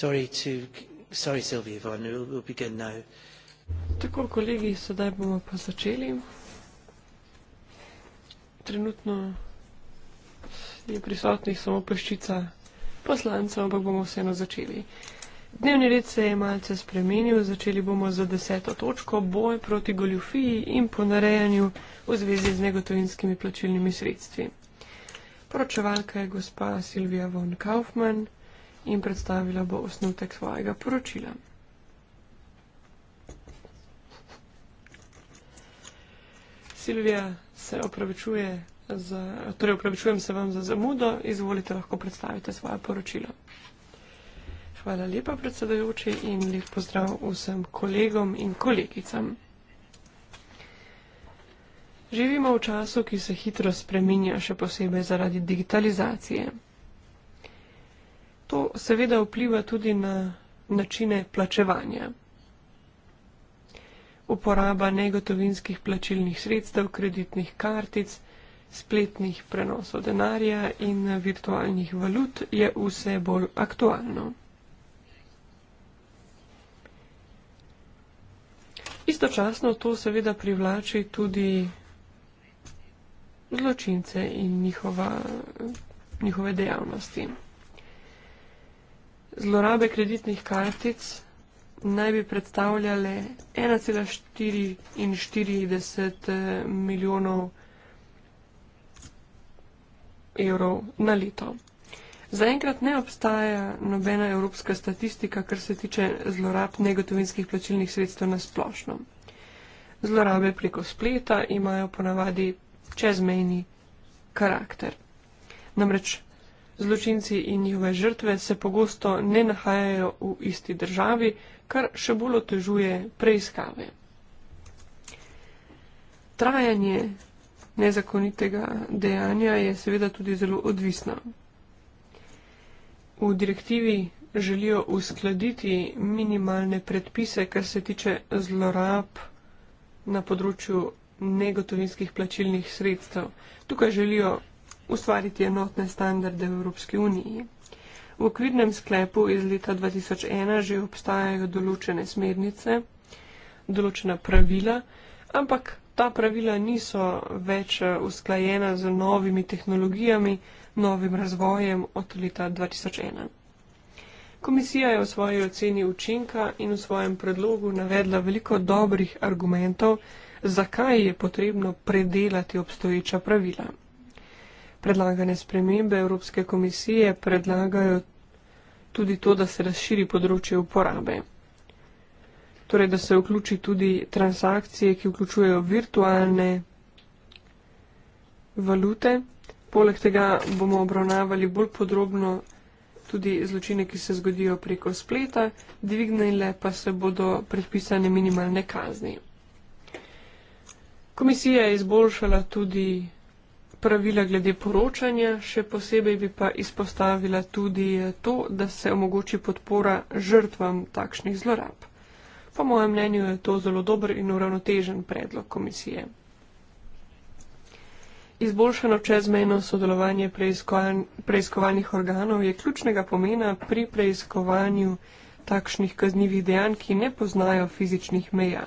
Sorry, Sylvie Yvonne, we'll, we'll begin now. Tako, kolegi, sedaj bomo pa začeli. Trenutno je prisotnih samo peščica poslancev, ampak bomo vseeno začeli. Dnevni red se je malce spremenil, začeli bomo za deseto točko boj proti goljufiji in ponarejanju v zvezi z negotovinskimi plačilnimi sredstvi. Poročevalka je gospa Silvija von Kaufmann in predstavila bo osnutek svojega poročila. Silvija se opravičuje za, torej opravičujem se vam za zamudo, izvolite lahko predstavite svoje poročilo. Hvala lepa predsedajoči in lep pozdrav vsem kolegom in kolegicam. Živimo v času, ki se hitro spreminja še posebej zaradi digitalizacije. To seveda vpliva tudi na načine plačevanja. Uporaba negotovinskih plačilnih sredstev, kreditnih kartic, spletnih prenosov denarja in virtualnih valut je vse bolj aktualno. Istočasno to seveda privlači tudi zločince in njihova, njihove dejavnosti. Zlorabe kreditnih kartic naj bi predstavljale 1,44 eh, milijonov evrov na leto. Zaenkrat ne obstaja nobena evropska statistika, kar se tiče zlorab negotovinskih plačilnih sredstev na splošno. Zlorabe preko spleta imajo ponavadi čezmejni karakter. Namreč Zločinci in njihove žrtve se pogosto ne nahajajo v isti državi, kar še bolj otežuje preiskave. Trajanje nezakonitega dejanja je seveda tudi zelo odvisno. V direktivi želijo uskladiti minimalne predpise, kar se tiče zlorab na področju negotovinskih plačilnih sredstev. Tukaj želijo ustvariti enotne standarde v Evropski uniji. V okvirnem sklepu iz leta 2001 že obstajajo določene smernice, določena pravila, ampak ta pravila niso več eh, usklajena z novimi tehnologijami, novim razvojem od leta 2001. Komisija je v svoji oceni učinka in v svojem predlogu navedla veliko dobrih argumentov, zakaj je potrebno predelati obstoječa pravila. Predlagane spremembe Evropske komisije predlagajo tudi to, da se razširi področje uporabe. Torej, da se vključi tudi transakcije, ki vključujejo virtualne valute. Poleg tega bomo obravnavali bolj podrobno tudi zločine, ki se zgodijo preko spleta, dvignile pa se bodo predpisane minimalne kazni. Komisija je izboljšala tudi pravila glede poročanja, še posebej bi pa izpostavila tudi to, da se omogoči podpora žrtvam takšnih zlorab. Po mojem mnenju je to zelo dober in uravnotežen predlog komisije. Izboljšano čezmejno sodelovanje preiskovan preiskovalnih organov je ključnega pomena pri preiskovanju takšnih kaznjivih dejanj, ki ne poznajo fizičnih meja.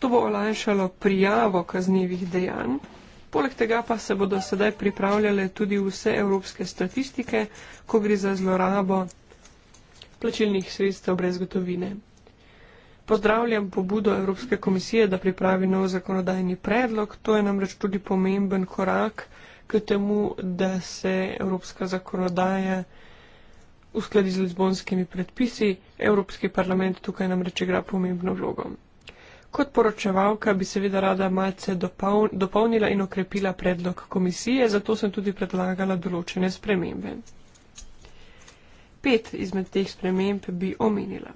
To bo olajšalo prijavo kaznjivih dejanj, Poleg tega pa se bodo sedaj pripravljale tudi vse evropske statistike, ko gre za zlorabo plačilnih sredstev brez gotovine. Pozdravljam pobudo Evropske komisije, da pripravi nov zakonodajni predlog. To je namreč tudi pomemben korak k temu, da se evropska zakonodaja uskladi z lizbonskimi predpisi. Evropski parlament tukaj namreč igra pomembno vlogo. Kot poročevalka bi seveda rada malce dopolnila in okrepila predlog komisije, zato sem tudi predlagala določene spremembe. Pet izmed teh sprememb bi omenila.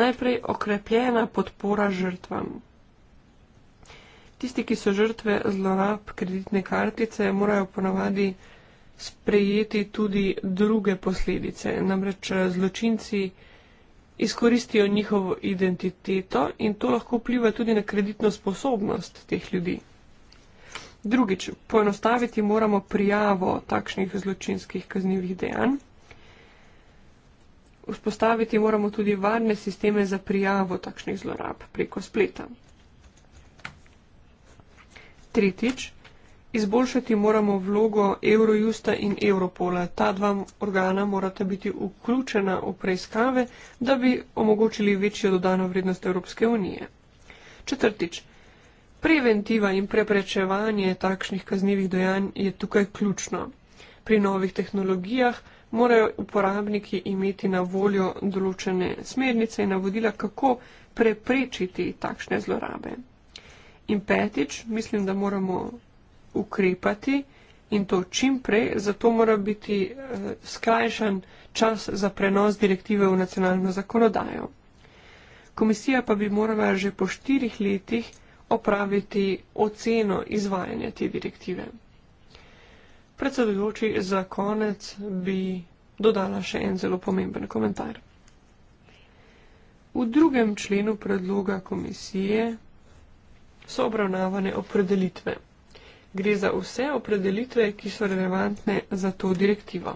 Najprej okrepljena podpora žrtvam. Tisti, ki so žrtve zlorab kreditne kartice, morajo ponovadi sprejeti tudi druge posledice. Namreč zločinci izkoristijo njihovo identiteto in to lahko vpliva tudi na kreditno sposobnost teh ljudi. Drugič, poenostaviti moramo prijavo takšnih zločinskih kaznjivih dejanj. Vzpostaviti moramo tudi varne sisteme za prijavo takšnih zlorab preko spleta. Tretjič, Izboljšati moramo vlogo Eurojusta in Europola. Ta dva organa morata biti vključena v preiskave, da bi omogočili večjo dodano vrednost Evropske unije. Četrtič. Preventiva in preprečevanje takšnih kaznjivih dojanj je tukaj ključno. Pri novih tehnologijah morajo uporabniki imeti na voljo določene smernice in navodila, kako preprečiti takšne zlorabe. In petič, mislim, da moramo ukrepati in to čim prej, zato mora biti eh, skrajšan čas za prenos direktive v nacionalno zakonodajo. Komisija pa bi morala že po štirih letih opraviti oceno izvajanja te direktive. Predsedujoči, za konec bi dodala še en zelo pomemben komentar. V drugem členu predloga komisije so obravnavane opredelitve gre za vse opredelitve, ki so relevantne za to direktivo.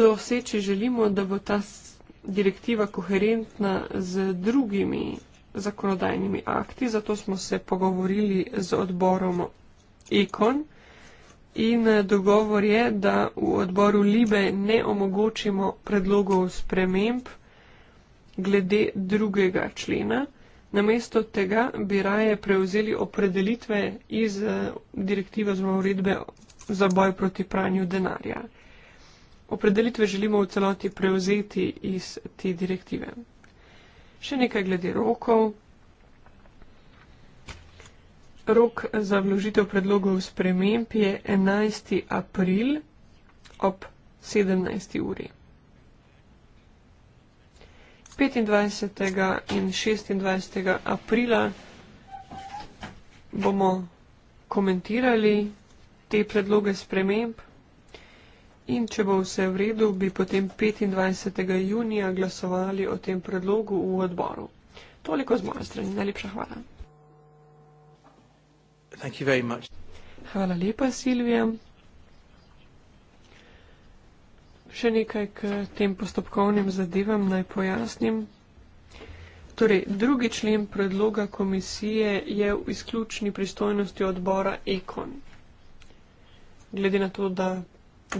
Doseči želimo, da bo ta direktiva koherentna z drugimi zakonodajnimi akti, zato smo se pogovorili z odborom EKON in eh, dogovor je, da v odboru LIBE ne omogočimo predlogov sprememb glede drugega člena. Namesto tega bi raje prevzeli opredelitve iz eh, direktive oziroma uredbe za boj proti pranju denarja. Opredelitve želimo v celoti prevzeti iz te direktive. Še nekaj glede rokov. Rok za vložitev predlogov sprememb je 11. april ob 17. uri. 25. in 26. aprila bomo komentirali te predloge sprememb in če bo vse v redu, bi potem 25. junija glasovali o tem predlogu v odboru. Toliko z moje strani. Najlepša hvala. Hvala lepa, Silvija. še nekaj k tem postopkovnim zadevam naj pojasnim. Torej, drugi člen predloga komisije je v izključni pristojnosti odbora Ekon. Glede na to, da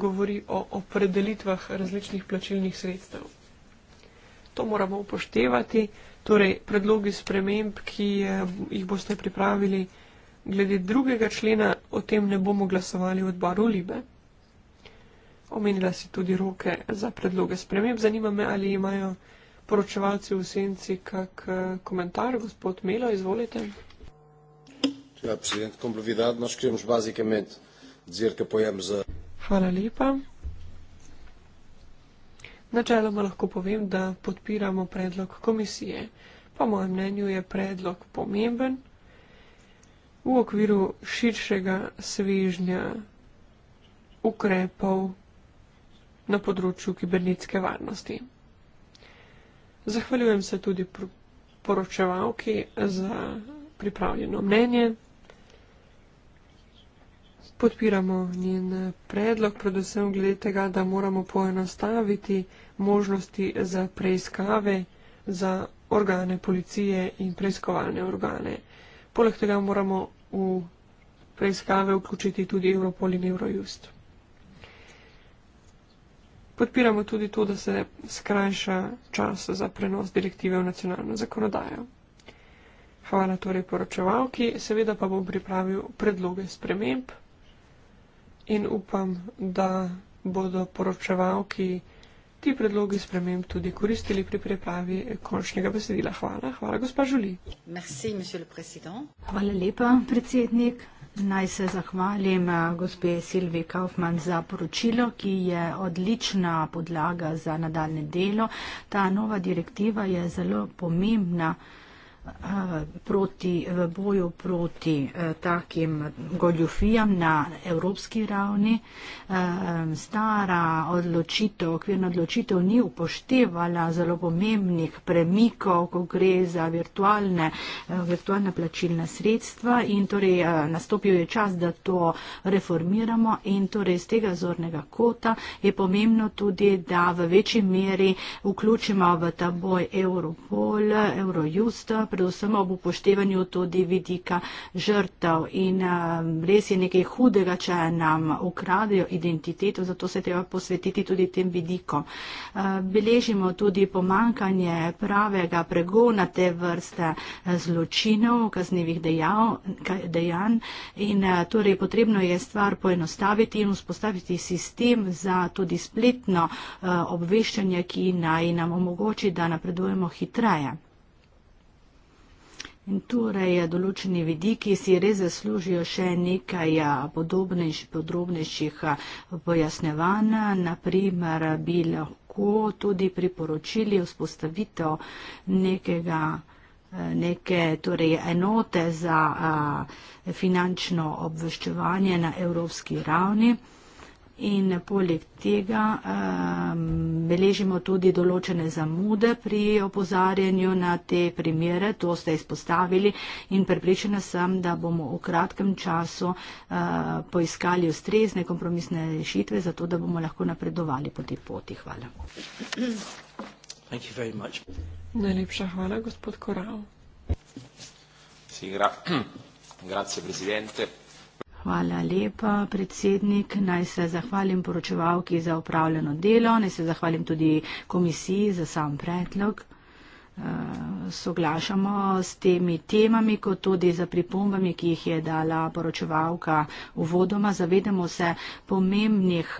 govori o opredelitvah različnih plačilnih sredstev. To moramo upoštevati, torej predlogi sprememb, ki jih boste pripravili glede drugega člena, o tem ne bomo glasovali v odboru Libe. Omenila si tudi roke za predloge sprememb. Zanima me, ali imajo poročevalci v senci kak eh, komentar. Gospod Melo, izvolite. Ja, predsednik, kom bi videl, da no, skrijem žbazi kement, zirke pojem za. Hvala lepa. Načeloma lahko povem, da podpiramo predlog komisije. Po mojem mnenju je predlog pomemben v okviru širšega svežnja ukrepov na področju kibernetske varnosti. Zahvaljujem se tudi poročevalki za pripravljeno mnenje. Podpiramo njen predlog, predvsem glede tega, da moramo poenostaviti možnosti za preiskave za organe policije in preiskovalne organe. Poleg tega moramo v preiskave vključiti tudi Europol in Eurojust. Podpiramo tudi to, da se skrajša čas za prenos direktive v nacionalno zakonodajo. Hvala torej poročevalki, seveda pa bom pripravil predloge sprememb in upam, da bodo poročevalki ti predlogi sprememb tudi koristili pri pripravi končnega besedila. Hvala, hvala gospa Žuli. Merci, hvala lepa, predsednik. Naj se zahvalim eh, gospe Silvi Kaufman za poročilo, ki je odlična podlaga za nadaljne delo. Ta nova direktiva je zelo pomembna proti, v boju proti eh, takim goljufijam na evropski ravni. Eh, stara odločitev, okvirna odločitev ni upoštevala zelo pomembnih premikov, ko gre za virtualne, eh, virtualne plačilne sredstva in torej nastopil je čas, da to reformiramo in torej z tega zornega kota je pomembno tudi, da v večji meri vključimo v ta boj Europol, Eurojust, predvsem ob upoštevanju tudi vidika žrtev. In eh, res je nekaj hudega, če nam ukradejo identiteto, zato se treba posvetiti tudi tem vidikom. Eh, beležimo tudi pomankanje pravega pregona te vrste eh, zločinov, kaznevih dejanj. In torej potrebno je stvar poenostaviti in vzpostaviti sistem za tudi spletno obveščanje, ki naj nam omogoči, da napredujemo hitreje. In torej, določeni vidiki si res zaslužijo še nekaj podobnejših, podrobnejših pojasnevanj, naprimer bi lahko tudi priporočili vzpostavitev nekega neke torej, enote za a, finančno obveščevanje na evropski ravni in poleg tega um, beležimo tudi določene zamude pri opozarjanju na te primere, to ste izpostavili in prepričana sem, da bomo v kratkem času uh, poiskali ustrezne kompromisne rešitve, zato da bomo lahko napredovali po tej poti. Hvala. Najlepša hvala, gospod Koral. Grazie, Presidente. Hvala lepa, predsednik. Naj se zahvalim poročevalki za upravljeno delo, naj se zahvalim tudi komisiji za sam predlog soglašamo s temi temami, kot tudi za pripombami, ki jih je dala poročevalka uvodoma. Zavedamo se pomembnih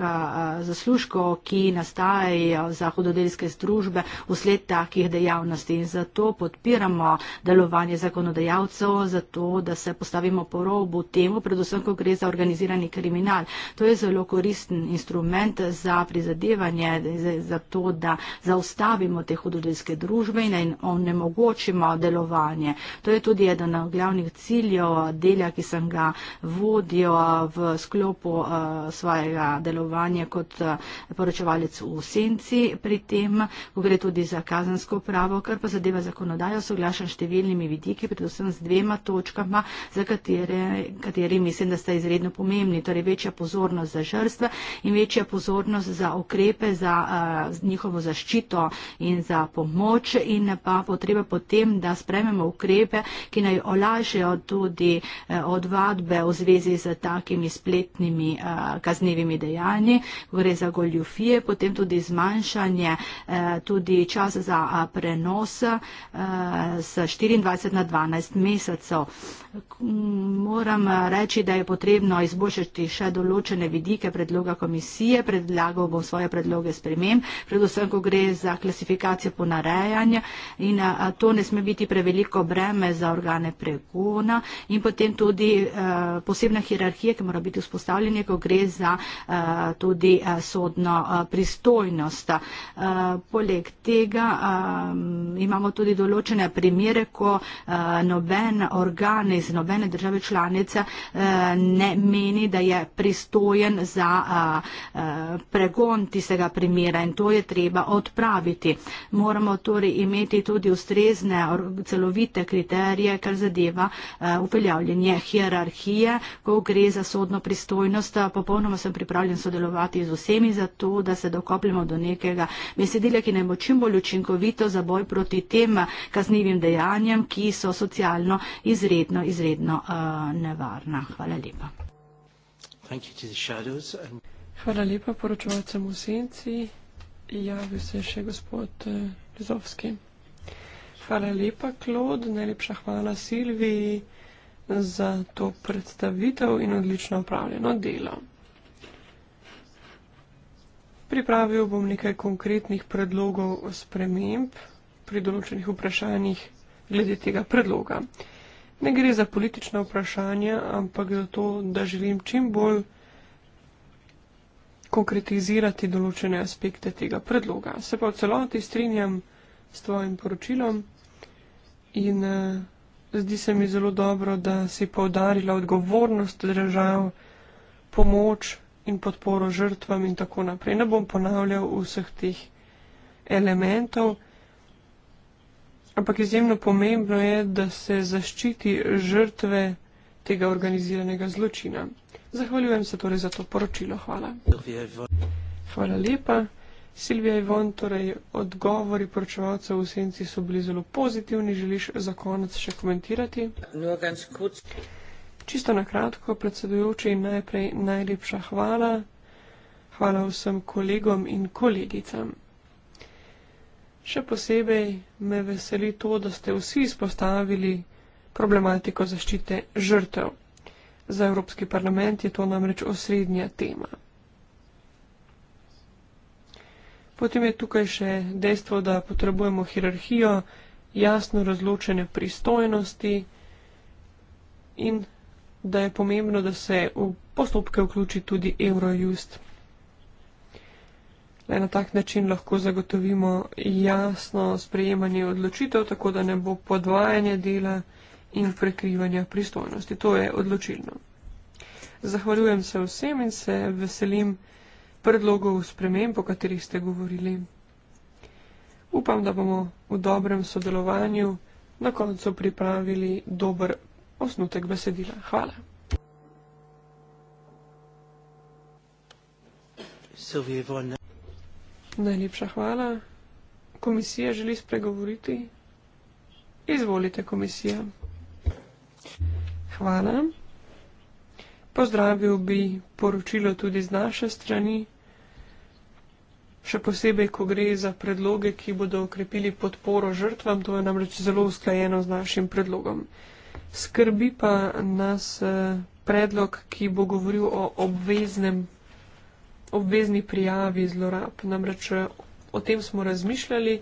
zaslužkov, ki nastajajo za hododelske združbe vsled takih dejavnosti in zato podpiramo delovanje zakonodajalcev, zato da se postavimo po robu temu, predvsem, ko gre za organizirani kriminal. To je zelo koristen instrument za prizadevanje, za to, da zaustavimo te hododelske družbe in naj in onemogočimo delovanje. To je tudi eden od glavnih ciljev dela, ki sem ga vodil v sklopu svojega delovanja kot poročevalec v senci pri tem, ko gre tudi za kazensko pravo, kar pa zadeva zakonodajo, soglašam številnimi vidiki, predvsem z dvema točkama, za katere, kateri mislim, da sta izredno pomembni, torej večja pozornost za žrstva in večja pozornost za ukrepe, za uh, njihovo zaščito in za pomoč in pa potrebe potem, da sprememo ukrepe, ki naj olažejo tudi eh, odvadbe v zvezi z takimi spletnimi eh, kaznevimi dejanji, gre za goljufije, potem tudi zmanjšanje eh, tudi čas za prenos s 24 na 12 mesecev. Moram reči, da je potrebno izboljšati še določene vidike predloga komisije, predlagal bom svoje predloge spremem, predvsem, ko gre za klasifikacijo ponarejanja in to ne sme biti preveliko breme za organe pregona in potem tudi posebna hierarhija, ki mora biti vzpostavljena, ko gre za tudi sodno pristojnost. Poleg tega imamo tudi določene primere, ko noben organ iz nobene države članice ne meni, da je pristojen za pregon tistega primera in to je treba odpraviti. Moramo torej imeti imeti tudi ustrezne celovite kriterije, kar zadeva eh, upeljavljanje hierarhije, ko gre za sodno pristojnost. Eh, popolnoma sem pripravljen sodelovati z vsemi za to, da se dokopljamo do nekega besedila, ki naj bo čim bolj učinkovito za boj proti tem eh, kaznivim dejanjem, ki so socialno izredno, izredno nevarna. Hvala lepa. Hvala lepa poročevalcem v senci. Javi se še gospod Lizovski. Hvala lepa, Klod, najlepša hvala Silviji za to predstavitev in odlično upravljeno delo. Pripravil bom nekaj konkretnih predlogov sprememb pri določenih vprašanjih glede tega predloga. Ne gre za politična vprašanja, ampak za to, da želim čim bolj konkretizirati določene aspekte tega predloga. Se pa v celoti strinjam s tvojim poročilom in uh, zdi se mi zelo dobro, da si povdarila odgovornost držav, pomoč in podporo žrtvam in tako naprej. Ne bom ponavljal vseh tih elementov, ampak izjemno pomembno je, da se zaščiti žrtve tega organiziranega zločina. Zahvaljujem se torej za to poročilo. Hvala. Hvala lepa. Silvija Ivon, torej odgovori poročevalcev v senci so bili zelo pozitivni, želiš za konec še komentirati? Čisto na kratko, predsedujoči, najprej najlepša hvala. Hvala vsem kolegom in kolegicam. Še posebej me veseli to, da ste vsi izpostavili problematiko zaščite žrtev. Za Evropski parlament je to namreč osrednja tema. Potem je tukaj še dejstvo, da potrebujemo hierarhijo, jasno razločene pristojnosti in da je pomembno, da se v postopke vključi tudi Eurojust. Le na tak način lahko zagotovimo jasno sprejemanje odločitev, tako da ne bo podvajanja dela in prekrivanja pristojnosti. To je odločilno. Zahvaljujem se vsem in se veselim predlogov sprememb, o katerih ste govorili. Upam, da bomo v dobrem sodelovanju na koncu pripravili dober osnutek besedila. Hvala. Najlepša hvala. Komisija želi spregovoriti. Izvolite, komisija. Hvala. Pozdravil bi poročilo tudi z naše strani, še posebej, ko gre za predloge, ki bodo okrepili podporo žrtvam, to je namreč zelo usklajeno z našim predlogom. Skrbi pa nas eh, predlog, ki bo govoril o obveznem, obvezni prijavi zlorab. Namreč eh, o tem smo razmišljali,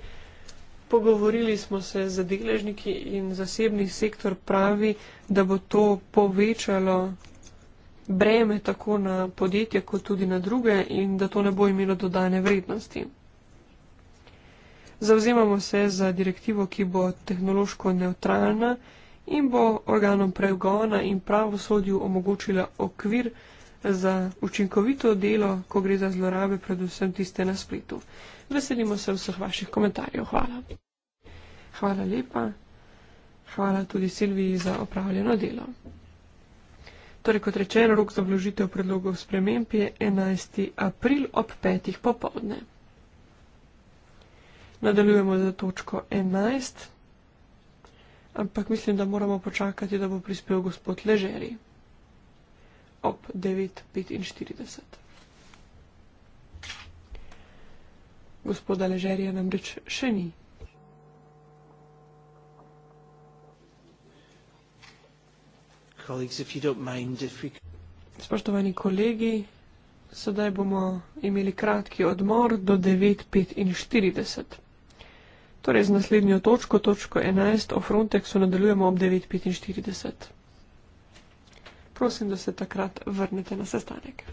pogovorili smo se z deležniki in zasebni sektor pravi, da bo to povečalo breme tako na podjetje, kot tudi na druge in da to ne bo imelo dodane vrednosti. Zauzemamo se za direktivo, ki bo tehnološko neutralna in bo organom pregona in pravosodju omogočila okvir za učinkovito delo, ko gre za zlorabe, predvsem tiste na spletu. Veselimo se vseh vaših komentarjev. Hvala. Hvala lepa. Hvala tudi Silviji za opravljeno delo. Torej, kot rečeno, rok za vložitev predlogov sprememb je 11. april ob 5. popovdne. Nadaljujemo za točko 11, ampak mislim, da moramo počakati, da bo prispel gospod Leželi ob 9.45. Gospoda Ležerija namreč še ni. Spoštovani kolegi, sedaj bomo imeli kratki odmor do 9.45. Torej z naslednjo točko, točko 11 o Frontexu nadaljujemo ob 9.45. Prosim, da se takrat vrnete na sestanek.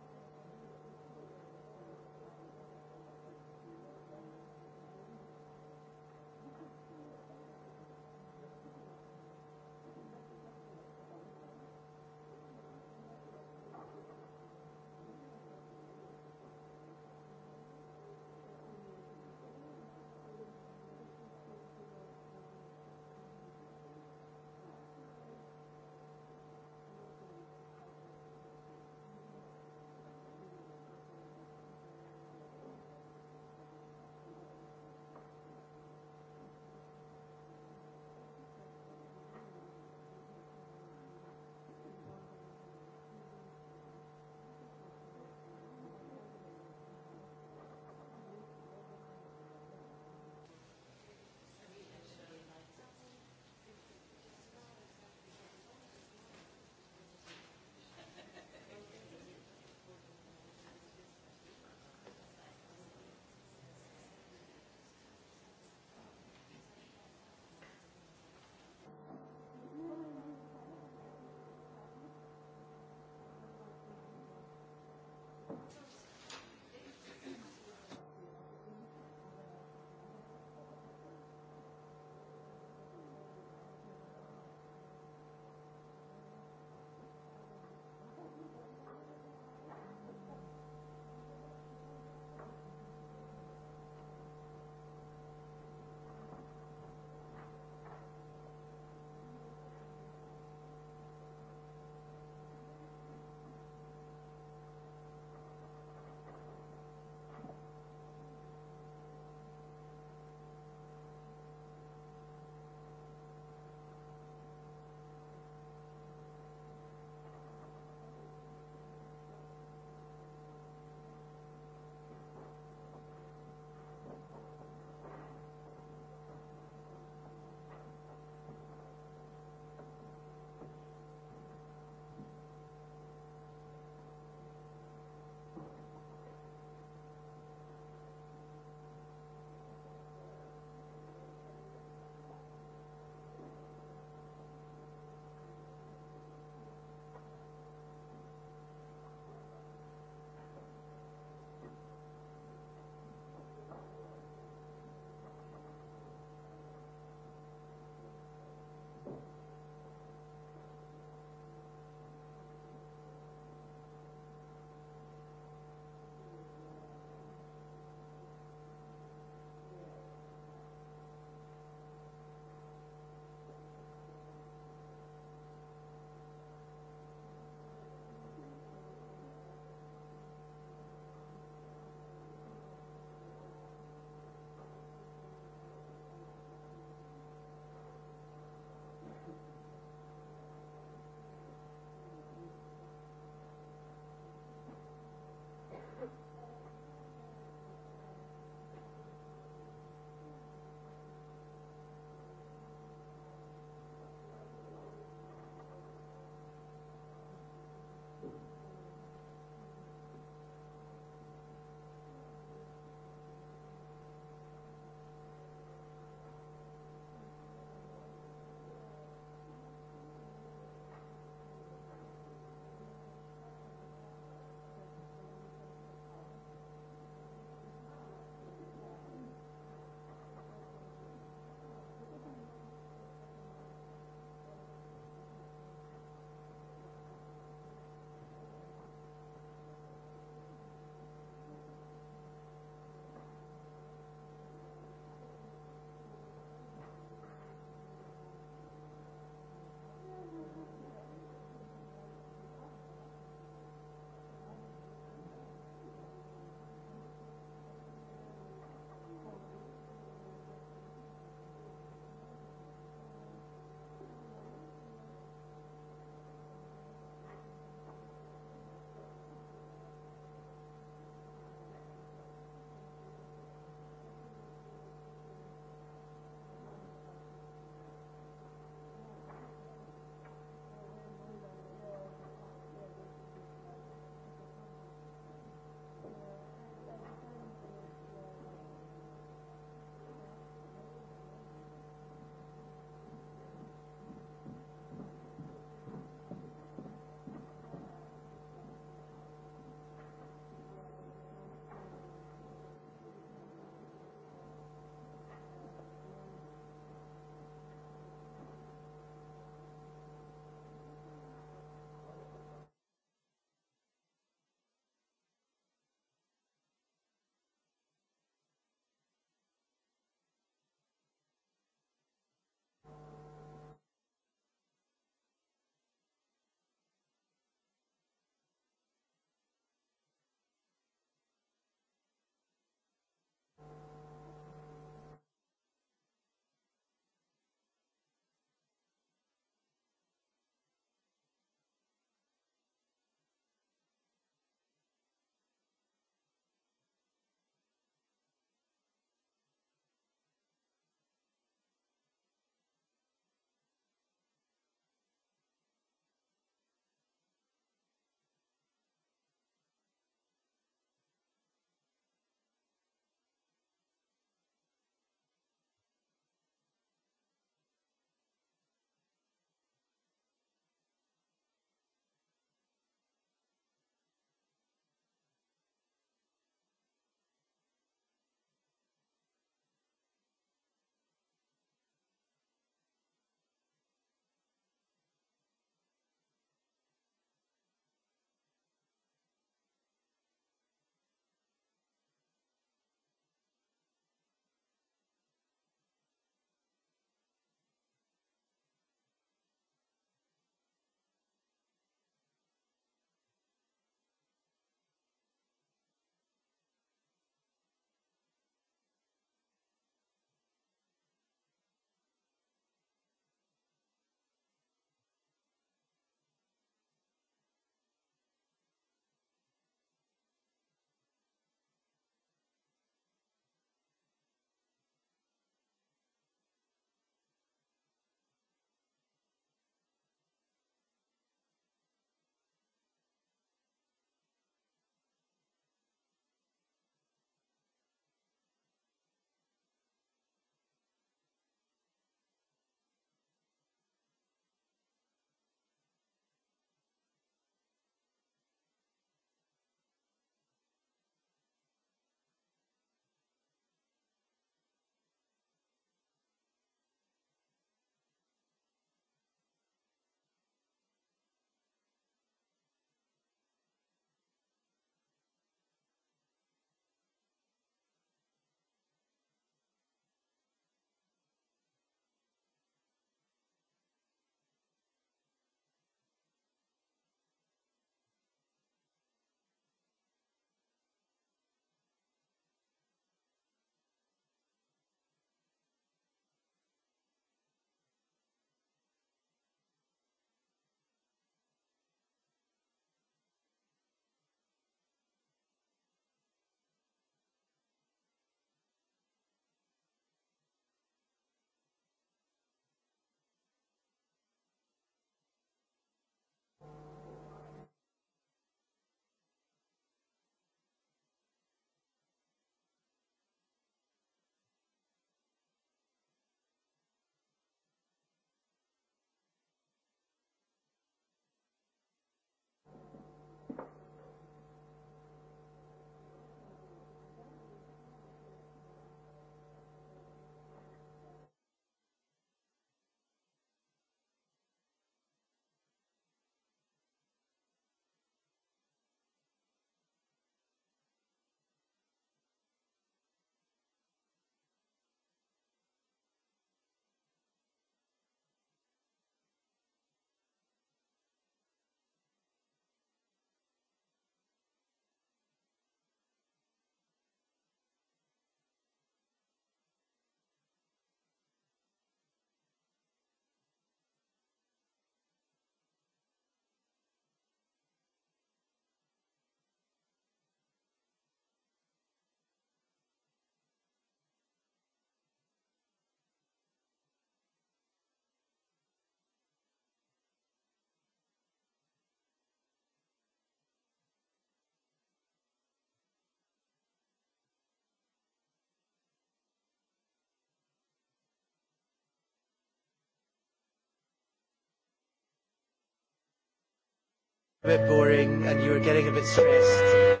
a bit boring and you were getting a bit stressed.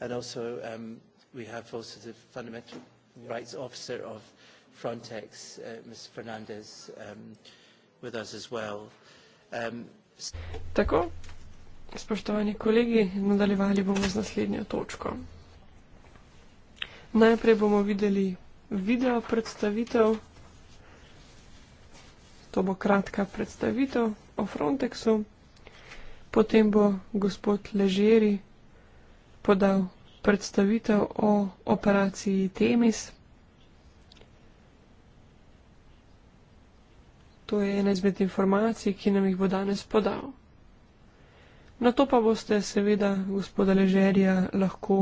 And also, um, we have also the Fundamental Rights Officer of Frontex, uh, Ms. Fernandez, um, with us as well. Um, Tako, spoštovani kolegi, nadaljevali bomo z naslednjo točko. Najprej bomo videli video predstavitev. To bo kratka predstavitev o Frontexu. Potem bo gospod Ležeri podal predstavitev o operaciji Temis. To je ena izmed informacij, ki nam jih bo danes podal. Na to pa boste seveda gospoda Ležerja lahko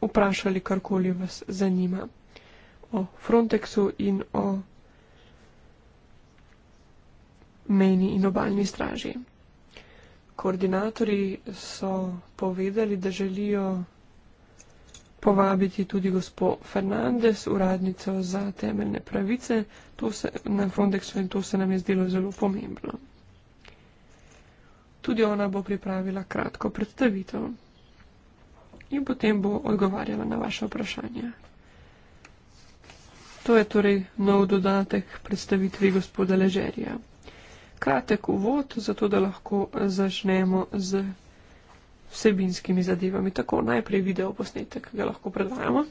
vprašali, karkoli vas zanima o Frontexu in o meni in obaljni straži. Koordinatori so povedali, da želijo povabiti tudi gospo Fernandez, uradnico za temeljne pravice se, na Frontexu in to se nam je zdelo zelo pomembno. Tudi ona bo pripravila kratko predstavitev in potem bo odgovarjala na vaše vprašanje. To je torej nov dodatek predstavitvi gospoda Ležerija. Kratek uvod, zato da lahko začnemo z vsebinskimi zadevami. Tako najprej video posnetek, ki ga lahko predvajamo.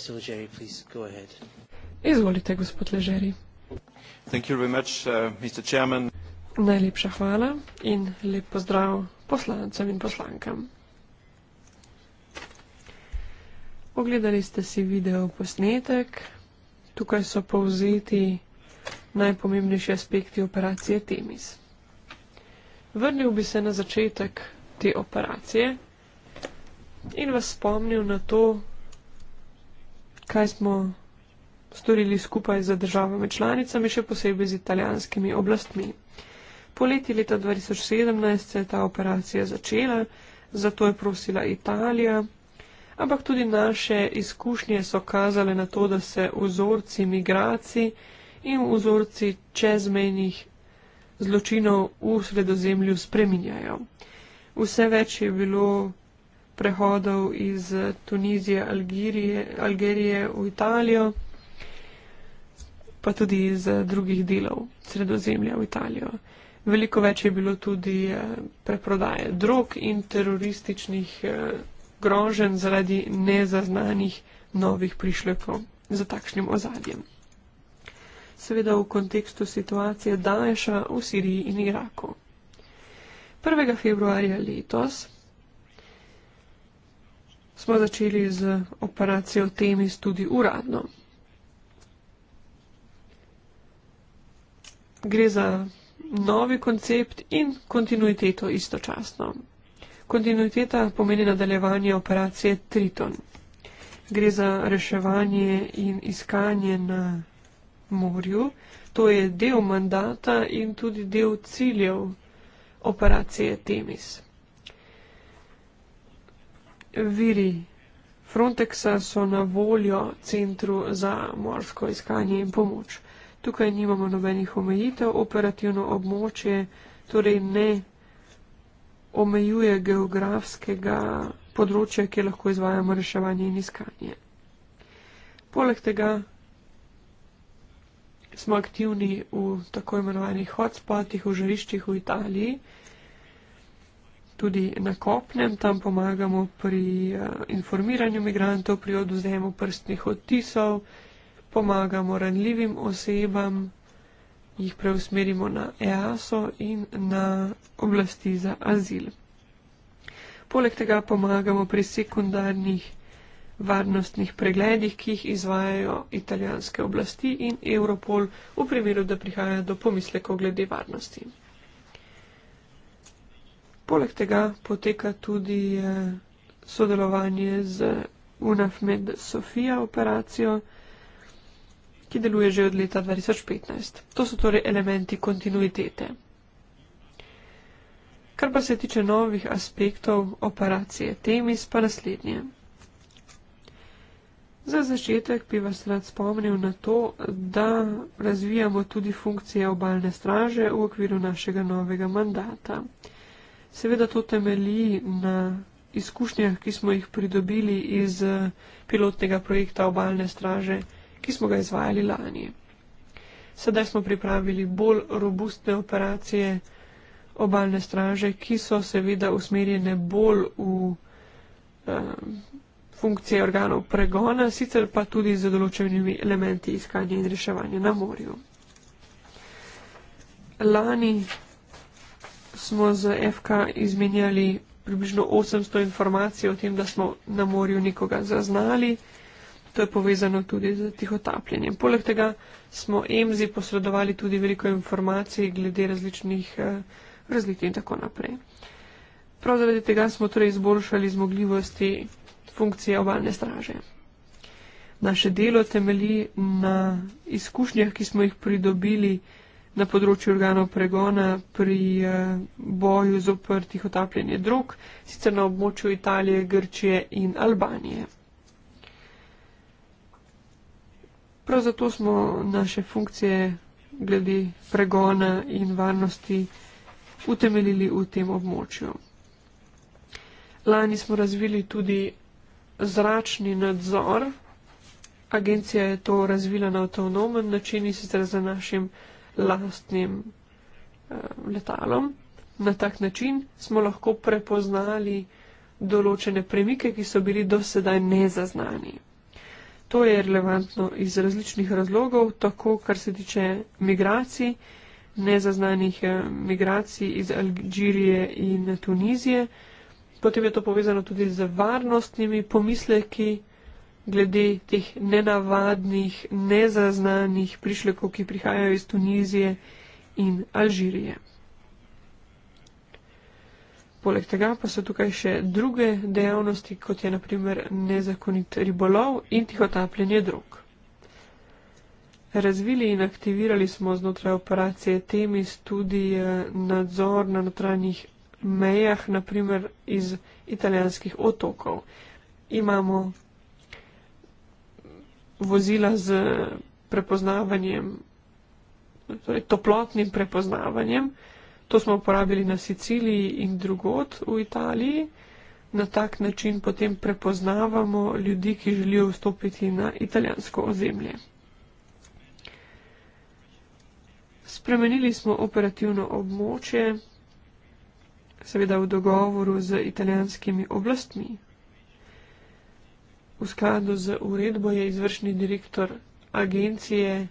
Mr. Legeri, please go ahead. Izvolite, gospod Legeri. Thank you very much, uh, Mr. Chairman. Najlepša hvala in lep pozdrav poslancem in poslankam. Ogledali ste si video posnetek. Tukaj so povzeti najpomembnejši aspekti operacije Temis. Vrnil bi se na začetek te operacije in vas spomnil na to, kaj smo storili skupaj z državami članicami, še posebej z italijanskimi oblastmi. Poleti leta 2017 se je ta operacija začela, zato je prosila Italija, ampak tudi naše izkušnje so kazale na to, da se vzorci migracij in vzorci čezmejnih zločinov v sredozemlju spreminjajo. Vse več je bilo prehodov iz Tunizije, Algirije, Algerije v Italijo, pa tudi iz eh, drugih delov sredozemlja v Italijo. Veliko več je bilo tudi eh, preprodaje drog in terorističnih eh, groženj zaradi nezaznanih novih prišlekov za takšnim ozadjem. Seveda v kontekstu situacije Daesha v Siriji in Iraku. 1. februarja letos smo začeli z operacijo Temis tudi uradno. Gre za novi koncept in kontinuiteto istočasno. Kontinuiteta pomeni nadaljevanje operacije Triton. Gre za reševanje in iskanje na morju. To je del mandata in tudi del ciljev operacije Temis viri Frontexa so na voljo centru za morsko iskanje in pomoč. Tukaj nimamo nobenih omejitev, operativno območje torej ne omejuje geografskega področja, kjer lahko izvajamo reševanje in iskanje. Poleg tega smo aktivni v tako imenovanih hotspotih, v žariščih v Italiji, tudi na kopnem, tam pomagamo pri eh, informiranju migrantov, pri oduzemu prstnih odtisov, pomagamo ranljivim osebam, jih preusmerimo na EASO in na oblasti za azil. Poleg tega pomagamo pri sekundarnih varnostnih pregledih, ki jih izvajajo italijanske oblasti in Europol v primeru, da prihaja do pomislekov glede varnosti. Poleg tega poteka tudi eh, sodelovanje z UNAF med Sofija operacijo, ki deluje že od leta 2015. To so torej elementi kontinuitete. Kar pa se tiče novih aspektov operacije Temis, pa naslednje. Za začetek bi vas rad spomnil na to, da razvijamo tudi funkcije obalne straže v okviru našega novega mandata. Seveda to temelji na izkušnjah, ki smo jih pridobili iz eh, pilotnega projekta obalne straže, ki smo ga izvajali lani. Sedaj smo pripravili bolj robustne operacije obalne straže, ki so seveda usmerjene bolj v eh, funkcije organov pregona, sicer pa tudi z določenimi elementi iskanja in reševanja na morju. Lani smo z FK izmenjali približno 800 informacij o tem, da smo na morju nekoga zaznali. To je povezano tudi z tihotapljenjem. Poleg tega smo EMZI posredovali tudi veliko informacij glede različnih eh, razlik in tako naprej. Prav zaradi tega smo torej izboljšali zmogljivosti funkcije obalne straže. Naše delo temelji na izkušnjah, ki smo jih pridobili na področju organov pregona pri eh, boju z oprtih otapljanje drog, sicer na območju Italije, Grčije in Albanije. Prav zato smo naše funkcije glede pregona in varnosti utemeljili v tem območju. Lani smo razvili tudi zračni nadzor. Agencija je to razvila na avtonomen način in sicer za našim lastnim eh, letalom. Na tak način smo lahko prepoznali določene premike, ki so bili do sedaj nezaznani. To je relevantno iz različnih razlogov, tako kar se tiče migracij, nezaznanih eh, migracij iz Alžirije in Tunizije. Potem je to povezano tudi z varnostnimi pomisleki, glede teh nenavadnih, nezaznanih prišlekov, ki prihajajo iz Tunizije in Alžirije. Poleg tega pa so tukaj še druge dejavnosti, kot je naprimer nezakonit ribolov in tihotapljenje drog. Razvili in aktivirali smo znotraj operacije Temis tudi eh, nadzor na notranjih mejah, naprimer iz italijanskih otokov. Imamo vozila z prepoznavanjem, torej toplotnim prepoznavanjem. To smo uporabili na Siciliji in drugot v Italiji. Na tak način potem prepoznavamo ljudi, ki želijo vstopiti na italijansko ozemlje. Spremenili smo operativno območje, seveda v dogovoru z italijanskimi oblastmi. V skladu z uredbo je izvršni direktor agencije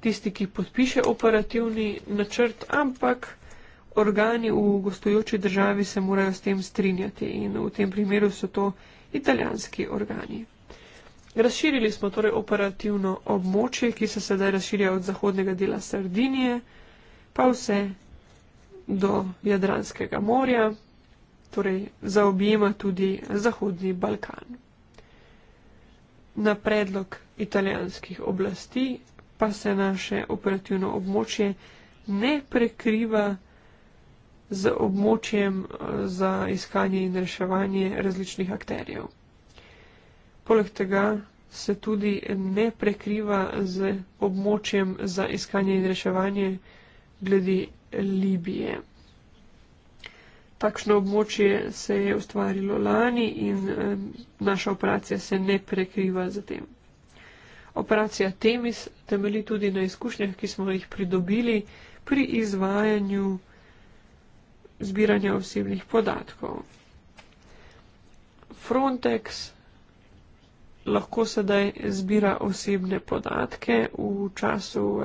tisti, ki podpiše operativni načrt, ampak organi v gostujoči državi se morajo s tem strinjati in v tem primeru so to italijanski organi. Razširili smo torej operativno območje, ki se sedaj razširja od zahodnega dela Sardinije, pa vse do Jadranskega morja, torej zaobjema tudi Zahodni Balkan. Na predlog italijanskih oblasti pa se naše operativno območje ne prekriva z območjem eh, za iskanje in reševanje različnih akterjev. Poleg tega se tudi ne prekriva z območjem za iskanje in reševanje glede Libije takšno območje se je ustvarilo lani in eh, naša operacija se ne prekriva z tem. Operacija Temis temeli tudi na izkušnjah, ki smo jih pridobili pri izvajanju zbiranja osebnih podatkov. Frontex lahko sedaj zbira osebne podatke v času uh,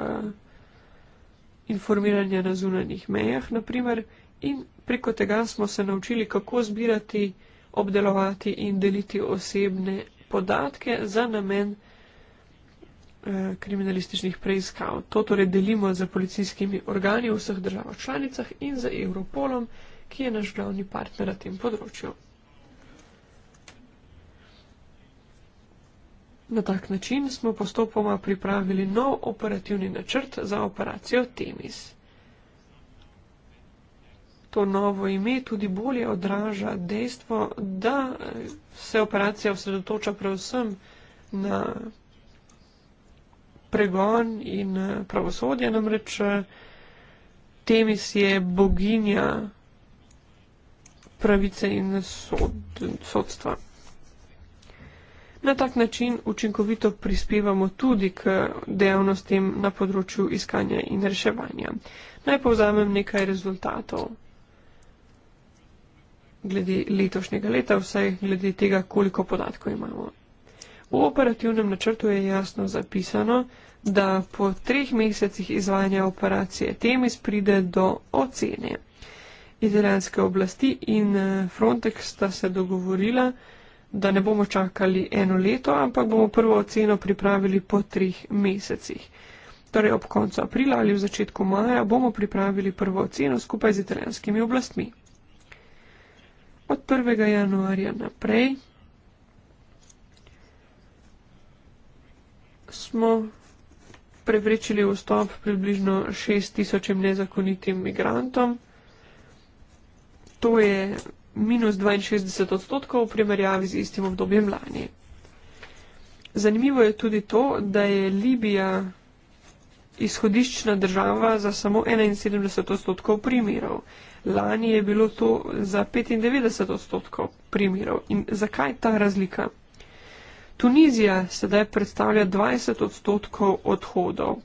informiranja na zunanjih mejah, naprimer, in Preko tega smo se naučili, kako zbirati, obdelovati in deliti osebne podatke za namen eh, kriminalističnih preiskav. To torej delimo z policijskimi organi v vseh državah članicah in z Europolom, ki je naš glavni partner na tem področju. Na tak način smo postopoma pripravili nov operativni načrt za operacijo Temis to novo ime tudi bolje odraža dejstvo, da se operacija osredotoča predvsem na pregon in eh, pravosodje, namreč eh, temis je boginja pravice in sod, sodstva. Na tak način učinkovito prispevamo tudi k dejavnostem na področju iskanja in reševanja. Naj povzamem nekaj rezultatov glede letošnjega leta, vsaj glede tega, koliko podatkov imamo. V operativnem načrtu je jasno zapisano, da po treh mesecih izvajanja operacije Temis pride do ocene. Italijanske oblasti in eh, Frontex sta se dogovorila, da ne bomo čakali eno leto, ampak bomo prvo oceno pripravili po treh mesecih. Torej ob koncu aprila ali v začetku maja bomo pripravili prvo oceno skupaj z italijanskimi oblastmi od 1. januarja naprej smo preprečili vstop približno 6000 nezakonitim migrantom. To je minus 62 odstotkov v primerjavi z istim obdobjem lani. Zanimivo je tudi to, da je Libija izhodiščna država za samo 71 odstotkov primerov lani je bilo to za 95 odstotkov primerov. In zakaj ta razlika? Tunizija sedaj predstavlja 20 odstotkov odhodov.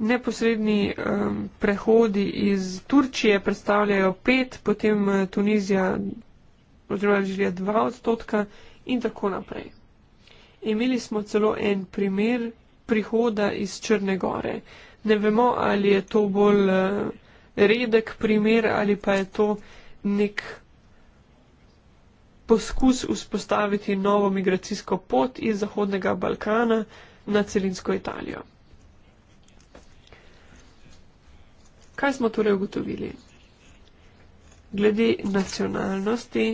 Neposredni um, prehodi iz Turčije predstavljajo 5, potem uh, Tunizija oziroma Alžirija 2 odstotka in tako naprej. Imeli smo celo en primer prihoda iz Črne gore. Ne vemo, ali je to bolj eh, redek primer ali pa je to nek poskus vzpostaviti novo migracijsko pot iz Zahodnega Balkana na celinsko Italijo. Kaj smo torej ugotovili? Glede nacionalnosti.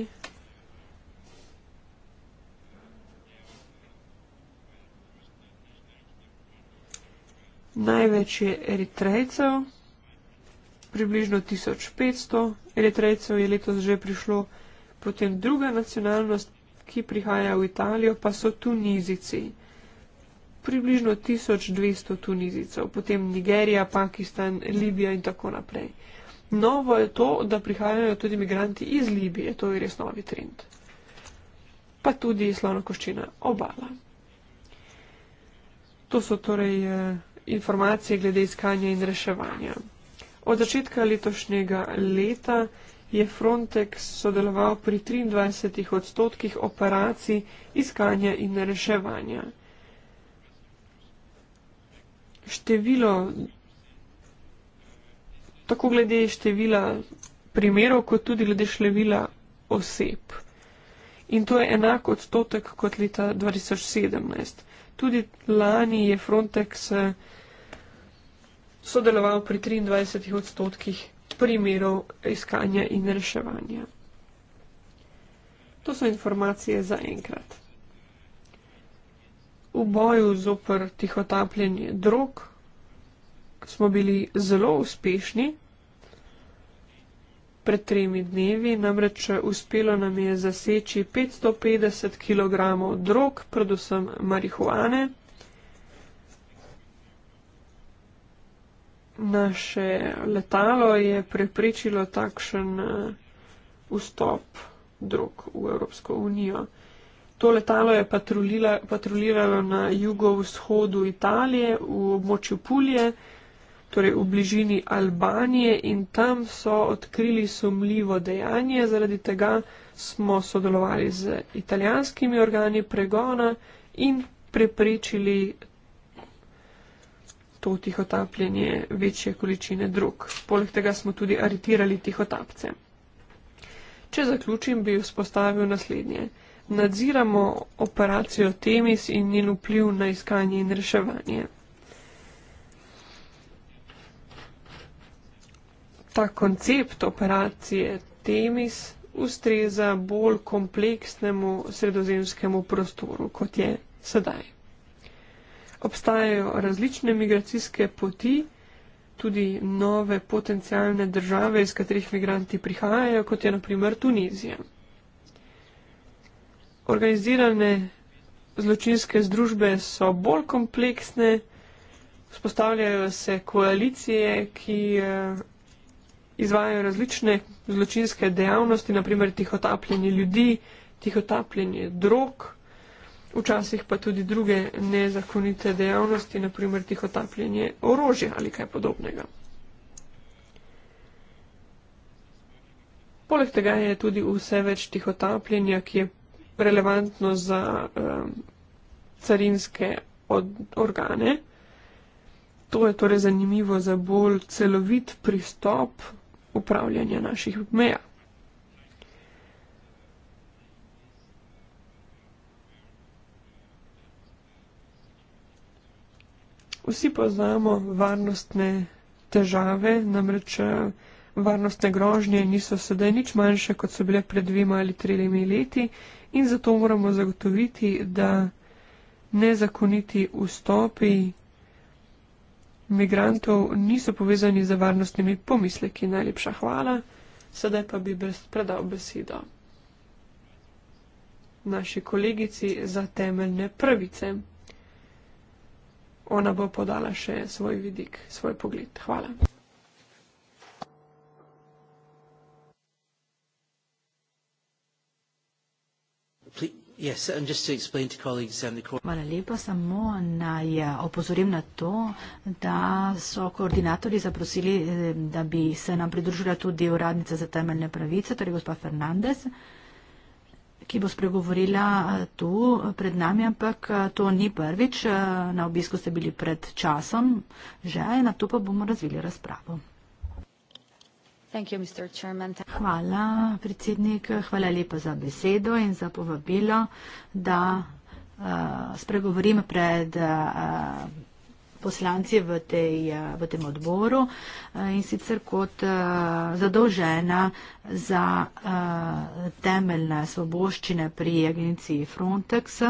Največ je eritrejcev, približno 1500 eritrejcev je letos že prišlo, potem druga nacionalnost, ki prihaja v Italijo, pa so tunizici, približno 1200 tunizicev, potem Nigerija, Pakistan, Libija in tako naprej. Novo je to, da prihajajo tudi migranti iz Libije, to je res novi trend. Pa tudi slonokoščina obala. To so torej. Eh, informacije glede iskanja in reševanja. Od začetka letošnjega leta je Frontex sodeloval pri 23 odstotkih operacij iskanja in reševanja. Število, tako glede števila primerov, kot tudi glede števila oseb. In to je enak odstotek kot leta 2017. Tudi lani je Frontex. Eh, sodeloval pri 23 odstotkih primerov iskanja in reševanja. To so informacije za enkrat. V boju zoper tihotapljenje drog smo bili zelo uspešni. Pred tremi dnevi namreč uspelo nam je zaseči 550 kg drog, predvsem marihuane. naše letalo je preprečilo takšen eh, vstop drog v Evropsko unijo. To letalo je patruliralo na jugovzhodu Italije v območju Pulje, torej v bližini Albanije in tam so odkrili sumljivo dejanje. Zaradi tega smo sodelovali z italijanskimi organi pregona in preprečili to tihotapljenje večje količine drug. Poleg tega smo tudi aretirali tihotapce. Če zaključim, bi vzpostavil naslednje. Nadziramo operacijo Temis in njen vpliv na iskanje in reševanje. Ta koncept operacije Temis ustreza bolj kompleksnemu sredozemskemu prostoru, kot je sedaj. Obstajajo različne migracijske poti, tudi nove potencijalne države, iz katerih migranti prihajajo, kot je naprimer Tunizija. Organizirane zločinske združbe so bolj kompleksne, spostavljajo se koalicije, ki eh, izvajajo različne zločinske dejavnosti, naprimer tihotapljenje ljudi, tihotapljenje drog včasih pa tudi druge nezakonite dejavnosti, naprimer tihotapljenje orožja ali kaj podobnega. Poleg tega je tudi vse več tihotapljenja, ki je relevantno za um, carinske od, organe. To je torej zanimivo za bolj celovit pristop upravljanja naših meja. vsi poznamo varnostne težave, namreč eh, varnostne grožnje niso sedaj nič manjše, kot so bile pred dvima ali tremi leti in zato moramo zagotoviti, da nezakoniti vstopi migrantov niso povezani z varnostnimi pomisleki. Najlepša hvala. Sedaj pa bi predal besedo naši kolegici za temeljne pravice ona bo podala še svoj vidik, svoj pogled. Hvala. Hvala lepa, samo naj eh, opozorim na to, da so koordinatorji zaprosili, eh, da bi se nam pridružila tudi uradnica za temeljne pravice, torej gospa Fernandez ki bo spregovorila eh, tu eh, pred nami, ampak eh, to ni prvič. Na obisku ste bili pred časom že, na to pa bomo razvili razpravo. Hvala, predsednik. Hvala lepa za besedo in za povabilo, da spregovorim pred. Uh, poslanci v, tej, eh, v tem odboru eh, in sicer kot eh, zadolžena za temeljne svoboščine pri agenciji Frontex.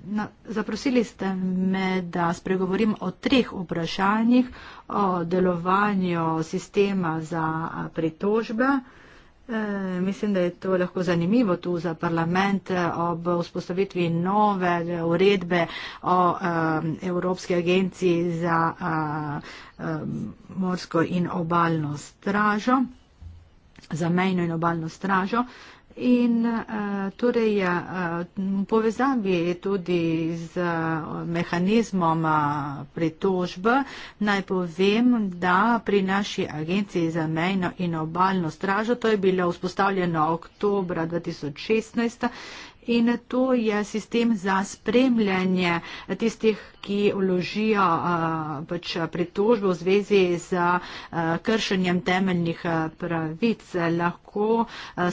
Na, zaprosili ste me, da spregovorim o treh vprašanjih, o delovanju sistema za pritožbe. Eh, mislim, da je to lahko zanimivo tu za parlament eh, ob vzpostavitvi nove uredbe o uh, Evropski agenciji za uh, uh, morsko in obalno stražo, za mejno in obalno stražo. Uh, In eh, torej ja, eh, v povezavi tudi z eh, mehanizmom pritožbe naj povem, da pri naši agenciji za mejno in obaljno stražo, to je bilo vzpostavljeno oktobra 2016, in to je sistem za spremljanje tistih, ki vložijo eh, pač pritožbo v zvezi z eh, kršenjem temeljnih eh, pravic. Lahko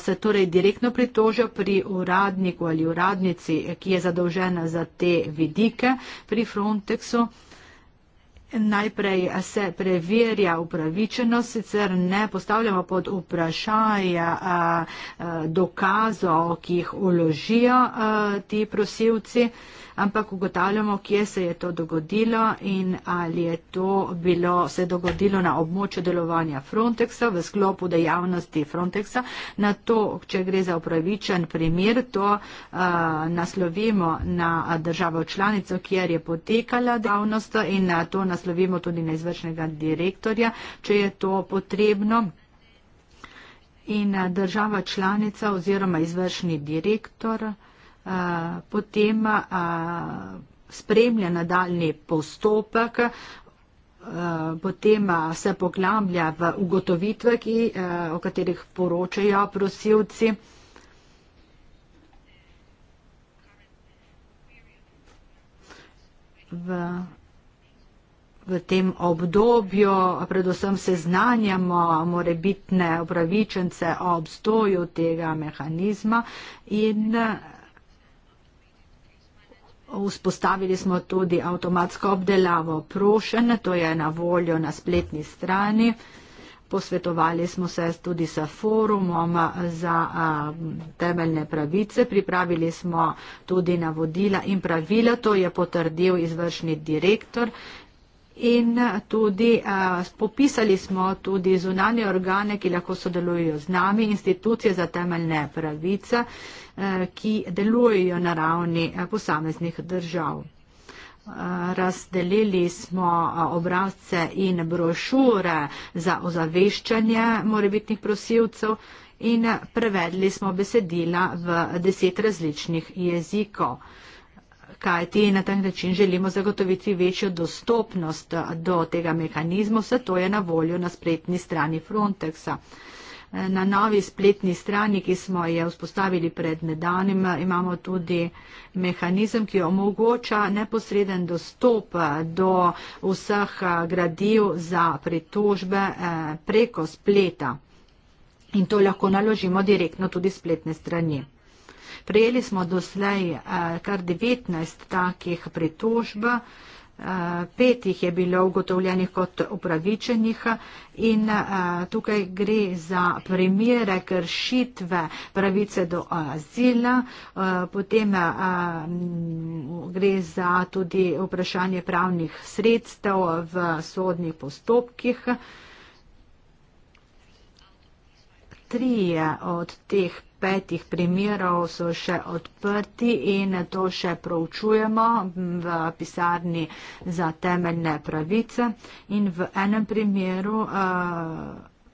se torej direktno pritožijo pri uradniku ali uradnici, ki je zadolžena za te vidike pri Frontexu najprej se preverja upravičenost, sicer ne postavljamo pod vprašaj dokazov, ki jih uložijo ti prosilci ampak ugotavljamo, kje se je to dogodilo in ali je to bilo, se dogodilo na območju delovanja Frontexa v sklopu dejavnosti Frontexa. Na to, če gre za upravičen primer, to uh, naslovimo na državo članico, kjer je potekala dejavnost in na to naslovimo tudi na izvršnega direktorja, če je to potrebno. In država članica oziroma izvršni direktor potem a, spremlja nadaljni postopek, a, potem a, se poglamlja v ugotovitve, ki, a, o katerih poročajo prosilci. V, v tem obdobju predvsem seznanjamo morebitne upravičence o obstoju tega mehanizma in Vzpostavili smo tudi avtomatsko obdelavo prošen, to je na voljo na spletni strani. Posvetovali smo se tudi s forumom za temeljne pravice, pripravili smo tudi navodila in pravila, to je potrdil izvršni direktor in tudi uh, popisali smo tudi zunanje organe, ki lahko sodelujejo z nami, institucije za temeljne pravice, uh, ki delujejo na ravni uh, posameznih držav. Razdelili smo obrazce in brošure za ozaveščanje morebitnih prosilcev in prevedli smo besedila v deset različnih jezikov. Uh, kaj ti na ta način želimo zagotoviti večjo dostopnost do tega mehanizma, vse to je na voljo na spletni strani Frontexa. Na novi spletni strani, ki smo jo vzpostavili pred nedavnim, imamo tudi mehanizem, ki omogoča neposreden dostop do vseh gradiv za pritožbe eh, preko spleta. In to lahko naložimo direktno tudi spletne strani. Prejeli smo doslej eh, kar 19 takih pritožb, eh, petih je bilo ugotovljenih kot upravičenih in eh, tukaj gre za primere kršitve pravice do azila, potem gre za tudi vprašanje pravnih sredstev v sodnih postopkih. Trije od teh petih primerov so še odprti in to še proučujemo v pisarni za temeljne pravice. In v enem primeru uh,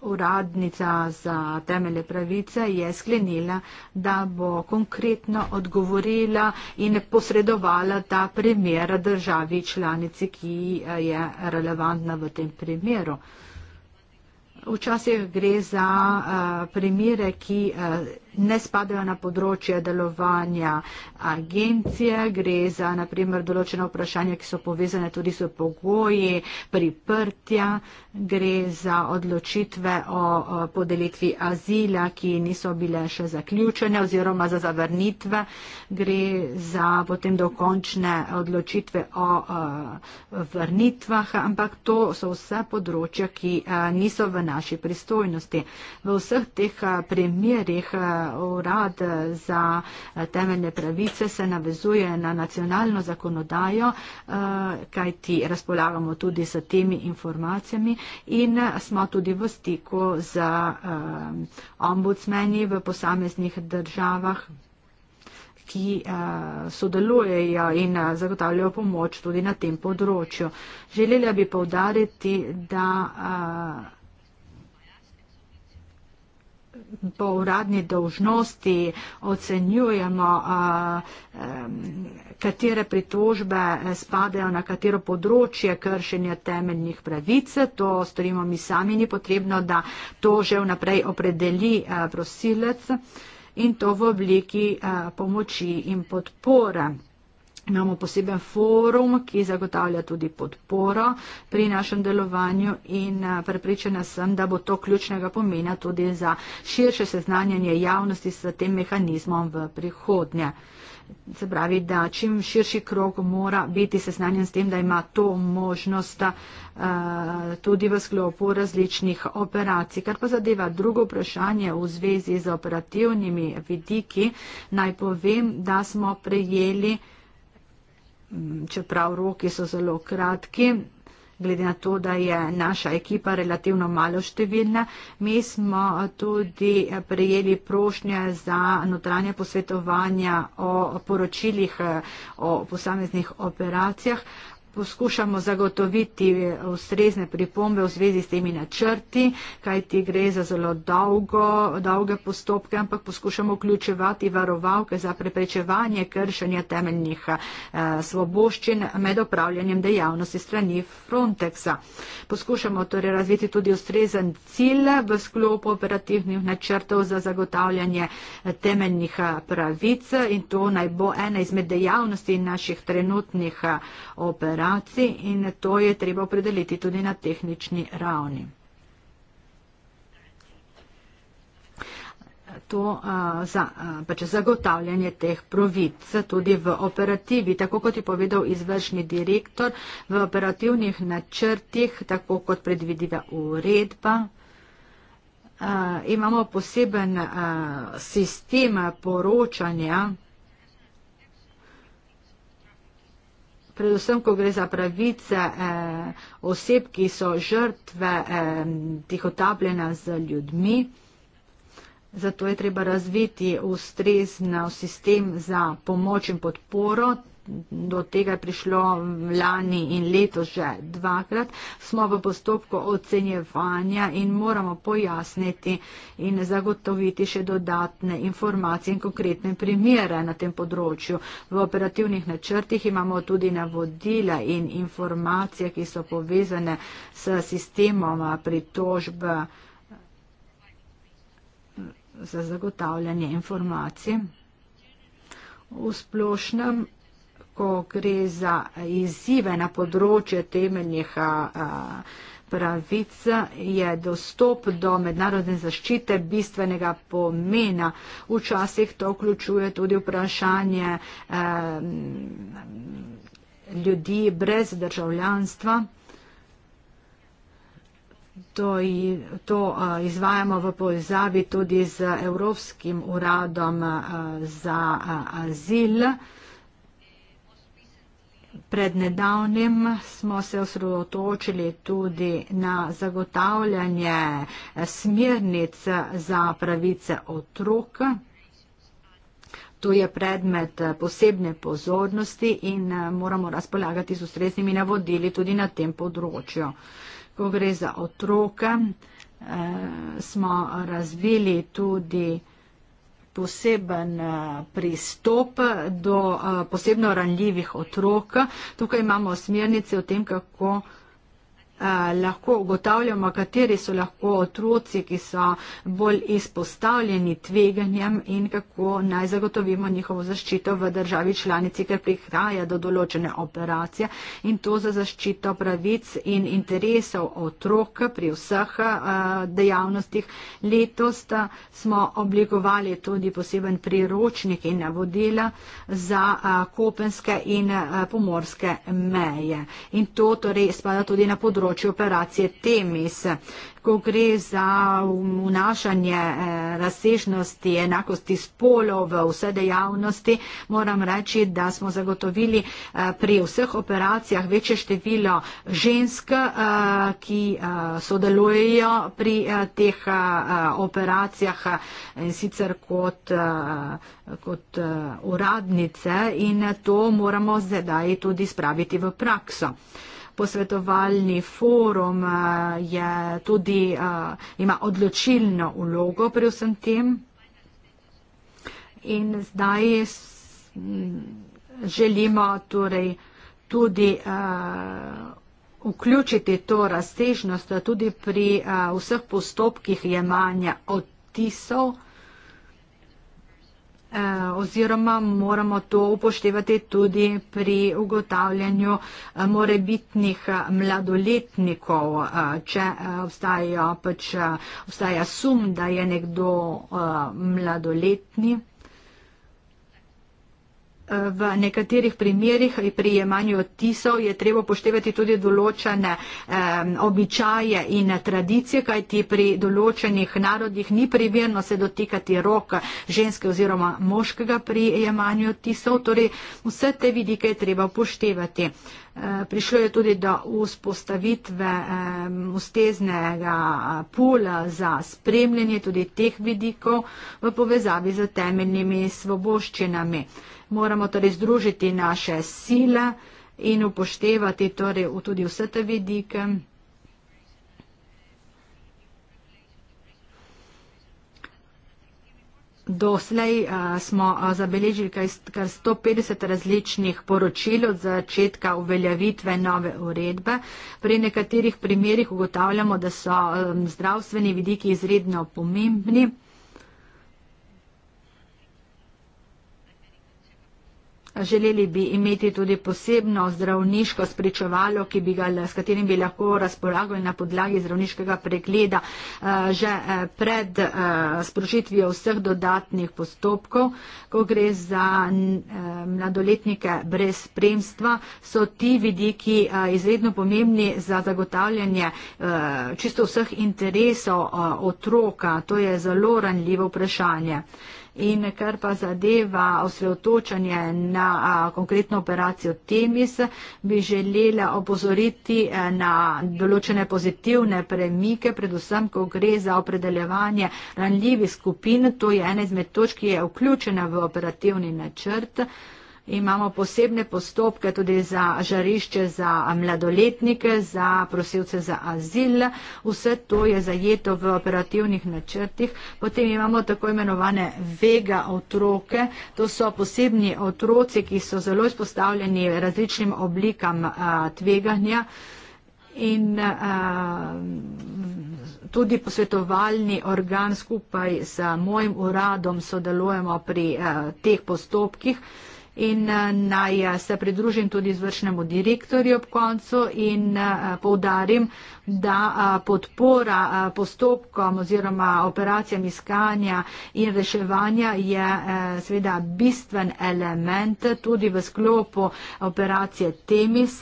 uradnica za temeljne pravice je sklenila, da bo konkretno odgovorila in posredovala ta primer državi članici, ki eh, je relevantna v tem primeru. Včasih gre za uh, primere, ki uh, ne spadajo na področje delovanja agencije, gre za naprimer določena vprašanja, ki so povezane tudi s pogoji priprtja, gre za odločitve o podelitvi azila, ki niso bile še zaključene oziroma za zavrnitve, gre za potem dokončne odločitve o vrnitvah, ampak to so vse področja, ki niso v naši pristojnosti. V vseh teh primerjih urad za eh, temeljne pravice se navezuje na nacionalno zakonodajo, eh, kajti razpolagamo tudi s temi informacijami in eh, smo tudi v stiku z ombudsmeni v posameznih državah ki sodelujejo in zagotavljajo pomoč tudi na tem področju. Želela bi povdariti, da po uradni dolžnosti ocenjujemo, eh, eh, katere pritožbe spadajo na katero področje kršenja temeljnih pravic. To storimo mi sami, ni potrebno, da to že vnaprej opredeli eh, prosilec in to v obliki pomoči in podpore. Imamo poseben forum, ki zagotavlja tudi podporo pri našem delovanju in eh, prepričana sem, da bo to ključnega pomena tudi za širše seznanjanje javnosti s tem mehanizmom v prihodnje. Se pravi, da čim širši krok mora biti seznanjen s tem, da ima to možnost eh, tudi v sklopu različnih operacij. Kar pa zadeva drugo vprašanje v zvezi z operativnimi vidiki, naj povem, da smo prejeli Mm, čeprav roki so zelo kratki, glede na to, da je naša ekipa relativno malo številna. Mi smo tudi prejeli prošnje za notranje posvetovanja o poročilih o posameznih operacijah poskušamo zagotoviti ustrezne pripombe v zvezi s temi načrti, kaj ti gre za zelo dolgo, dolge postopke, ampak poskušamo vključevati varovalke za preprečevanje kršenja temeljnih eh, svoboščin med opravljanjem dejavnosti strani Frontexa. Poskušamo torej razviti tudi ustrezen cilj v sklopu operativnih načrtov za zagotavljanje eh, temeljnih eh, pravic in to naj bo ena izmed dejavnosti naših trenutnih eh, operacij operacij in to je treba opredeliti tudi na tehnični ravni. To uh, za, uh, pač zagotavljanje teh provic tudi v operativi, tako kot je povedal izvršni direktor, v operativnih načrtih, tako kot predvidiva uredba. Uh, imamo poseben uh, sistem poročanja predvsem, ko gre za pravice eh, oseb, ki so žrtve eh, tihotapljena z ljudmi. Zato je treba razviti ustrezno sistem za pomoč in podporo do tega je prišlo lani in leto že dvakrat, smo v postopku ocenjevanja in moramo pojasniti in zagotoviti še dodatne informacije in konkretne primere na tem področju. V operativnih načrtih imamo tudi navodila in informacije, ki so povezane s sistemom pritožb za zagotavljanje informacij. V splošnem ko gre za izzive na področje temeljnih pravic, je dostop do mednarodne zaščite bistvenega pomena. Včasih to vključuje tudi vprašanje ljudi brez državljanstva. To, to izvajamo v povezavi tudi z Evropskim uradom za azil. Pred nedavnim smo se osredotočili tudi na zagotavljanje smernic za pravice otrok. To je predmet posebne pozornosti in eh, moramo razpolagati z ustreznimi navodili tudi na tem področju. Ko gre za otroke, eh, smo razvili tudi poseben eh, pristop do eh, posebno ranljivih otrok. Tukaj imamo smernice o tem, kako Eh, lahko ugotavljamo, kateri so lahko otroci, ki so bolj izpostavljeni tveganjem in kako naj zagotovimo njihovo zaščito v državi članici, ker prihaja do določene operacije in to za zaščito pravic in interesov otrok pri vseh eh, dejavnostih. Letos eh, smo oblikovali tudi poseben priročnik in navodila za kopenske in pomorske meje. In to torej spada tudi na področje področju operacije Temis, ko gre za vnašanje eh, razsežnosti, enakosti spolov v vse dejavnosti. Moram reči, da smo zagotovili eh, pri vseh operacijah večje število žensk, eh, ki sodelujejo pri teh operacijah in sicer kot, kot uradnice in to moramo zdaj tudi spraviti v prakso posvetovalni forum eh, je tudi, eh, ima odločilno ulogo pri vsem tem. In zdaj mm, želimo torej tudi uh, vključiti to razsežnost tudi pri uh, vseh postopkih jemanja odtisov Eh, oziroma moramo to upoštevati tudi pri ugotavljanju eh, morebitnih eh, mladoletnikov, če obstaja, pač, obstaja sum, da je nekdo mladoletni v nekaterih primerjih pri jemanju odtisov je treba poštevati tudi določene običaje in tradicije, kajti pri določenih narodih ni primerno se dotikati rok ženske oziroma moškega pri jemanju odtisov. Torej, vse te vidike je treba poštevati. E, prišlo je tudi do vzpostavitve usteznega pula za spremljanje tudi teh vidikov v povezavi z temeljnimi svoboščinami moramo torej združiti naše sile in upoštevati torej tudi vse te vidike. Doslej a, smo a, zabeležili kar, kar 150 različnih poročil od začetka uveljavitve nove uredbe. Pri nekaterih primerjih ugotavljamo, da so a, zdravstveni vidiki izredno pomembni. Želeli bi imeti tudi posebno zdravniško sprečevalo, s katerim bi lahko razpolagali na podlagi zdravniškega pregleda eh, že eh, pred eh, sprožitvijo vseh dodatnih postopkov, ko gre za mladoletnike brez spremstva, so ti vidiki izredno pomembni za zagotavljanje čisto vseh interesov otroka. To je zelo ranljivo vprašanje. In kar pa zadeva osredotočanje na konkretno operacijo Temis, bi želela opozoriti na določene pozitivne premike, predvsem, ko gre za opredeljevanje ranljivih skupin. To je ena izmed točk, ki je vključena v operativni načrt imamo posebne postopke tudi za žarišče za mladoletnike, za prosilce za azil. Vse to je zajeto v operativnih načrtih. Potem imamo tako imenovane vega otroke. To so posebni otroci, ki so zelo izpostavljeni različnim oblikam a, tveganja. In a, tudi posvetovalni organ skupaj s mojim uradom sodelujemo pri a, teh postopkih in eh, naj eh, se pridružim tudi izvršnemu direktorju ob koncu in eh, povdarim, da podpora postopkom oziroma operacijam iskanja in reševanja je sveda bistven element tudi v sklopu operacije Temis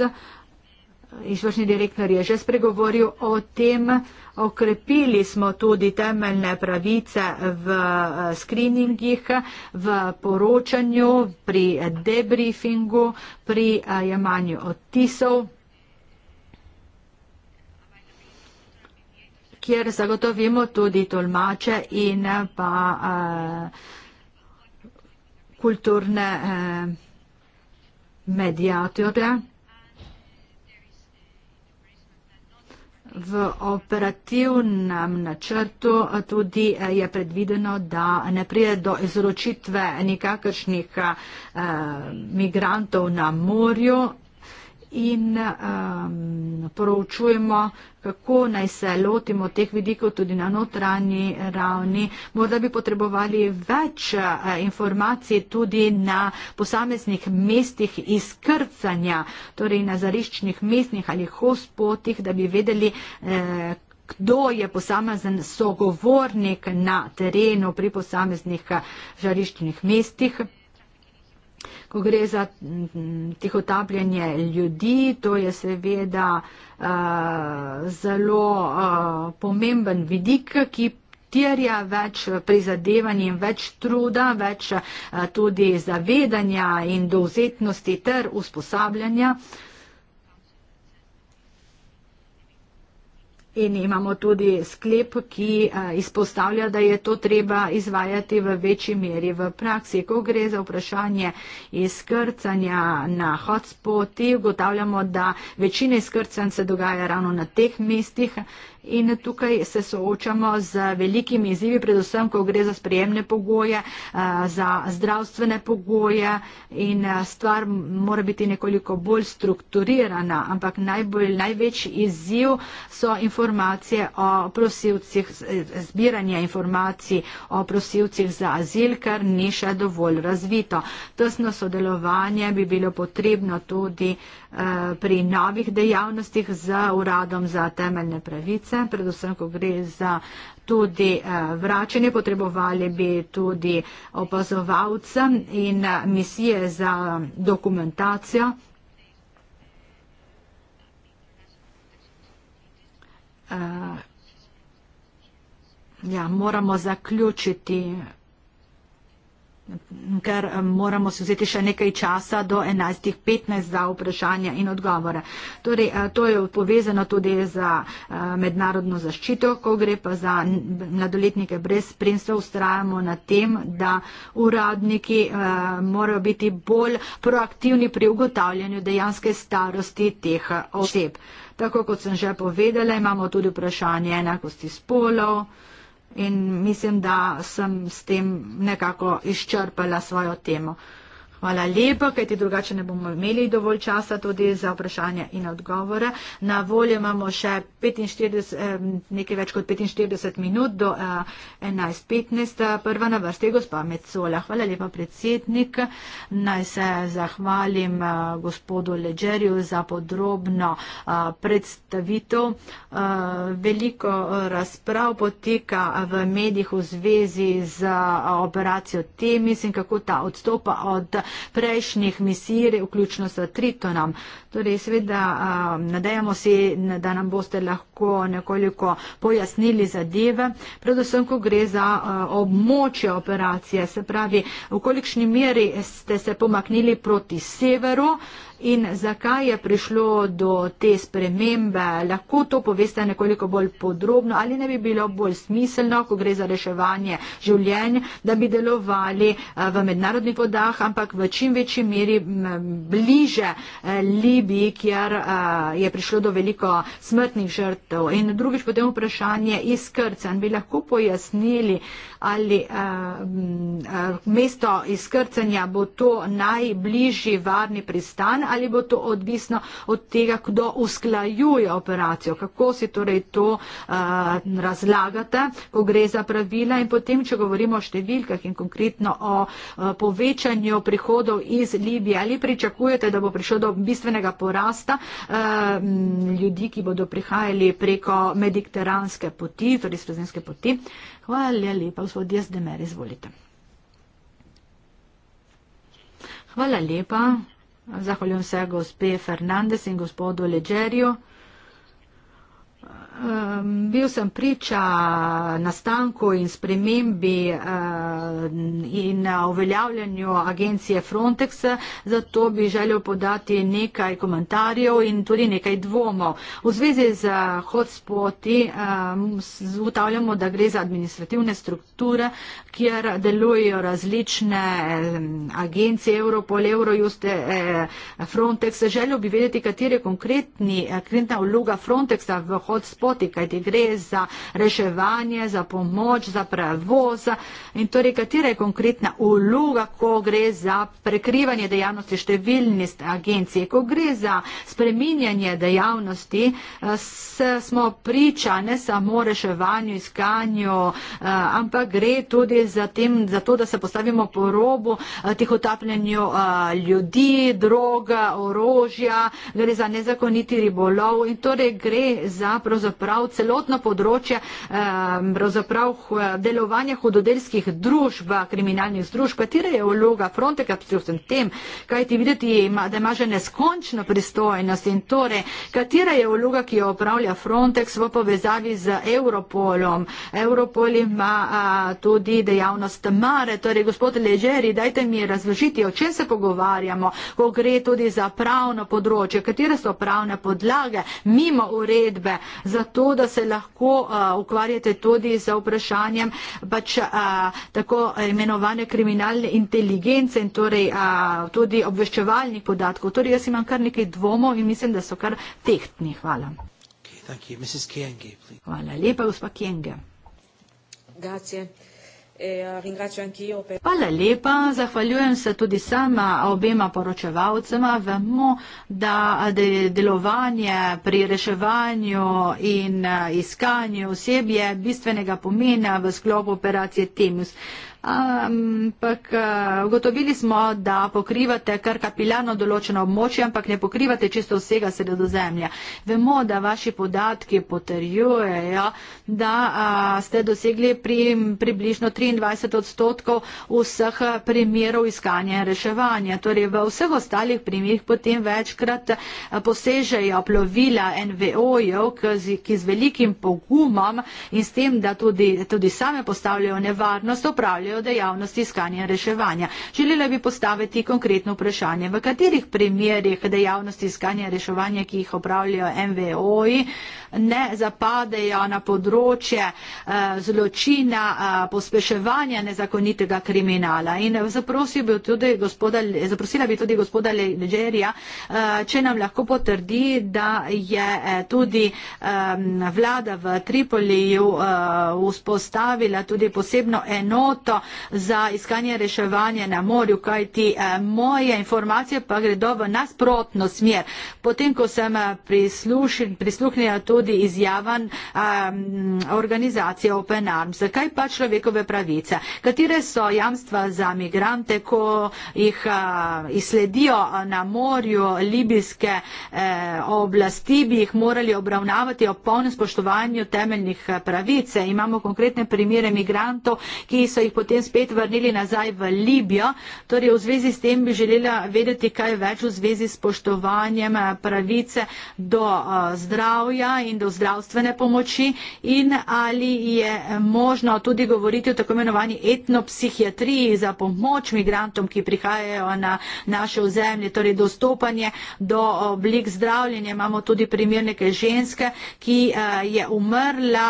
izvršni direktor je že spregovoril o tem, okrepili smo tudi temeljne pravice v eh, skriningih, v poročanju, pri debriefingu, pri eh, jemanju odtisov. kjer zagotovimo tudi tolmače in eh, pa uh, kulturne uh, mediatorje. V operativnem načrtu tudi eh, je predvideno, da ne prije do izročitve nikakršnih eh, migrantov na morju, in um, proučujemo, kako naj se lotimo teh vidikov tudi na notranji ravni. Morda bi potrebovali več eh, informacij tudi na posameznih mestih izkrcanja, torej na zariščnih mestnih ali hospotih, da bi vedeli, eh, kdo je posamezen sogovornik na terenu pri posameznih eh, žariščnih mestih. Ko gre za tihotapljenje ljudi, to je seveda uh, zelo uh, pomemben vidik, ki terja več prizadevanj in več truda, več uh, tudi zavedanja in dovzetnosti ter usposabljanja. Uh, In imamo tudi sklep, ki eh, izpostavlja, da je to treba izvajati v večji meri v praksi. Ko gre za vprašanje izkrcanja na hotspoti, ugotavljamo, da večina izkrcanj se dogaja ravno na teh mestih, in tukaj se soočamo z velikimi izzivi, predvsem, ko gre za sprejemne pogoje, eh, za zdravstvene pogoje in eh, stvar mora biti nekoliko bolj strukturirana, ampak najbolj, največji izziv so informacije o prosilcih, zbiranje informacij o prosilcih za azil, kar ni še dovolj razvito. Tesno sodelovanje bi bilo potrebno tudi Eh, pri novih dejavnostih z uradom za temeljne pravice, predvsem, ko gre za tudi eh, vračanje, potrebovali bi tudi opazovalce in eh, misije za dokumentacijo. Ja, moramo zaključiti ker eh, moramo se vzeti še nekaj časa do 11.15 za vprašanja in odgovore. Torej, eh, to je povezano tudi za eh, mednarodno zaščito, ko gre pa za mladoletnike brez spremstva, ustrajamo na tem, da uradniki morajo biti bolj proaktivni pri ugotavljanju dejanske starosti teh oseb. Tako kot sem že povedala, imamo tudi vprašanje enakosti spolov in mislim, da sem s tem nekako izčrpala svojo temo. Hvala lepa, kaj ti drugače ne bomo imeli dovolj časa tudi za vprašanje in odgovore. Na voljo imamo še 45, nekaj več kot 45 minut do 11.15. Eh, Prva na vrsti je gospa Mecola. Hvala lepa, predsednik. Naj se zahvalim eh, gospodu Leđerju za podrobno eh, predstavitev. Veliko razprav poteka v medijih v zvezi z operacijo Temis in kako ta odstopa od prejšnjih misij, vključno s Tritonom. Torej, seveda, um, nadejamo se, da nam boste lahko nekoliko pojasnili zadeve, predvsem, ko gre za uh, območje operacije, se pravi, v kolikšni meri ste se pomaknili proti severu in zakaj je prišlo do te spremembe. Lahko to poveste nekoliko bolj podrobno ali ne bi bilo bolj smiselno, ko gre za reševanje življenj, da bi delovali eh, v mednarodnih vodah, ampak v čim večji meri bliže eh, Libiji, kjer eh, je prišlo do veliko smrtnih žrtev. In drugič potem vprašanje iz Krcan. Bi lahko pojasnili, ali uh, mesto izkrcanja bo to najbližji varni pristan ali bo to odvisno od tega, kdo usklajuje operacijo. Kako si torej to uh, razlagate, ko gre za pravila in potem, če govorimo o številkah in konkretno o uh, povečanju prihodov iz Libije, ali pričakujete, da bo prišlo do bistvenega porasta uh, ljudi, ki bodo prihajali preko mediteranske poti, torej sredozemske poti. Uh, Hvala lepa, gospod Jazdemer, izvolite. Hvala lepa. Zahvaljujem se gospe Fernandez in gospodu Leđerju um, bil sem priča nastanku in spremembi uh, in eh, uveljavljanju agencije Frontex, zato bi želel podati nekaj komentarjev in tudi nekaj dvomov. V zvezi z hotspoti um, utavljamo, da gre za administrativne strukture, kjer delujejo različne um, agencije Europol, Eurojust, eh, Frontex. Želel bi vedeti, katera je eh, konkretna vloga Frontexa v hotspot poti, kajti gre za reševanje, za pomoč, za prevoz. In torej, katera je konkretna uloga, ko gre za prekrivanje dejavnosti številnih agencij, ko gre za spreminjanje dejavnosti, smo priča ne samo reševanju, iskanju, ampak gre tudi za, tem, za to, da se postavimo po robu tih otapljanju ljudi, droga, orožja, gre za nezakoniti ribolov in torej gre za pravzaprav celotno področje pravzaprav eh, delovanja hudodelskih družb, kriminalnih združb, katera je vloga Frontexa pri vsem tem, kajti videti, da ima že neskončno pristojnost in torej, katera je vloga, ki jo opravlja Frontex v povezavi z Europolom. Europol ima a, tudi dejavnost Mare, torej gospod Leđeri, dajte mi razložiti, o čem se pogovarjamo, ko gre tudi za pravno področje, katere so pravne podlage mimo uredbe za zato, da se lahko uh, ukvarjate tudi z vprašanjem pač, uh, tako imenovane kriminalne inteligence in torej, uh, tudi obveščevalnih podatkov. Torej, jaz imam kar nekaj dvomov in mislim, da so kar tehtni. Hvala. Okay, Kienge, Hvala lepa, gospa Kienge. Grazie e ringrazio anch'io per... Hvala lepa, zahvaljujem se tudi sama obema poročevalcema. Vemo, da de delovanje pri reševanju in iskanju oseb je bistvenega pomena v sklopu operacije Temus. Ampak eh, ugotovili smo, da pokrivate kar kapilano določeno območje, ampak ne pokrivate čisto vsega sredozemlja. Vemo, da vaši podatki potrjujejo, da a, ste dosegli pri, približno 23 odstotkov vseh primerov iskanja in reševanja. Torej v vseh ostalih primerih potem večkrat posežejo plovila NVO-jev, ki z velikim pogumom in s tem, da tudi, tudi same postavljajo nevarnost, opravljajo opravljajo dejavnost iskanja in reševanja. Želela bi postaviti konkretno vprašanje, v katerih primerjih dejavnosti iskanja in reševanja, ki jih opravljajo MVO-ji, ne zapadejo na področje eh, zločina, eh, pospeševanja nezakonitega kriminala. In eh, bi gospoda, zaprosila bi tudi gospoda Ležerija, če nam lahko potrdi, da je tudi vlada v Tripoliju vzpostavila tudi posebno enoto za iskanje reševanja na morju, kajti moje informacije pa gredo v nasprotno smer. Potem, ko sem prisluhnila tudi tudi izjavan um, organizacije Open Arms. Kaj pa človekove pravice? Katere so jamstva za migrante, ko jih uh, izsledijo na morju libijske uh, oblasti, bi jih morali obravnavati o polnem spoštovanju temeljnih eh, pravice? Imamo konkretne primere migrantov, ki so jih potem spet vrnili nazaj v Libijo. Torej, v zvezi s tem bi želela vedeti kaj več v zvezi s spoštovanjem eh, pravice do uh, zdravja. In in do zdravstvene pomoči in ali je možno tudi govoriti o tako imenovani etnopsihijatriji za pomoč migrantom, ki prihajajo na naše ozemlje, torej dostopanje do oblik zdravljenja. Imamo tudi primer neke ženske, ki eh, je umrla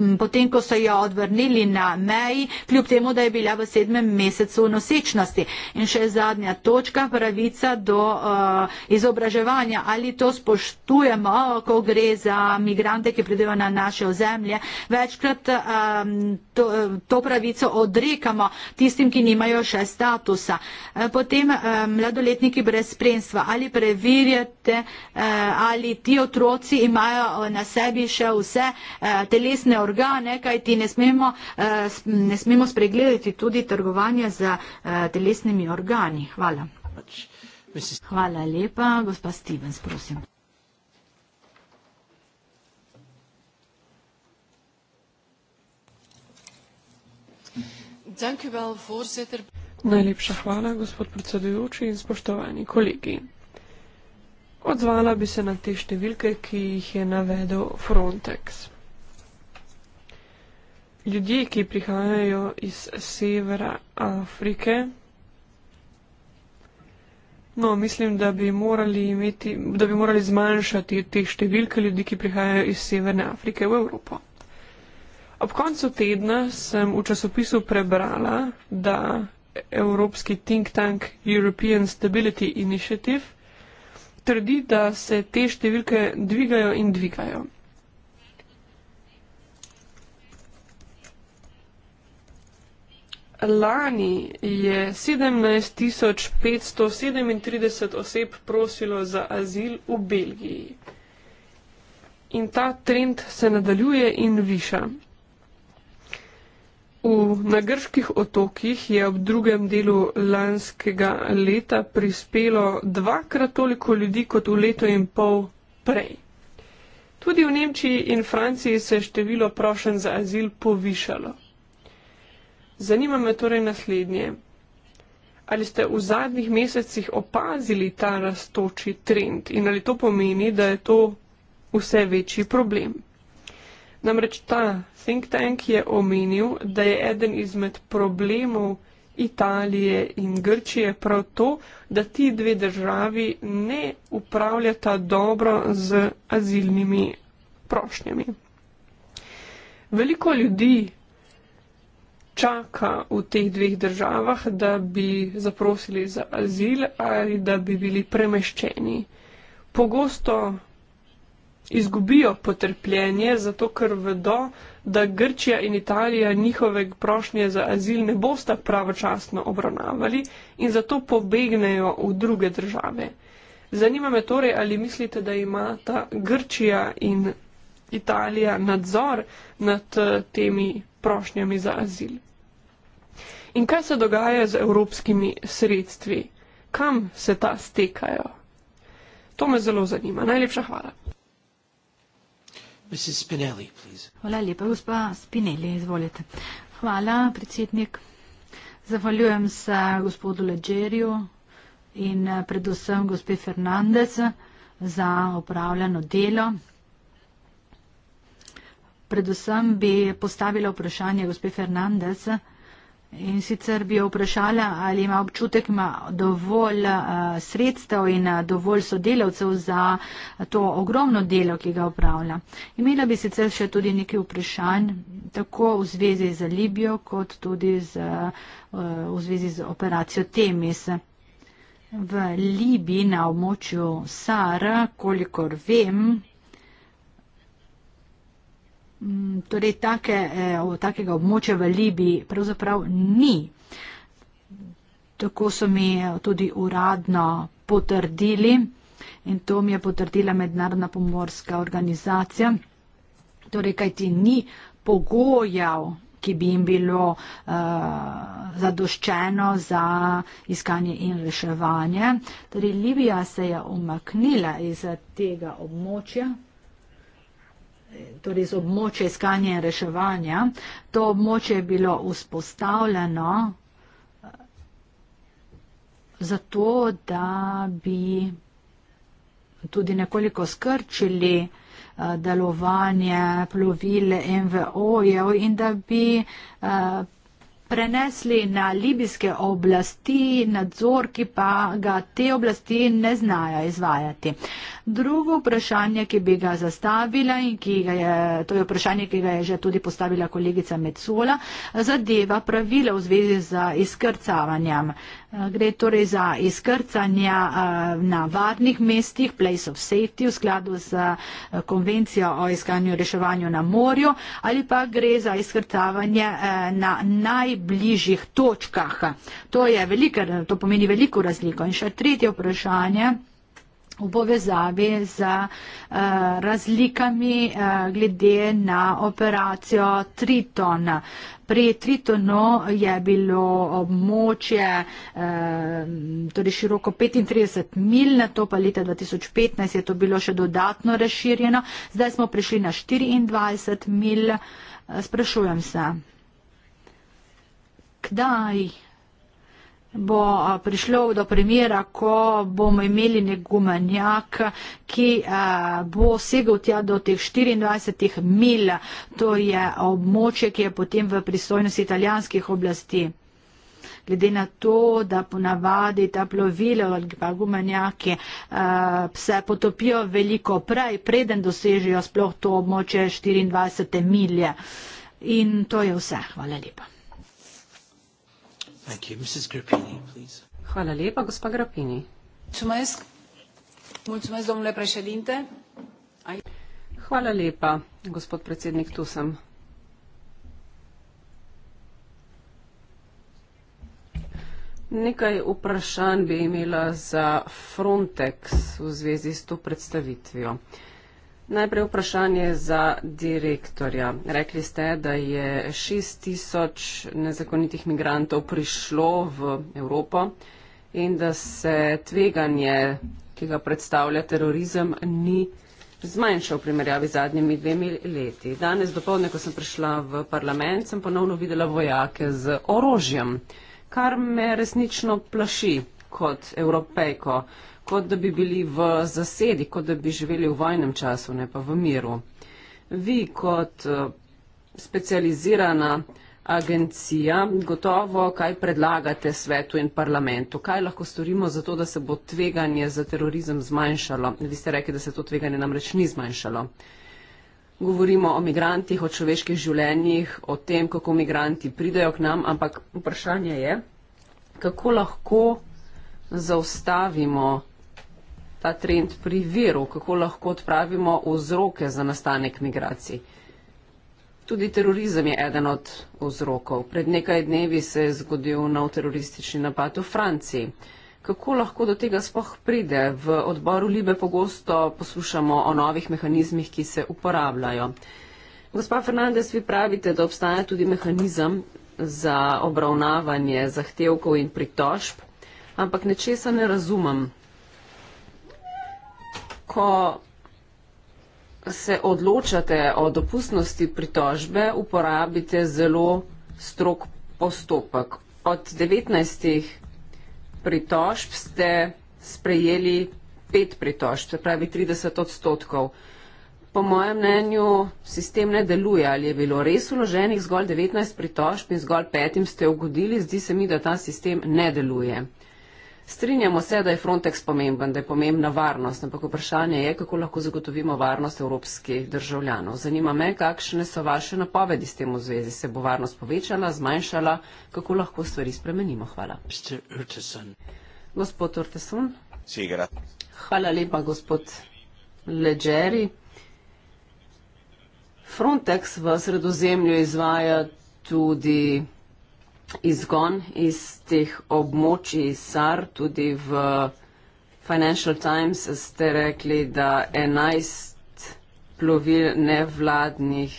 eh, potem, ko so jo odvrnili na meji, kljub temu, da je bila v sedmem mesecu nosečnosti. In še zadnja točka, pravica do eh, izobraževanja. Ali to spoštujemo, ko gre za migrante, ki pridejo na naše ozemlje. Večkrat um, to, to pravico odrekamo tistim, ki nimajo še statusa. E, potem um, mladoletniki brez spremstva. Ali preverjate, uh, ali ti otroci imajo e, na sebi še vse uh, telesne organe, kaj ti ne smemo, uh, ne smemo spregledati tudi trgovanja z uh, telesnimi organi. Hvala. Hvala lepa, gospa Stevens, prosim. Dank u wel, voorzitter. Najlepša hvala, gospod predsedujoči in spoštovani kolegi. Odzvala bi se na te številke, ki jih je navedel Frontex. Ljudje, ki prihajajo iz severa Afrike, no, mislim, da bi morali, imeti, da bi morali zmanjšati te številke ljudi, ki prihajajo iz severne Afrike v Evropo. Ob koncu tedna sem v časopisu prebrala, da evropski think tank European Stability Initiative trdi, da se te številke dvigajo in dvigajo. Lani je 17537 oseb prosilo za azil v Belgiji. In ta trend se nadaljuje in viša. V, na grških otokih je ob drugem delu lanskega leta prispelo dvakrat toliko ljudi kot v leto in pol prej. Tudi v Nemčiji in Franciji se je število prošen za azil povišalo. Zanima me torej naslednje. Ali ste v zadnjih mesecih opazili ta rastoči trend in ali to pomeni, da je to vse večji problem? Namreč ta think tank je omenil, da je eden izmed problemov Italije in Grčije prav to, da ti dve državi ne upravljata dobro z azilnimi prošnjami. Veliko ljudi čaka v teh dveh državah, da bi zaprosili za azil ali da bi bili premeščeni. Pogosto izgubijo potrpljenje, zato ker vedo, da Grčija in Italija njihove prošnje za azil ne bosta pravočasno obravnavali in zato pobegnejo v druge države. Zanima me torej, ali mislite, da ima ta Grčija in Italija nadzor nad eh, temi prošnjami za azil. In kaj se dogaja z evropskimi sredstvi? Kam se ta stekajo? To me zelo zanima. Najlepša hvala. Mrs. Spinelli, please. Hvala lepa, gospa Spinelli, izvolite. Hvala, predsednik. Zahvaljujem se gospodu Leđerju in eh, predvsem gospe Fernandez za opravljeno delo. Predvsem bi postavila vprašanje gospe Fernandez. In sicer bi jo vprašala, ali ima občutek, ima dovolj eh, sredstev in eh, dovolj sodelavcev za to ogromno delo, ki ga upravlja. Imela bi sicer še tudi nekaj vprašanj, tako v zvezi z Libijo, kot tudi z, eh, v zvezi z operacijo Temis. V Libiji na območju SAR, kolikor vem, Mm, torej take, eh, takega območja v Libiji pravzaprav ni. Tako so mi eh, tudi uradno potrdili in to mi je potrdila mednarodna pomorska organizacija. Torej, kaj ti ni pogojev, ki bi jim bilo eh, zadoščeno za iskanje in reševanje. Torej, Libija se je omaknila iz tega območja torej z območja iskanja in reševanja. To območje je bilo vzpostavljeno eh, zato, da bi tudi nekoliko skrčili eh, delovanje plovile MVO-jev in da bi eh, prenesli na libijske oblasti, nadzor, ki pa ga te oblasti ne znajo izvajati. Drugo vprašanje, ki bi ga zastavila in ki ga je, to je vprašanje, ki ga je že tudi postavila kolegica Metsola, zadeva pravila v zvezi z izkrcavanjem. Eh, gre torej za izkrcanja eh, na varnih mestih, place of safety, v skladu z eh, konvencijo o iskanju reševanju na morju, ali pa gre za izkrcavanje na najbližjih točkah. To, velika, to pomeni veliko razliko. In še tretje vprašanje v povezavi z razlikami glede na operacijo Triton. Pretrito no je bilo območje eh, torej široko 35 mil, na to pa leta 2015 je to bilo še dodatno razširjeno. Zdaj smo prišli na 24 mil. Eh, sprašujem se, kdaj? bo prišlo do primera, ko bomo imeli nek gumenjak, ki bo segel tja do teh 24 mil, to je območje, ki je potem v pristojnosti italijanskih oblasti. Glede na to, da ponavadi ta plovilo ali pa gumenjaki se potopijo veliko prej, preden dosežejo sploh to območje 24 milje. In to je vse. Hvala lepa. Thank you. Mrs. Grappini, please. Hvala lepa, gospa Grappini. Mulțumesc. Mulțumesc, domnule președinte. Ai... Hvala lepa, gospod predsednik, tu sem. Nekaj vprašanj bi imela za Frontex v zvezi s to predstavitvijo. Uh, Najprej vprašanje za direktorja. Rekli ste, da je 6 tisoč nezakonitih migrantov prišlo v Evropo in da se tveganje, ki ga predstavlja terorizem, ni zmanjšal v primerjavi z zadnjimi dvemi leti. Danes dopolne, ko sem prišla v parlament, sem ponovno videla vojake z orožjem, kar me resnično plaši kot evropejko kot da bi bili v zasedi, kot da bi živeli v vojnem času, ne pa v miru. Vi kot eh, specializirana agencija gotovo kaj predlagate svetu in parlamentu? Kaj lahko storimo za to, da se bo tveganje za terorizem zmanjšalo? Vi ste rekli, da se to tveganje namreč ni zmanjšalo. Govorimo o migrantih, o človeških življenjih, o tem, kako migranti pridejo k nam, ampak vprašanje je, kako lahko zaustavimo ta trend pri viru, kako lahko odpravimo vzroke za nastanek migracij. Tudi terorizem je eden od vzrokov. Pred nekaj dnevi se je zgodil nov teroristični napad v Franciji. Kako lahko do tega spoh pride? V odboru Libe pogosto poslušamo o novih mehanizmih, ki se uporabljajo. Gospa Fernandez, vi pravite, da obstaja tudi mehanizem za obravnavanje zahtevkov in pritožb, ampak nečesa ne razumem ko se odločate o dopustnosti pritožbe, uporabite zelo strok postopek. Od 19 pritožb ste sprejeli pet pritožb, se pravi 30 odstotkov. Po mojem mnenju sistem ne deluje, ali je bilo res uloženih zgolj 19 pritožb in zgolj petim ste ugodili, zdi se mi, da ta sistem ne deluje. Strinjamo se, da je Frontex pomemben, da je pomembna varnost, ampak vprašanje je, kako lahko zagotovimo varnost evropskih državljanov. Zanima me, kakšne so vaše napovedi s tem v zvezi. Se bo varnost povečala, zmanjšala, kako lahko stvari spremenimo? Hvala. Gospod Urteson. Sigra. Hvala lepa, gospod Leđeri. Frontex v sredozemlju izvaja tudi izgon iz teh območij SAR, tudi v Financial Times ste rekli, da 11 plovil nevladnih,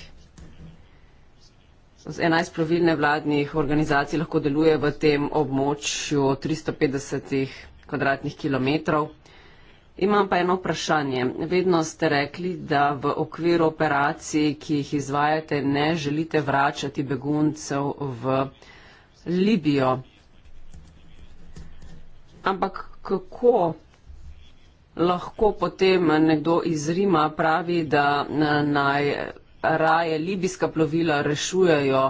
11 plovil nevladnih organizacij lahko deluje v tem območju 350 kvadratnih kilometrov. Imam pa eno vprašanje. Vedno ste rekli, da v okviru operacij, ki jih izvajate, ne želite vračati beguncev v Libijo. Ampak kako lahko potem nekdo iz Rima pravi, da naj raje libijska plovila rešujejo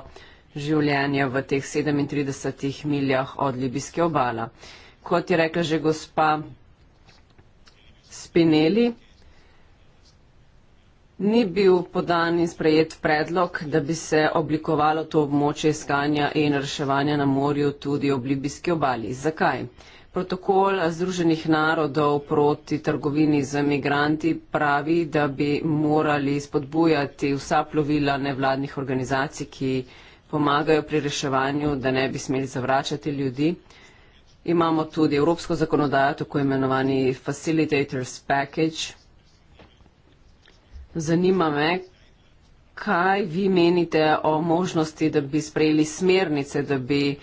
življenje v teh 37 miljah od libijske obala? Kot je rekla že gospa Spinelli, ni bil podan in sprejet predlog, da bi se oblikovalo to območje iskanja in reševanja na morju tudi ob libijski obali. Zakaj? Protokol Združenih narodov proti trgovini z migranti pravi, da bi morali spodbujati vsa plovila nevladnih organizacij, ki pomagajo pri reševanju, da ne bi smeli zavračati ljudi. Imamo tudi evropsko zakonodajo, tako imenovani Facilitators Package, Zanima me, kaj vi menite o možnosti, da bi sprejeli smernice, da bi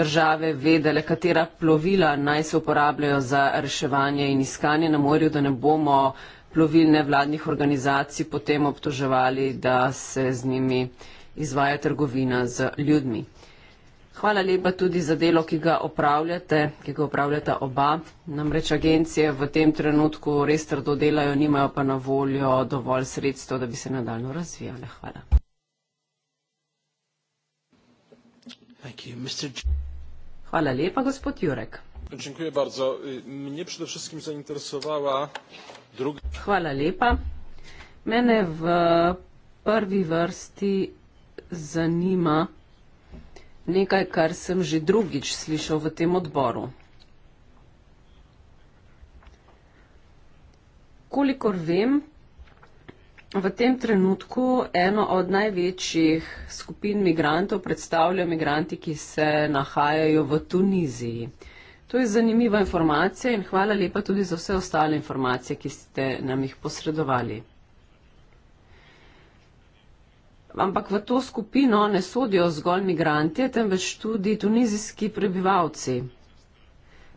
države vedele, katera plovila naj se uporabljajo za reševanje in iskanje na morju, da ne bomo plovilne vladnih organizacij potem obtoževali, da se z njimi izvaja trgovina z ljudmi. Hvala lepa tudi za delo, ki ga opravljate, ki ga opravljata oba. Namreč agencije v tem trenutku res trdo delajo, nimajo pa na voljo dovolj sredstva, da bi se nadaljno razvijale. Hvala. Hvala lepa, gospod Jurek. Hvala lepa. Mene v prvi vrsti zanima, nekaj, kar sem že drugič slišal v tem odboru. Kolikor vem, v tem trenutku eno od največjih skupin migrantov predstavljajo migranti, ki se nahajajo v Tuniziji. To je zanimiva informacija in hvala lepa tudi za vse ostale informacije, ki ste nam jih posredovali ampak v to skupino ne sodijo zgolj migranti, temveč tudi tunizijski prebivalci.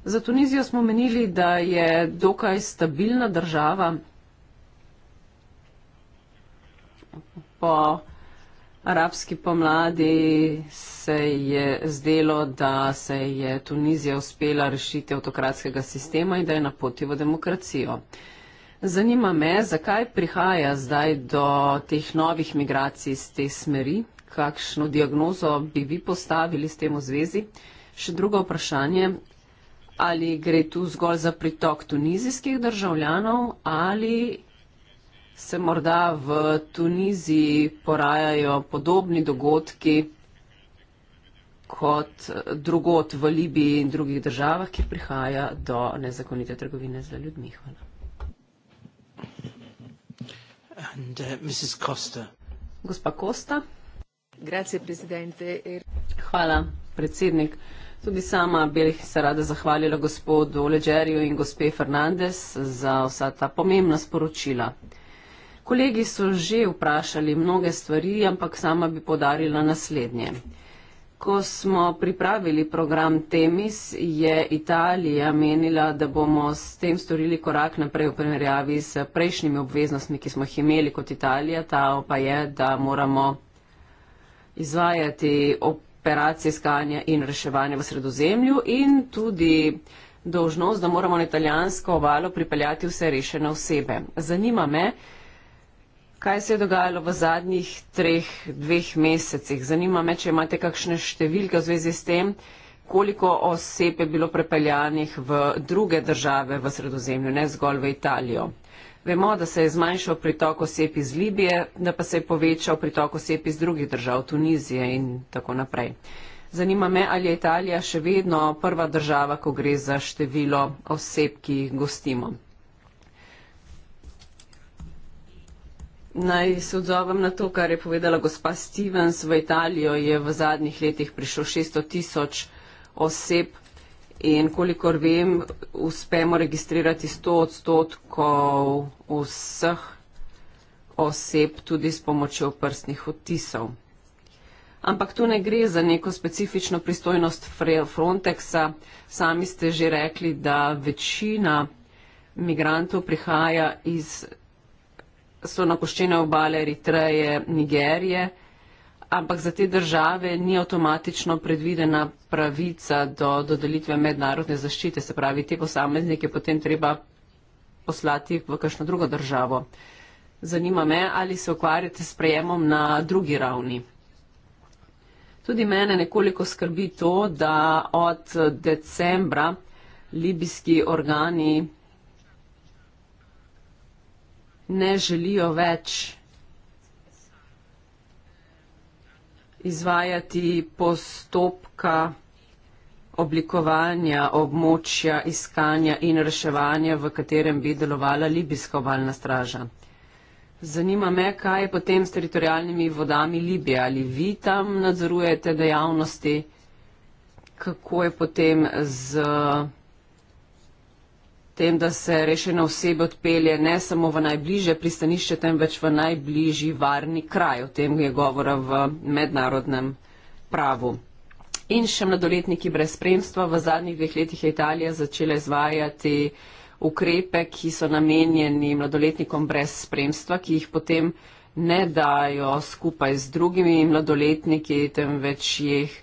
Za Tunizijo smo menili, da je dokaj stabilna država. Po arabski pomladi se je zdelo, da se je Tunizija uspela rešiti avtokratskega sistema in da je na poti v demokracijo. Zanima me, zakaj prihaja zdaj do teh novih migracij z te smeri? Kakšno diagnozo bi vi postavili s tem v zvezi? Še drugo vprašanje, ali gre tu zgolj za pritok tunizijskih državljanov ali se morda v Tuniziji porajajo podobni dogodki kot drugot v Libiji in drugih državah, kjer prihaja do nezakonite trgovine z ljudmi. Hvala and uh, Mrs. Costa. Gospa Costa. Grazie, Presidente. Hvala, predsednik. Tudi sama bi se rada zahvalila gospodu Leđerju in gospe Fernandez za vsa ta pomembna sporočila. Kolegi so že vprašali mnoge stvari, ampak sama bi podarila naslednje. Ko smo pripravili program Temis, je Italija menila, da bomo s tem storili korak naprej v primerjavi s prejšnjimi obveznostmi, ki smo jih imeli kot Italija. Ta pa je, da moramo izvajati operacije skanja in reševanja v sredozemlju in tudi dožnost, da moramo na italijansko ovalo pripeljati vse rešene osebe. Zanima me, Kaj se je dogajalo v zadnjih treh, dveh mesecih? Zanima me, če imate kakšne številke v zvezi s tem, koliko oseb je bilo prepeljanih v druge države v sredozemlju, ne zgolj v Italijo. Vemo, da se je zmanjšal pritok oseb iz Libije, da pa se je povečal pritok oseb iz drugih držav, Tunizije in tako naprej. Zanima me, ali je Italija še vedno prva država, ko gre za število oseb, ki jih gostimo. Naj se odzovem na to, kar je povedala gospa Stevens. V Italijo je v zadnjih letih prišlo 600 tisoč oseb in kolikor vem, uspemo registrirati 100 odstotkov vseh oseb tudi s pomočjo prstnih odtisov. Ampak tu ne gre za neko specifično pristojnost Frontexa. Sami ste že rekli, da večina migrantov prihaja iz so napoščene obale Eritreje, Nigerije, ampak za te države ni avtomatično predvidena pravica do dodelitve mednarodne zaščite, se pravi, te posameznike potem treba poslati v kakšno drugo državo. Zanima me, ali se ukvarjate s prejemom na drugi ravni. Tudi mene nekoliko skrbi to, da od decembra libijski organi ne želijo več izvajati postopka oblikovanja območja iskanja in reševanja, v katerem bi delovala libijska obalna straža. Zanima me, kaj je potem s teritorijalnimi vodami Libije. Ali vi tam nadzorujete dejavnosti? Kako je potem z tem, da se rešene osebe odpelje ne samo v najbližje pristanišče, temveč v najbližji varni kraj. O tem je govora v mednarodnem pravu. In še mladoletniki brez spremstva. V zadnjih dveh letih je Italija začela izvajati ukrepe, ki so namenjeni mladoletnikom brez spremstva, ki jih potem ne dajo skupaj z drugimi mladoletniki, temveč jih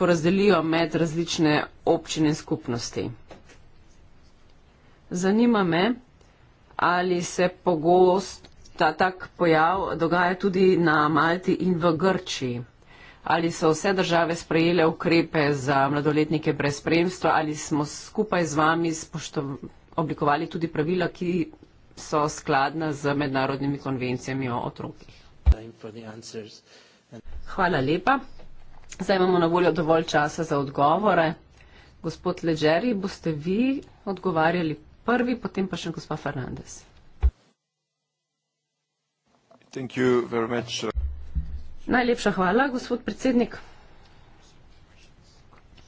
porazdelijo med različne občine in skupnosti. Zanima me, ali se pogost ta tak pojav dogaja tudi na Malti in v Grčiji. Ali so vse države sprejele ukrepe za mladoletnike brez spremstva, ali smo skupaj z vami spoštov, oblikovali tudi pravila, ki so skladna z mednarodnimi konvencijami o otrokih. Hvala lepa. Zdaj imamo na voljo dovolj časa za odgovore. Gospod Leđeri, boste vi odgovarjali prvi, potem pa še gospa Fernandez. Najlepša hvala, gospod predsednik.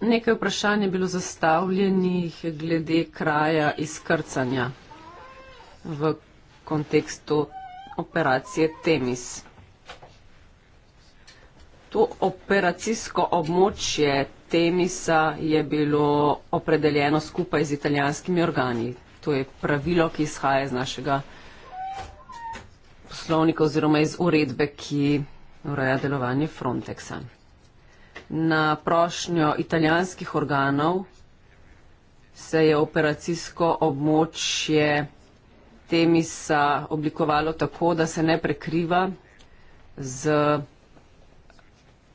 Nekaj vprašanj je bilo zastavljenih glede kraja izkrcanja v kontekstu operacije Temis. To operacijsko območje Temisa je bilo opredeljeno skupaj z italijanskimi organi. To je pravilo, ki izhaja iz našega poslovnika oziroma iz uredbe, ki ureja delovanje Frontexa. Na prošnjo italijanskih organov se je operacijsko območje Temisa oblikovalo tako, da se ne prekriva z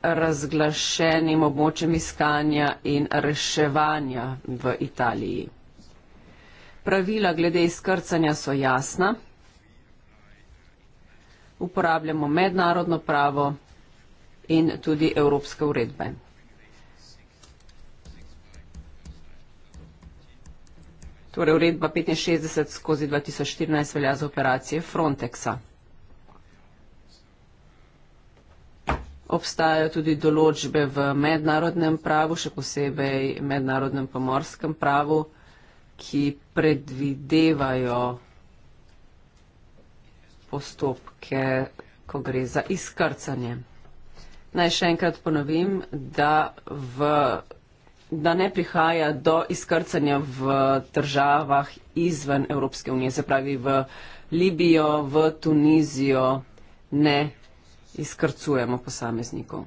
razglašenim območjem iskanja in reševanja v Italiji. Pravila glede izkrcanja so jasna. Uporabljamo mednarodno pravo in tudi evropske uredbe. Torej uredba 65 skozi 2014 velja za operacije Frontexa. Obstajajo tudi določbe v mednarodnem pravu, še posebej mednarodnem pomorskem pravu, ki predvidevajo postopke, ko gre za izkrcanje. Naj še enkrat ponovim, da, v, da ne prihaja do izkrcanja v državah izven Evropske unije, se pravi v Libijo, v Tunizijo ne izkrcujemo posameznikov.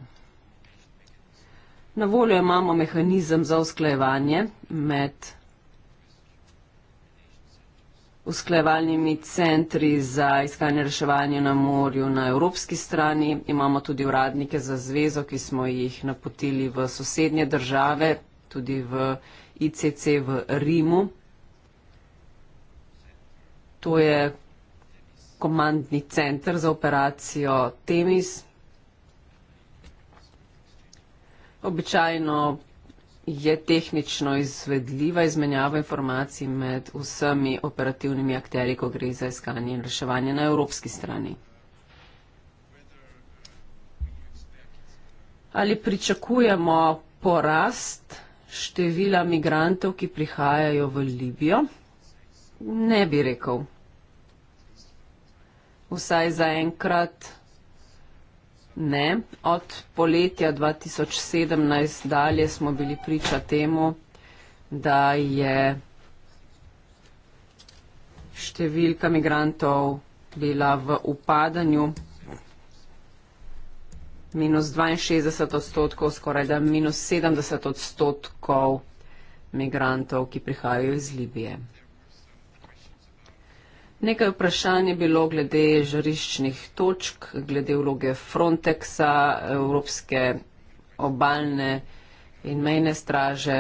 Na voljo imamo mehanizem za usklajevanje med usklajevalnimi centri za iskanje reševanja na morju na evropski strani. Imamo tudi uradnike za zvezo, ki smo jih napotili v sosednje države, tudi v ICC v Rimu. To je komandni center za operacijo Temis. Običajno je tehnično izvedljiva izmenjava informacij med vsemi operativnimi akteri, ko gre za iskanje in reševanje na evropski strani? Ali pričakujemo porast števila migrantov, ki prihajajo v Libijo? Ne bi rekel. Vsaj zaenkrat. Ne. Od poletja 2017 dalje smo bili priča temu, da je številka migrantov bila v upadanju minus 62 odstotkov, skoraj da minus 70 odstotkov migrantov, ki prihajajo iz Libije. Nekaj vprašanj je bilo glede žariščnih točk, glede vloge Frontexa, Evropske obalne in mejne straže.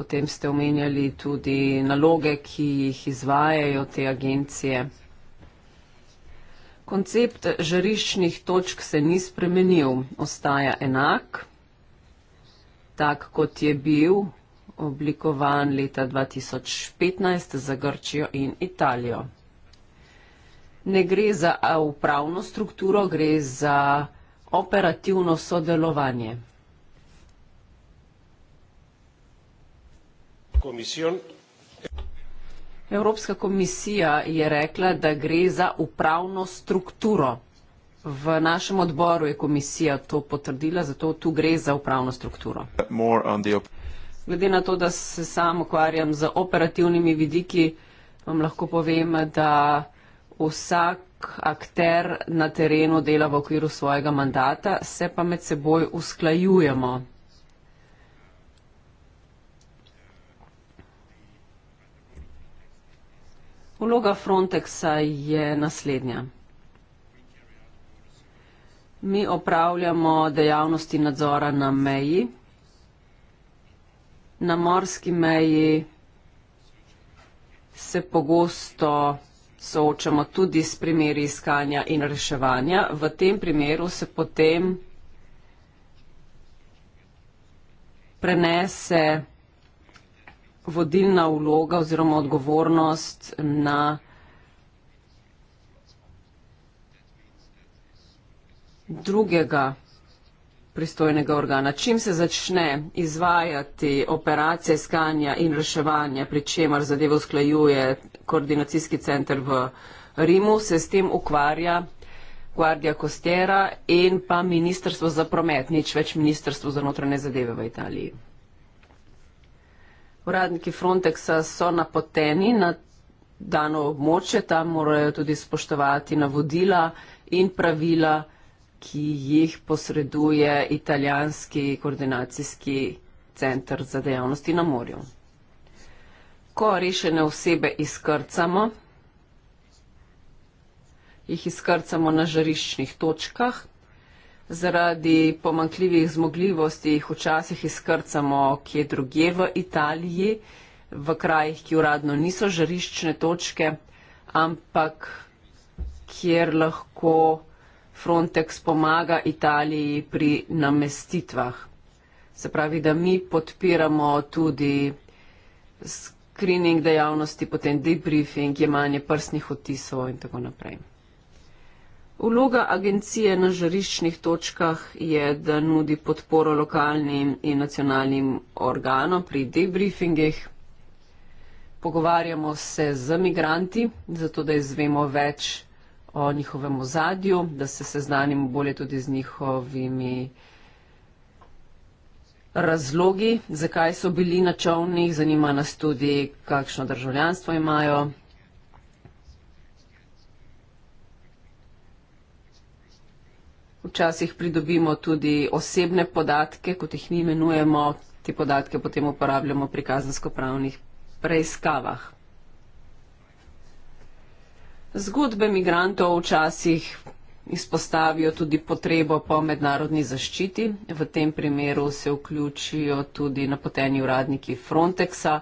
Potem ste omenjali tudi naloge, ki jih izvajajo te agencije. Koncept žariščnih točk se ni spremenil, ostaja enak, tak kot je bil oblikovan leta 2015 za Grčijo in Italijo ne gre za upravno strukturo, gre za operativno sodelovanje. Komisjon. Evropska komisija je rekla, da gre za upravno strukturo. V našem odboru je komisija to potrdila, zato tu gre za upravno strukturo. Glede na to, da se sam ukvarjam z operativnimi vidiki, vam lahko povem, da vsak akter na terenu dela v okviru svojega mandata, se pa med seboj usklajujemo. Vloga Frontexa je naslednja. Mi opravljamo dejavnosti nadzora na meji, na morski meji se pogosto soočamo tudi s primeri iskanja in reševanja. V tem primeru se potem prenese vodilna vloga oziroma odgovornost na drugega pristojnega organa. Čim se začne izvajati operacije iskanja in reševanja, pri čemer zadevo sklajuje koordinacijski center v Rimu, se s tem ukvarja Guardia Costiera in pa Ministrstvo za promet, nič več Ministrstvo za notranje zadeve v Italiji. Uradniki Frontexa so napoteni na dano območje, tam morajo tudi spoštovati navodila in pravila, ki jih posreduje italijanski koordinacijski center za dejavnosti na morju lahko rešene osebe izkrcamo, jih izkrcamo na žariščnih točkah, zaradi pomankljivih zmogljivosti jih včasih izkrcamo kje druge v Italiji, v krajih, ki uradno niso žariščne točke, ampak kjer lahko Frontex pomaga Italiji pri namestitvah. Se pravi, da mi podpiramo tudi screening dejavnosti, potem debriefing, jemanje prstnih odtisov in tako naprej. Vloga agencije na žariščnih točkah je, da nudi podporo lokalnim in nacionalnim organom pri debriefingih. Pogovarjamo se z migranti, zato da izvemo več o njihovem ozadju, da se seznanimo bolje tudi z njihovimi razlogi, zakaj so bili na čovnih, zanima nas tudi, kakšno državljanstvo imajo. Včasih pridobimo tudi osebne podatke, kot jih mi imenujemo, te podatke potem uporabljamo pri kazensko-pravnih preiskavah. Zgodbe migrantov včasih izpostavijo tudi potrebo po mednarodni zaščiti. V tem primeru se vključijo tudi napoteni uradniki Frontexa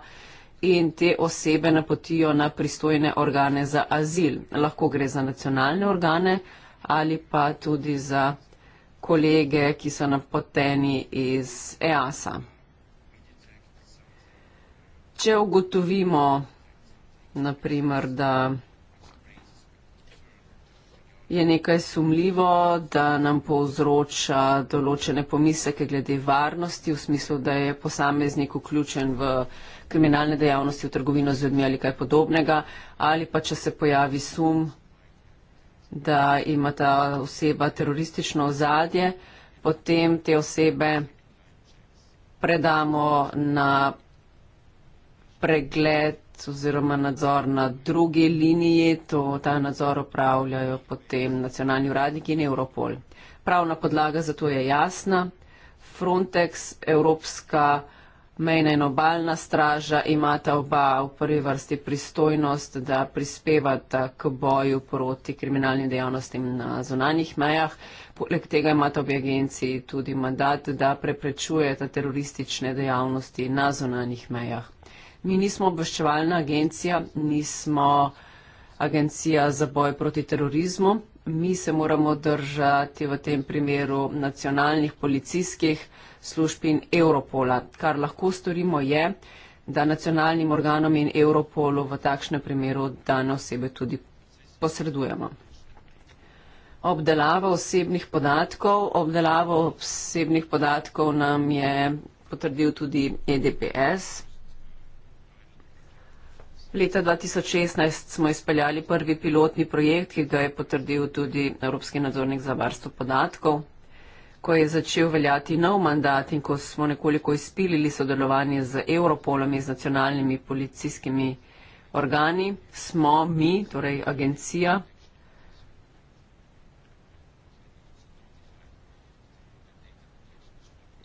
in te osebe napotijo na pristojne organe za azil. Lahko gre za nacionalne organe ali pa tudi za kolege, ki so napoteni iz EASA. Če ugotovimo, naprimer, da je nekaj sumljivo, da nam povzroča določene pomiseke glede varnosti, v smislu, da je posameznik vključen v kriminalne dejavnosti, v trgovino z ljudmi ali kaj podobnega, ali pa če se pojavi sum, da ima ta oseba teroristično ozadje, potem te osebe predamo na pregled oziroma nadzor na drugi liniji, to ta nadzor upravljajo potem nacionalni uradniki in Europol. Pravna podlaga za to je jasna. Frontex, Evropska mejna in obaljna straža imata oba v prvi vrsti pristojnost, da prispevata k boju proti kriminalnim dejavnostim na zonanjih mejah. Poleg tega imata obi agenciji tudi mandat, da preprečujeta teroristične dejavnosti na zonanjih mejah. Mi nismo obveščevalna agencija, nismo agencija za boj proti terorizmu. Mi se moramo držati v tem primeru nacionalnih policijskih služb in Europola. Kar lahko storimo je, da nacionalnim organom in Europolu v takšnem primeru dane osebe tudi posredujemo. Obdelava osebnih podatkov. Obdelavo osebnih podatkov nam je potrdil tudi EDPS. Leta 2016 smo izpeljali prvi pilotni projekt, ki ga je potrdil tudi Evropski nadzornik za varstvo podatkov. Ko je začel veljati nov mandat in ko smo nekoliko izpilili sodelovanje z Europolom in z nacionalnimi policijskimi organi, smo mi, torej agencija,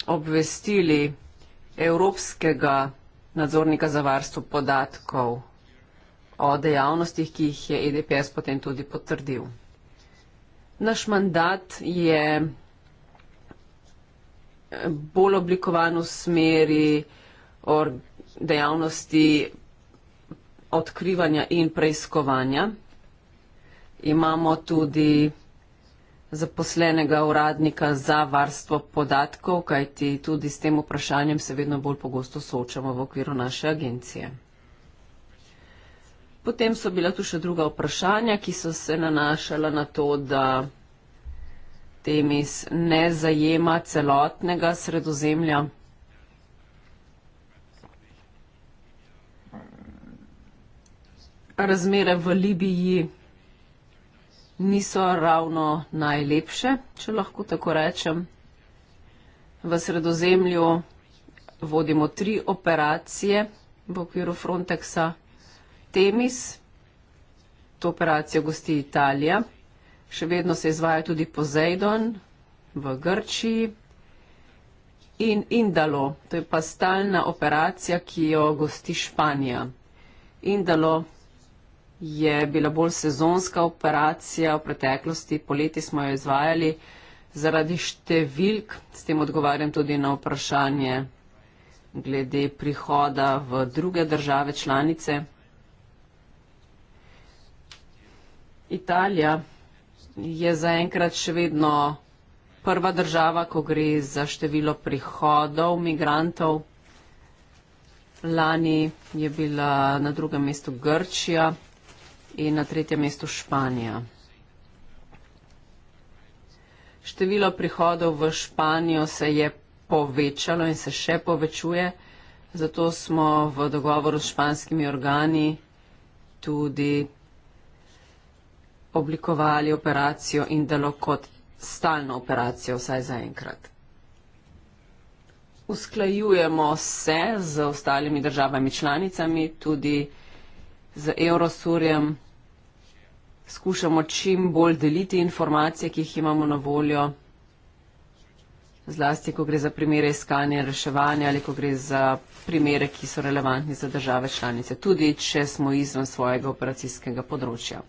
obvestili Evropskega nadzornika za varstvo podatkov o dejavnostih, ki jih je EDPS potem tudi potrdil. Naš mandat je eh, bolj oblikovan v smeri dejavnosti odkrivanja in preiskovanja. Imamo tudi zaposlenega uradnika za varstvo podatkov, kajti tudi s tem vprašanjem se vedno bolj pogosto soočamo v okviru naše agencije. Potem so bila tu še druga vprašanja, ki so se nanašala na to, da Temis ne zajema celotnega sredozemlja. Razmere v Libiji niso ravno najlepše, če lahko tako rečem. V sredozemlju vodimo tri operacije v okviru Frontexa. Artemis. To operacijo gosti Italija. Še vedno se izvaja tudi Poseidon v Grčiji. In Indalo, to je pa stalna operacija, ki jo gosti Španija. Indalo je bila bolj sezonska operacija v preteklosti, poleti smo jo izvajali zaradi številk, s tem odgovarjam tudi na vprašanje glede prihoda v druge države članice. Italija je zaenkrat še vedno prva država, ko gre za število prihodov migrantov. Lani je bila na drugem mestu Grčija in na tretjem mestu Španija. Število prihodov v Španijo se je povečalo in se še povečuje, zato smo v dogovoru s španskimi organi tudi oblikovali operacijo in delo kot stalno operacijo, vsaj zaenkrat. Usklajujemo se z ostalimi državami članicami, tudi z Eurosurjem. Skušamo čim bolj deliti informacije, ki jih imamo na voljo, zlasti, ko gre za primere iskanja in reševanja ali ko gre za primere, ki so relevantni za države članice, tudi če smo izven svojega operacijskega področja.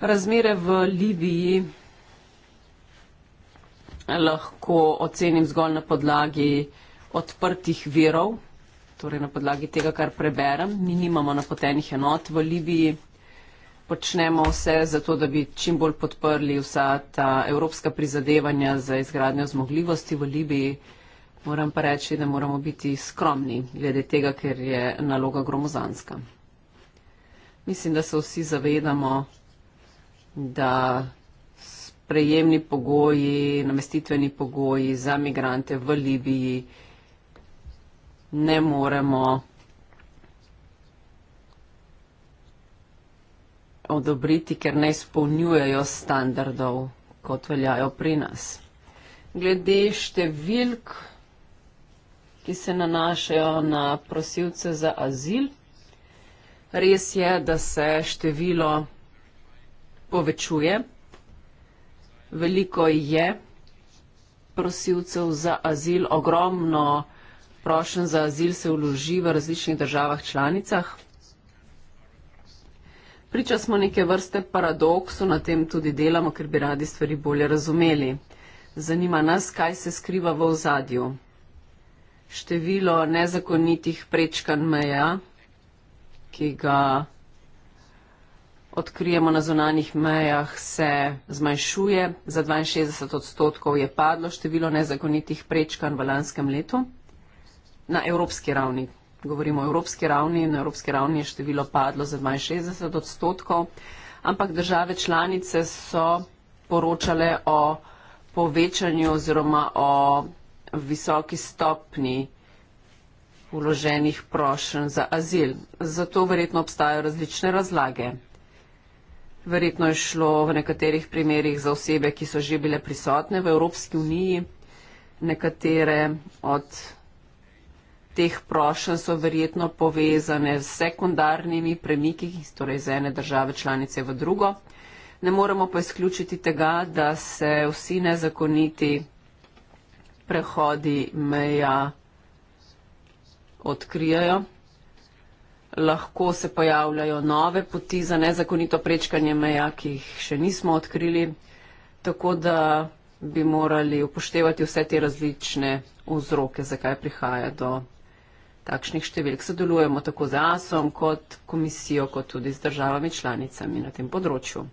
Razmere v Libiji lahko ocenim zgolj na podlagi odprtih virov, torej na podlagi tega, kar preberem. Mi nimamo napotenih enot v Libiji. Počnemo vse zato, da bi čim bolj podprli vsa ta evropska prizadevanja za izgradnjo zmogljivosti v Libiji. Moram pa reči, da moramo biti skromni glede tega, ker je naloga gromozanska. Mislim, da se vsi zavedamo, da prejemni pogoji, namestitveni pogoji za migrante v Libiji ne moremo odobriti, ker ne izpolnjujejo standardov, kot veljajo pri nas. Glede številk, ki se nanašajo na prosilce za azil, res je, da se število povečuje. Veliko je prosilcev za azil, ogromno prošen za azil se vloži v različnih državah članicah. Priča smo neke vrste paradoksu, na tem tudi delamo, ker bi radi stvari bolje razumeli. Zanima nas, kaj se skriva v ozadju. Število nezakonitih prečkan meja, ki ga odkrijemo na zonanih mejah, se zmanjšuje. Za 62 odstotkov je padlo število nezakonitih prečkanj v lanskem letu. Na evropski ravni, govorimo o evropski ravni, na evropski ravni je število padlo za 62 odstotkov, ampak države članice so poročale o povečanju oziroma o visoki stopni vloženih prošen za azil. Zato verjetno obstajajo različne razlage. Verjetno je šlo v nekaterih primerjih za osebe, ki so že bile prisotne v Evropski uniji. Nekatere od teh prošenj so verjetno povezane z sekundarnimi premiki, torej iz ene države članice v drugo. Ne moremo pa izključiti tega, da se vsi nezakoniti prehodi meja odkrijajo lahko se pojavljajo nove poti za nezakonito prečkanje meja, ki jih še nismo odkrili, tako da bi morali upoštevati vse te različne vzroke, zakaj prihaja do takšnih številk. Sodelujemo tako z ASOM kot komisijo, kot tudi z državami članicami na tem področju.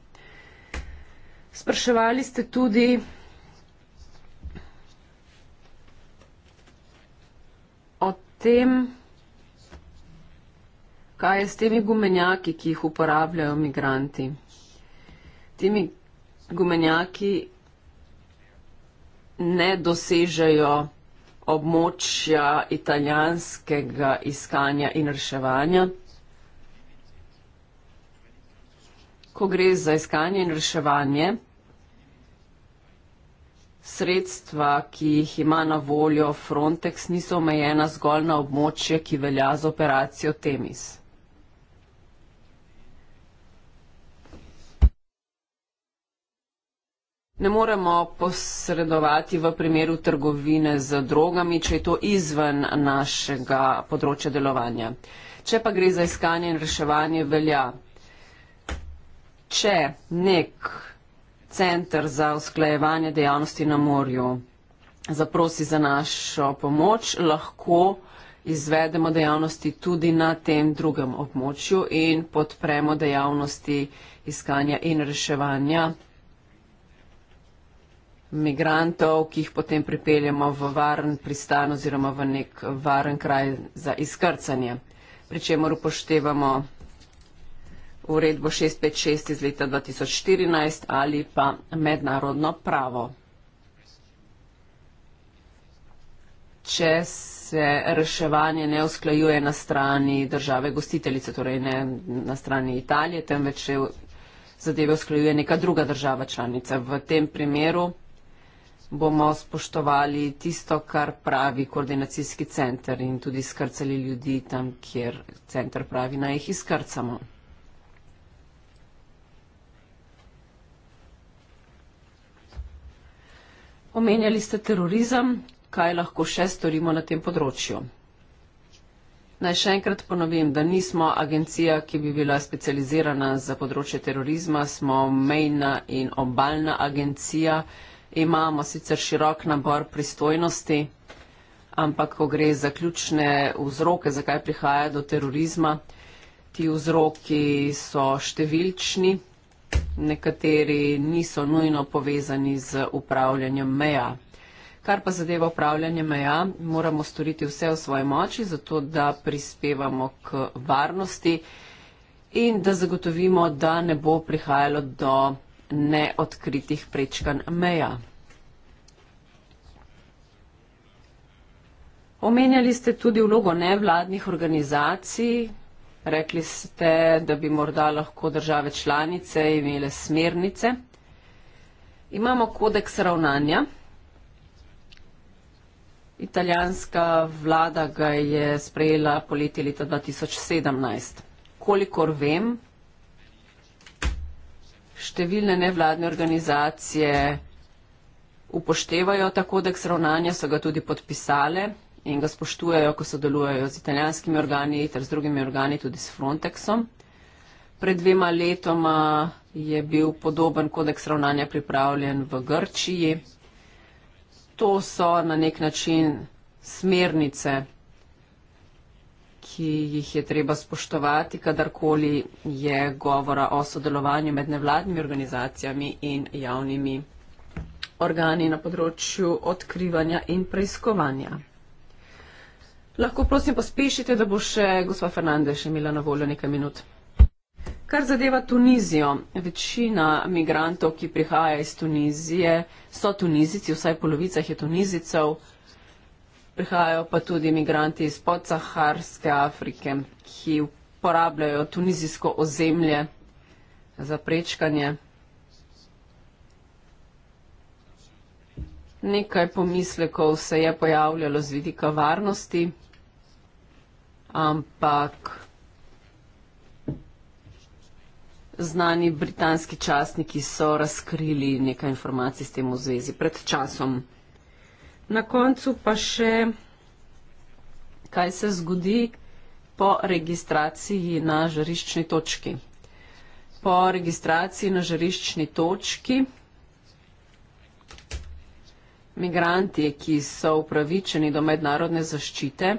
Spraševali ste tudi. O tem, kaj je s temi gumenjaki, ki jih uporabljajo migranti. Temi gumenjaki ne dosežejo območja italijanskega iskanja in reševanja. Ko gre za iskanje in reševanje, sredstva, ki jih ima na voljo Frontex, niso omejena zgolj na območje, ki velja za operacijo Temis. ne moremo posredovati v primeru trgovine z drogami, če je to izven našega področja delovanja. Če pa gre za iskanje in reševanje velja, če nek centr za usklajevanje dejavnosti na morju zaprosi za našo pomoč, lahko izvedemo dejavnosti tudi na tem drugem območju in podpremo dejavnosti iskanja in reševanja migrantov, ki jih potem pripeljamo v varen pristan oziroma v nek varen kraj za izkrcanje. Pričemer upoštevamo uredbo 656 iz leta 2014 ali pa mednarodno pravo. Če se reševanje ne usklajuje na strani države gostiteljice, torej ne na strani Italije, temveč se zadeve usklajuje neka druga država članica. V tem primeru bomo spoštovali tisto, kar pravi koordinacijski center in tudi skrcali ljudi tam, kjer center pravi, naj jih izkrcamo. Omenjali ste terorizem, kaj lahko še storimo na tem področju. Naj še enkrat ponovim, da nismo agencija, ki bi bila specializirana za področje terorizma, smo mejna in obaljna agencija, ki bi bila specializirana za področje terorizma imamo sicer širok nabor pristojnosti, ampak ko gre za ključne vzroke, zakaj prihaja do terorizma, ti vzroki so številčni, nekateri niso nujno povezani z upravljanjem meja. Kar pa zadeva upravljanje meja, moramo storiti vse v svoji moči, zato da prispevamo k varnosti in da zagotovimo, da ne bo prihajalo do neodkritih prečkan meja. Omenjali ste tudi vlogo nevladnih organizacij, rekli ste, da bi morda lahko države članice imele smernice. Imamo kodeks ravnanja. Italijanska vlada ga je sprejela poleti leta 2017. Kolikor vem, številne nevladne organizacije upoštevajo ta kodeks ravnanja, so ga tudi podpisale in ga spoštujejo, ko sodelujejo z italijanskimi organi ter z drugimi organi, tudi s Frontexom. Pred dvema letoma je bil podoben kodeks ravnanja pripravljen v Grčiji. To so na nek način smernice ki jih je treba spoštovati, kadarkoli je govora o sodelovanju med nevladnimi organizacijami in javnimi organi na področju odkrivanja in preiskovanja. Lahko prosim pospešite, da bo še gospa Fernandez imela na voljo nekaj minut. Kar zadeva Tunizijo, večina migrantov, ki prihaja iz Tunizije, so Tunizici, vsaj polovica jih je Tunizicev prihajajo pa tudi imigranti iz podsaharske Afrike, ki uporabljajo tunizijsko ozemlje za prečkanje. Nekaj pomislekov se je pojavljalo z vidika varnosti, ampak znani britanski časniki so razkrili nekaj informacij s tem v zvezi pred časom. Na koncu pa še, kaj se zgodi po registraciji na žariščni točki. Po registraciji na žariščni točki migranti, ki so upravičeni do mednarodne zaščite,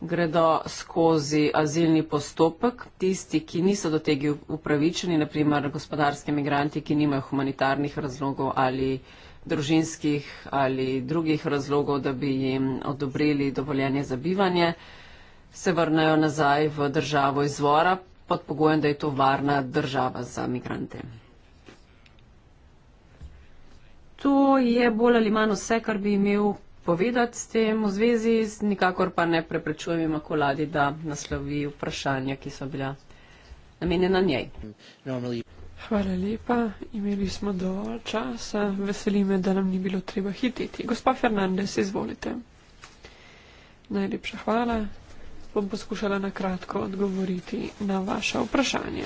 gredo skozi azilni postopek. Tisti, ki niso do tega upravičeni, naprimer gospodarski imigranti, ki nimajo humanitarnih razlogov ali družinskih ali drugih razlogov, da bi jim odobrili dovoljenje za bivanje, se vrnejo nazaj v državo izvora pod pogojem, da je to varna država za imigrante. To je bolj ali manj vse, kar bi imel povedati s tem v zvezi, nikakor pa ne preprečujem Makoladi, da naslovi vprašanja, ki so bila namenjena njej. Hvala lepa, imeli smo dovolj časa, veseli me, da nam ni bilo treba hiteti. Gospa Fernandez, izvolite. Najlepša hvala, bom poskušala na kratko odgovoriti na vaše vprašanje.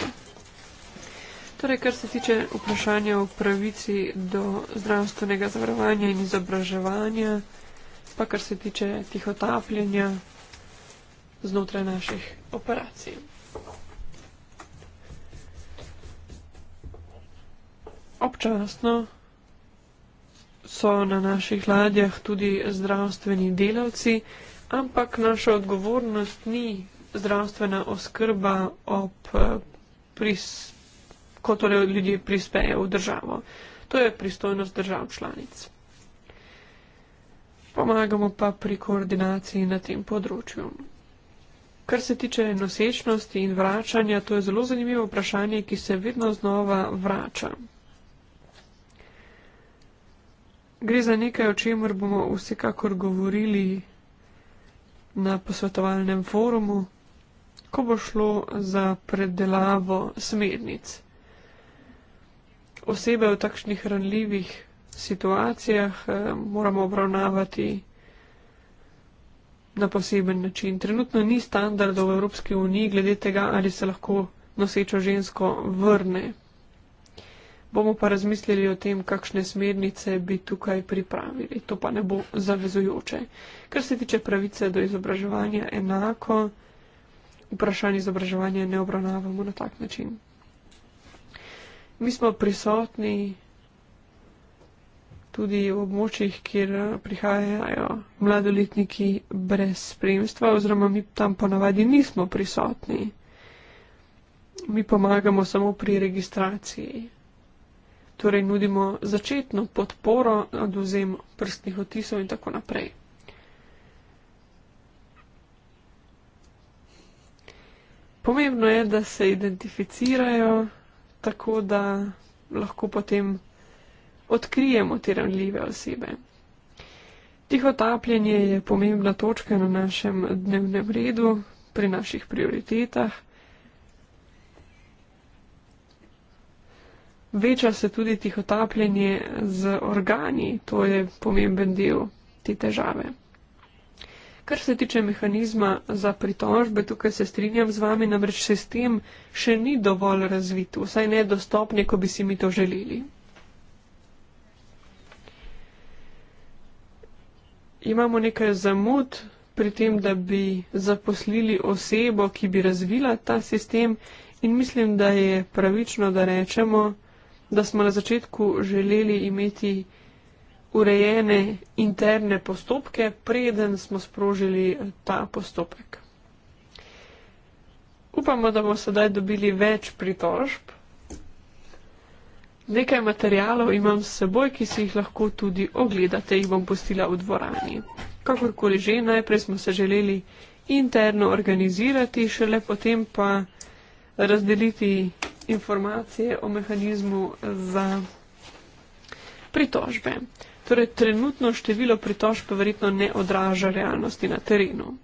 Torej, kar se tiče vprašanja o pravici do zdravstvenega zavarovanja in izobraževanja, pa kar se tiče tihotapljenja znotraj naših operacij. Občasno so na naših ladjah tudi zdravstveni delavci, ampak naša odgovornost ni zdravstvena oskrba ob eh, pris, ko torej ljudje prispejo v državo. To je pristojnost držav članic pomagamo pa pri koordinaciji na tem področju. Kar se tiče nosečnosti in vračanja, to je zelo zanimivo vprašanje, ki se vedno znova vrača. Gre za nekaj, o čemer bomo vsekakor govorili na posvetovalnem forumu, ko bo šlo za predelavo smernic. Osebe v takšnih ranljivih situacijah eh, moramo obravnavati na poseben način. Trenutno ni standardov v Evropski uniji glede tega, ali se lahko nosečo žensko vrne. Bomo pa razmislili o tem, kakšne smernice bi tukaj pripravili. To pa ne bo zavezujoče. Kar se tiče pravice do izobraževanja, enako vprašanje izobraževanja ne obravnavamo na tak način. Mi smo prisotni tudi v območjih, kjer prihajajo mladoletniki brez spremstva, oziroma mi tam ponavadi nismo prisotni. Mi pomagamo samo pri registraciji. Torej nudimo začetno podporo od vzem prstnih otisov in tako naprej. Pomembno je, da se identificirajo tako, da lahko potem odkrijemo te ranljive osebe. Tihotapljenje je pomembna točka na našem dnevnem redu, pri naših prioritetah. Veča se tudi tihotapljenje z organi, to je pomemben del te težave. Kar se tiče mehanizma za pritožbe, tukaj se strinjam z vami, namreč sistem še ni dovolj razvit, vsaj ne dostopni, ko bi si mi to želeli. imamo nekaj zamud pri tem, da bi zaposlili osebo, ki bi razvila ta sistem in mislim, da je pravično, da rečemo, da smo na začetku želeli imeti urejene interne postopke, preden smo sprožili ta postopek. Upamo, da bomo sedaj dobili več pritožb. Nekaj materijalov imam s seboj, ki si jih lahko tudi ogledate, jih bom postila v dvorani. Kakorkoli že, najprej smo se želeli interno organizirati, šele potem pa razdeliti informacije o mehanizmu za pritožbe. Torej, trenutno število pritožb verjetno ne odraža realnosti na terenu.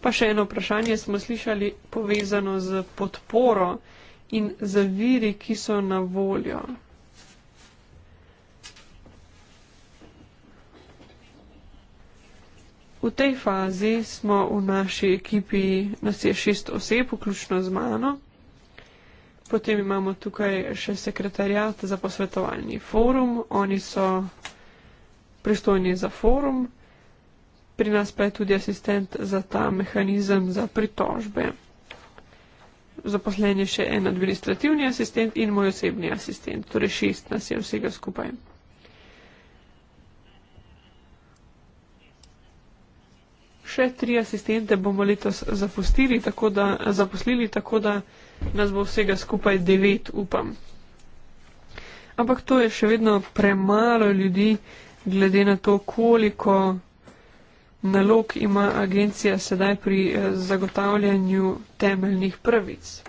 Pa še eno vprašanje smo slišali povezano z podporo in z viri, ki so na voljo. V tej fazi smo v naši ekipi, nas je šest oseb, vključno z mano. Potem imamo tukaj še sekretarjat za posvetovalni forum. Oni so pristojni za forum. Pri nas pa je tudi asistent za ta mehanizem za pritožbe zaposlen je še en administrativni asistent in moj osebni asistent, torej šest nas je vsega skupaj. Še tri asistente bomo letos zapustili, tako da, zaposlili, tako da nas bo vsega skupaj devet, upam. Ampak to je še vedno premalo ljudi, glede na to, koliko nalog ima agencija sedaj pri eh, zagotavljanju temeljnih pravic?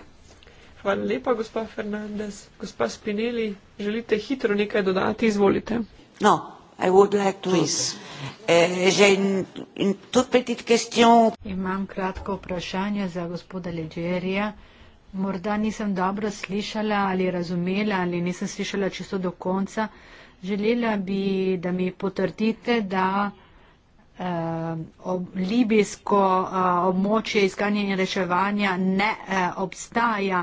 Hvala lepa, gospa Fernandez. Gospa Spinelli, želite hitro nekaj dodati? Izvolite. No. I would like to is. Uh, une toute petite question. Imam kratko vprašanje za gospoda Leđerija. Morda nisem dobro slišala ali razumela ali nisem slišala čisto do konca. Želela bi, da mi potrdite, da Eh, ob, libijsko a, eh, območje iskanja in reševanja ne a, eh, obstaja.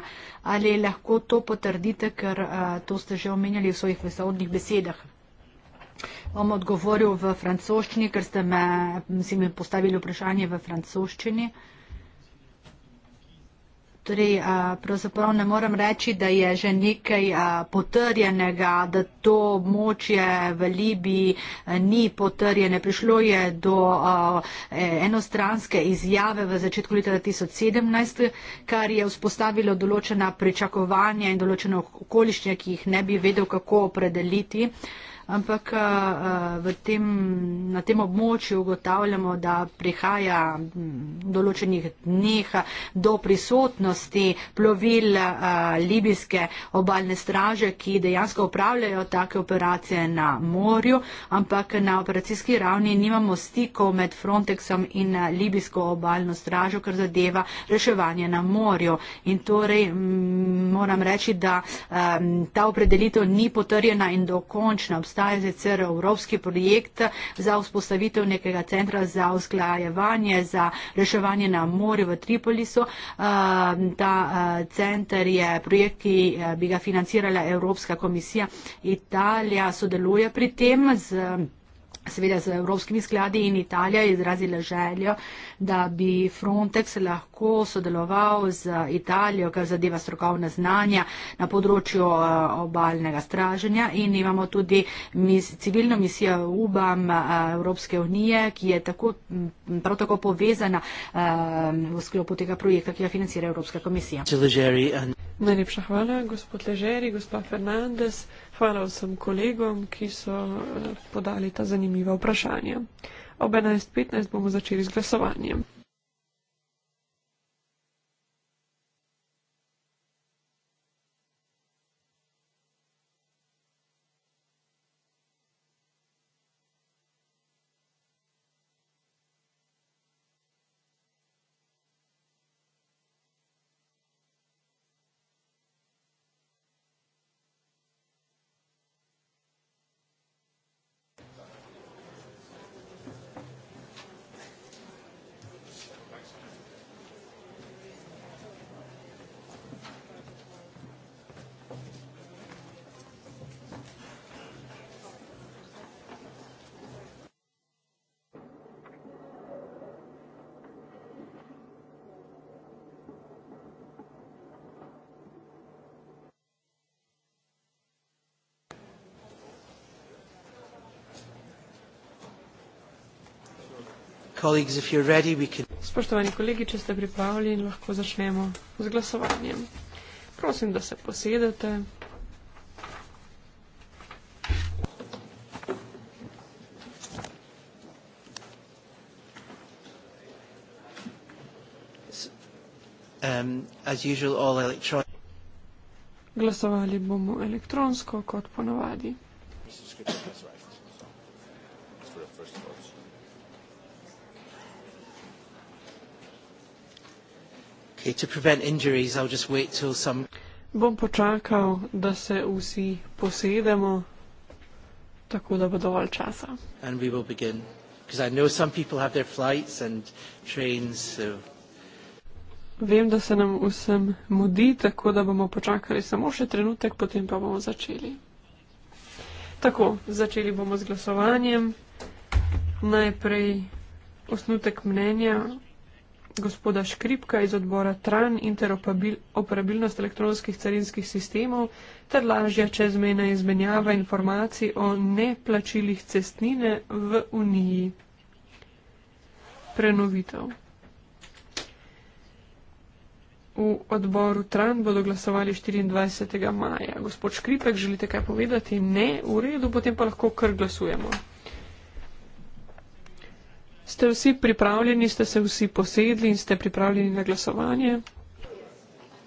Ali lahko to potrdite, ker a, to ste že omenjali v svojih vesodnih besedah? Bom odgovoril v francoščini, ker ste me, si mi postavili vprašanje v francoščini. Uh, Torej, pravzaprav ne morem reči, da je že nekaj potrjenega, da to območje v Libiji ni potrjene. Prišlo je do e, enostranske izjave v začetku leta 2017, kar je vzpostavilo določena pričakovanja in določene okoliščine, ki jih ne bi vedel, kako opredeliti ampak eh, eh, tem, na tem območju ugotavljamo, da prihaja v mm, določenih dneh do prisotnosti plovil eh, libijske obalne straže, ki dejansko upravljajo take operacije na morju, ampak na operacijski ravni nimamo stikov med Frontexom in libijsko obalno stražo, kar zadeva reševanje na morju. In torej mm, moram reči, da ta opredelitev ni potrjena in dokončna obstaja obstaja sicer evropski projekt za vzpostavitev nekega centra za usklajevanje, za reševanje na morju v Tripolisu. Eh, ta eh, center je projekt, ki eh, bi ga financirala Evropska komisija. Italija sodeluje pri tem z seveda z evropskimi skladi in Italija je izrazila željo, da bi Frontex lahko sodeloval z Italijo, kar zadeva strokovna znanja na področju eh, obalnega straženja in imamo tudi mis civilno misijo UBAM eh, Evropske unije, ki je tako, prav tako povezana eh, v sklopu tega projekta, ki ga financira Evropska komisija. Najlepša hvala, gospod Ležeri, gospa Fernandez. Hvala vsem kolegom, ki so eh, podali ta zanimiva vprašanja. Ob 11.15 bomo začeli z glasovanjem. colleagues, if you're ready, we can... Spoštovani kolegi, če ste pripravljeni, lahko začnemo z glasovanjem. Prosim, da se posedete. Um, Glasovali bomo elektronsko, kot ponavadi. to prevent injuries, I'll just wait till some. Bom počakal, da se vsi posedemo, tako da bo dovolj časa. And we will begin. Because I know some people have their flights and trains, so. Vem, da se nam vsem mudi, tako da bomo počakali samo še trenutek, potem pa bomo začeli. Tako, začeli bomo z glasovanjem. Najprej osnutek mnenja gospoda Škripka iz odbora TRAN interoperabilnost elektronskih carinskih sistemov ter lažja čezmena izmenjava informacij o neplačilih cestnine v Uniji. Prenovitev. V odboru TRAN bodo glasovali 24. maja. Gospod Škripek, želite kaj povedati? Ne, v redu, potem pa lahko kar glasujemo. Ste vsi pripravljeni, ste se vsi posedli in ste pripravljeni na glasovanje?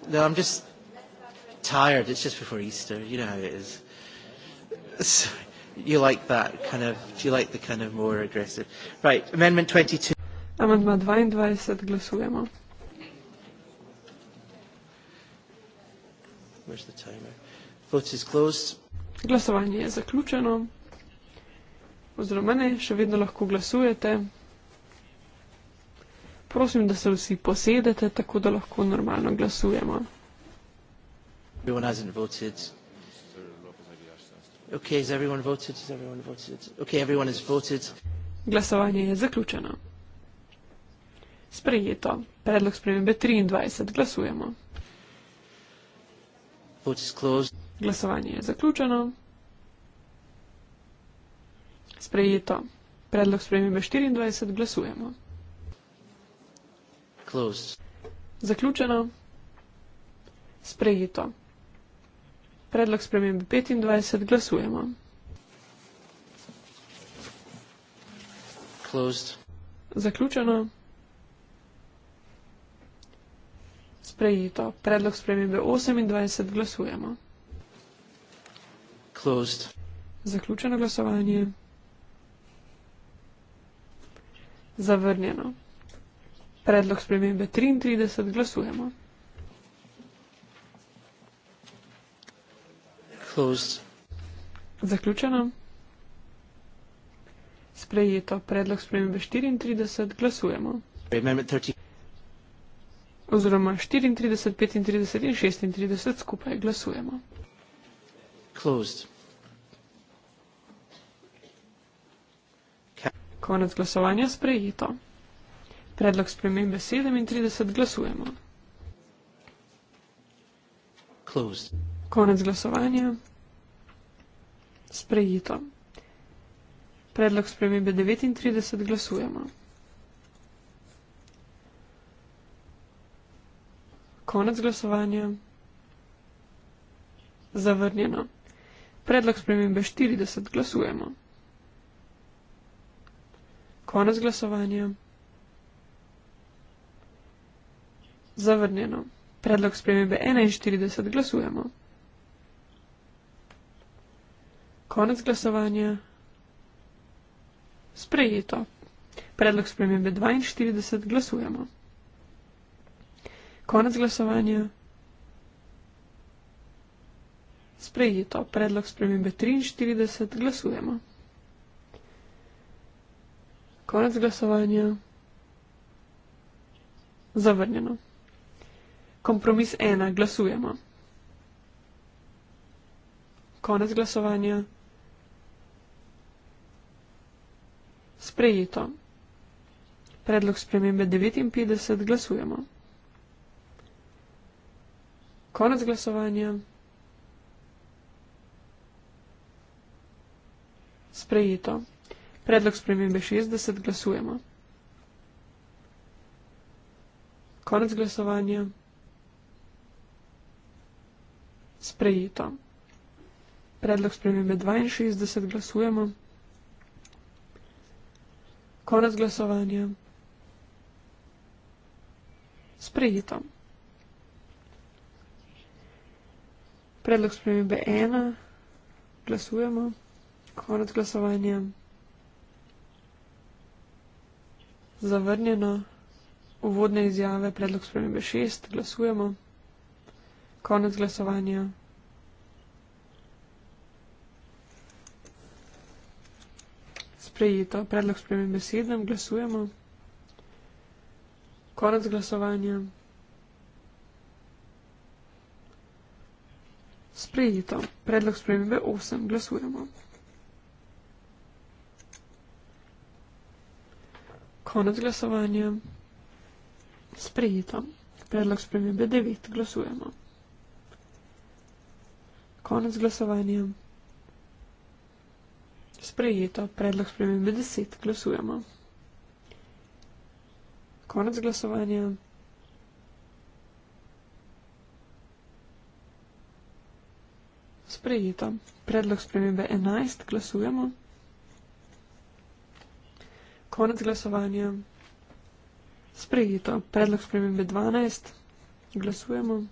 No, I'm just tired. It's just before Easter. You know how it is. So, you like that kind of, do you like the kind of more aggressive? Right, Amendment 22. Amendment 22, glasujemo. Where's the timer? Vote is closed. Glasovanje je zaključeno. Oziroma ne, še vedno lahko glasujete. Glasujete. Prosim, da se vsi posedete, tako da lahko normalno glasujemo. Glasovanje je zaključeno. Sprejeto. Predlog spremembe 23. Glasujemo. Glasovanje je zaključeno. Sprejeto. Predlog spremembe 24. Glasujemo. Closed. Zaključeno. Sprejeto. Predlog spremembe 25 glasujemo. Closed. Zaključeno. Sprejeto. Predlog spremembe 28 glasujemo. Closed. Zaključeno glasovanje. Zavrnjeno. Predlog spremembe 33 glasujemo. Closed. Zaključeno. Sprejeto. Predlog spremembe 34 glasujemo. Oziroma 34, 35 in 36 skupaj glasujemo. Closed. Konec glasovanja sprejeto. Predlog spremembe 37 glasujemo. Closed. Konec glasovanja. Sprejito. Predlog spremembe 39 glasujemo. Konec glasovanja. Zavrnjeno. Predlog spremembe 40 glasujemo. Konec glasovanja. Zavrnjeno. Predlog spremembe 41 glasujemo. Konec glasovanja. Sprejeto. Predlog spremembe 42 glasujemo. Konec glasovanja. Sprejeto. Predlog spremembe 43 glasujemo. Konec glasovanja. Zavrnjeno. Kompromis ena, glasujemo. Konec glasovanja. Sprejeto. Predlog spremembe 59, glasujemo. Konec glasovanja. Sprejeto. Predlog spremembe 60, glasujemo. Konec glasovanja sprejeto. Predlog spremembe 62 glasujemo. Konec glasovanja. Sprejeto. Predlog spremembe 1 glasujemo. Konec glasovanja. Zavrnjeno. Uvodne izjave predlog spremembe 6 glasujemo. Konec glasovanja. Sprejeto. Predlog spremem besednem. Glasujemo. Konec glasovanja. Sprejeto. Predlog spremembe 8. Glasujemo. Konec glasovanja. Sprejeto. Predlog spremembe 9. Glasujemo. Konec glasovanja. Sprejeto, predlog spremembe 10. Glasujemo. Konec glasovanja. Sprejeto, predlog spremembe 11. Glasujemo. Konec glasovanja. Sprejeto, predlog spremembe 12. Glasujemo.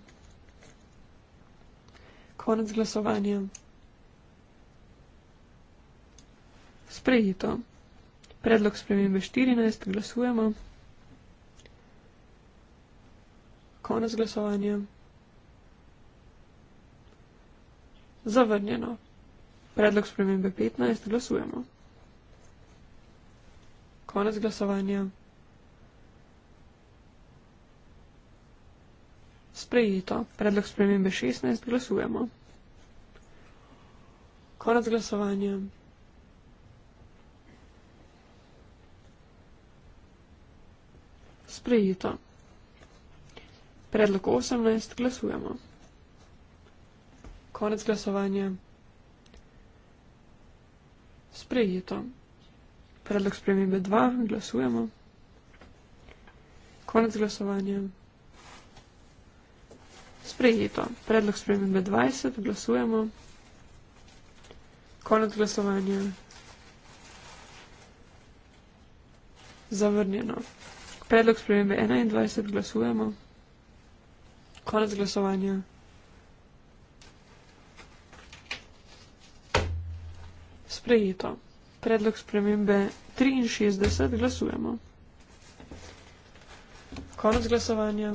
Konec glasovanja. Sprejeto. Predlog spremembe 14. Glasujemo. Konec glasovanja. Zavrnjeno. Predlog spremembe 15. Glasujemo. Konec glasovanja. Sprejeto. Predlog spremembe 16. Glasujemo. Konec glasovanja. Sprejeto. Predlog 18. Glasujemo. Konec glasovanja. Sprejeto. Predlog spremembe 2. Glasujemo. Konec glasovanja. Sprejeto. Predlog spremembe 20. Glasujemo. Konec glasovanja. Zavrnjeno. Predlog spremembe 21. Glasujemo. Konec glasovanja. Sprejeto. Predlog spremembe 63. Glasujemo. Konec glasovanja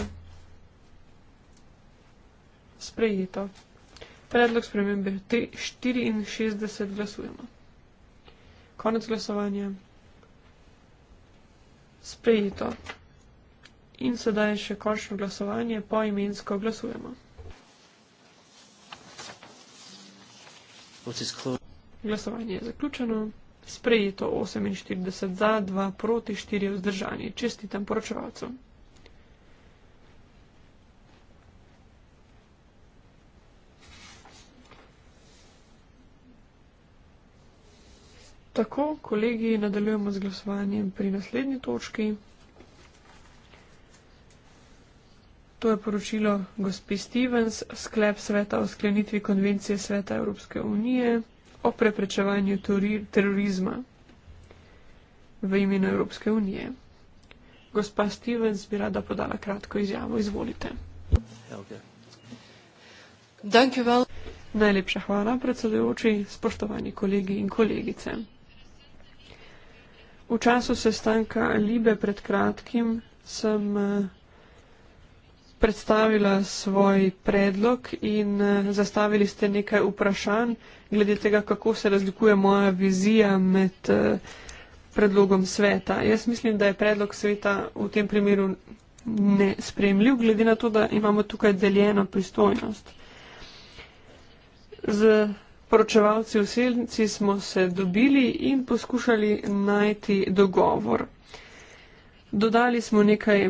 sprejeta. Predlog spremembe 64 glasujemo. Konec glasovanja. Sprejeto. In sedaj še končno glasovanje, po imensko glasujemo. Glasovanje je zaključeno. Sprejeto 48 za, 2 proti, 4 vzdržani. Čestitam poročevalcu. Tako, kolegi, nadaljujemo z glasovanjem pri naslednji točki. To je poročilo gospe Stevens, sklep sveta o sklenitvi konvencije sveta Evropske unije o preprečevanju terorizma v imenu Evropske unije. Gospa Stevens bi rada podala kratko izjavo. Izvolite. Ja, okay. Well. Najlepša hvala, predsedujoči, spoštovani kolegi in kolegice. V času sestanka Libe pred kratkim sem eh, predstavila svoj predlog in eh, zastavili ste nekaj vprašanj glede tega, kako se razlikuje moja vizija med eh, predlogom sveta. Jaz mislim, da je predlog sveta v tem primeru nespremljiv, glede na to, da imamo tukaj deljeno pristojnost. Z poročevalci v Selnici smo se dobili in poskušali najti dogovor. Dodali smo nekaj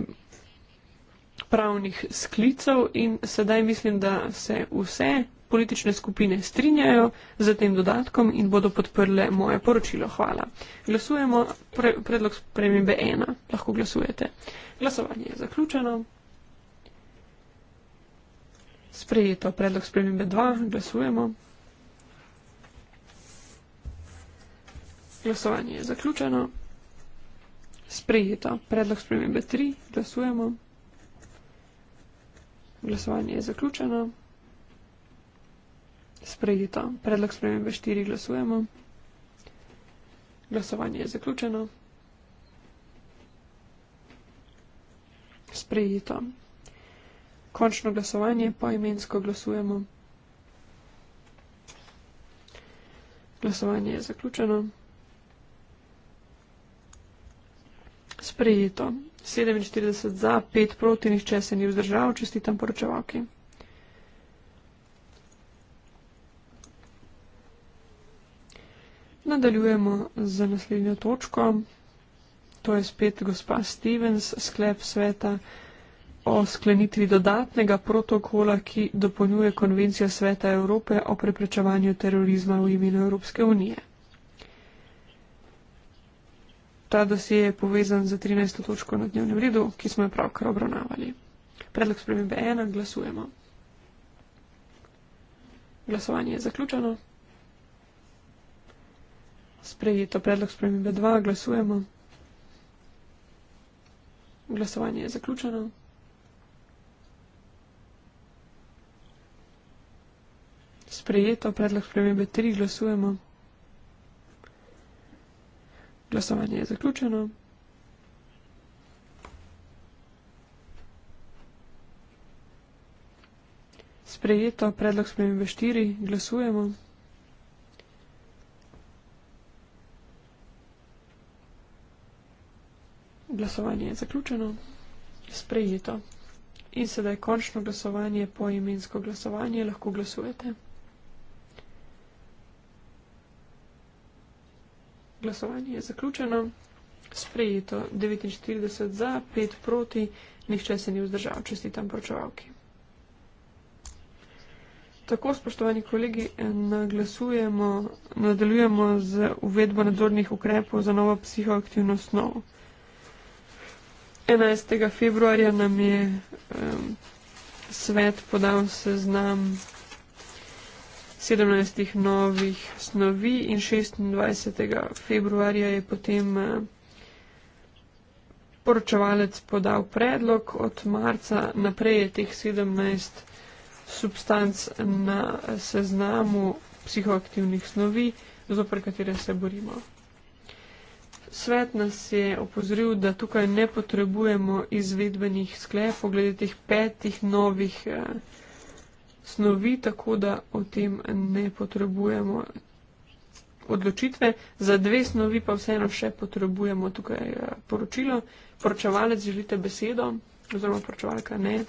pravnih sklicev in sedaj mislim, da se vse politične skupine strinjajo z tem dodatkom in bodo podprle moje poročilo. Hvala. Glasujemo pre, predlog spremembe 1. Lahko glasujete. Glasovanje je zaključeno. Sprejeto predlog spremembe 2. Glasujemo. Glasovanje je zaključeno. Sprejeto. Predlog spremembe 3. Glasujemo. Glasovanje je zaključeno. Sprejeto. Predlog spremembe 4. Glasujemo. Glasovanje je zaključeno. Sprejeto. Končno glasovanje poimensko glasujemo. Glasovanje je zaključeno. Sprejeto. 47 za, 5 proti, nihče se ni vzdržal, čestitam poročevalki. Nadaljujemo z naslednjo točko. To je spet gospa Stevens, sklep sveta o sklenitvi dodatnega protokola, ki dopolnjuje konvencijo sveta Evrope o preprečevanju terorizma v imenu Evropske unije ta dosje je povezan z 13. točko na dnevnem redu, ki smo jo pravkar obravnavali. Predlog spremembe 1 glasujemo. Glasovanje je zaključeno. Sprejeto predlog spremembe 2 glasujemo. Glasovanje je zaključeno. Sprejeto predlog spremembe 3 glasujemo. Glasovanje je zaključeno. Sprejeto predlog spremembe 4. Glasujemo. Glasovanje je zaključeno. Sprejeto. In sedaj končno glasovanje po imensko glasovanje. Lahko glasujete. Glasovanje je zaključeno. Sprejeto 49 za, 5 proti, nihče se ni vzdržal, čestitam poročevalki. Tako, spoštovani kolegi, nadaljujemo z uvedbo nadzornih ukrepov za novo psihoaktivno snov. 11. februarja nam je um, svet podal seznam. 17 novih snovi in 26. februarja je potem eh, poročevalec podal predlog, od marca naprej je teh 17 substanc na eh, seznamu psihoaktivnih snovi, zopr katere se borimo. Svet nas je opozoril, da tukaj ne potrebujemo izvedbenih sklepov glede teh petih novih eh, snovi, tako da o tem ne potrebujemo odločitve. Za dve snovi pa vseeno še potrebujemo tukaj eh, poročilo. Poročevalec želite besedo, oziroma poročevalka ne.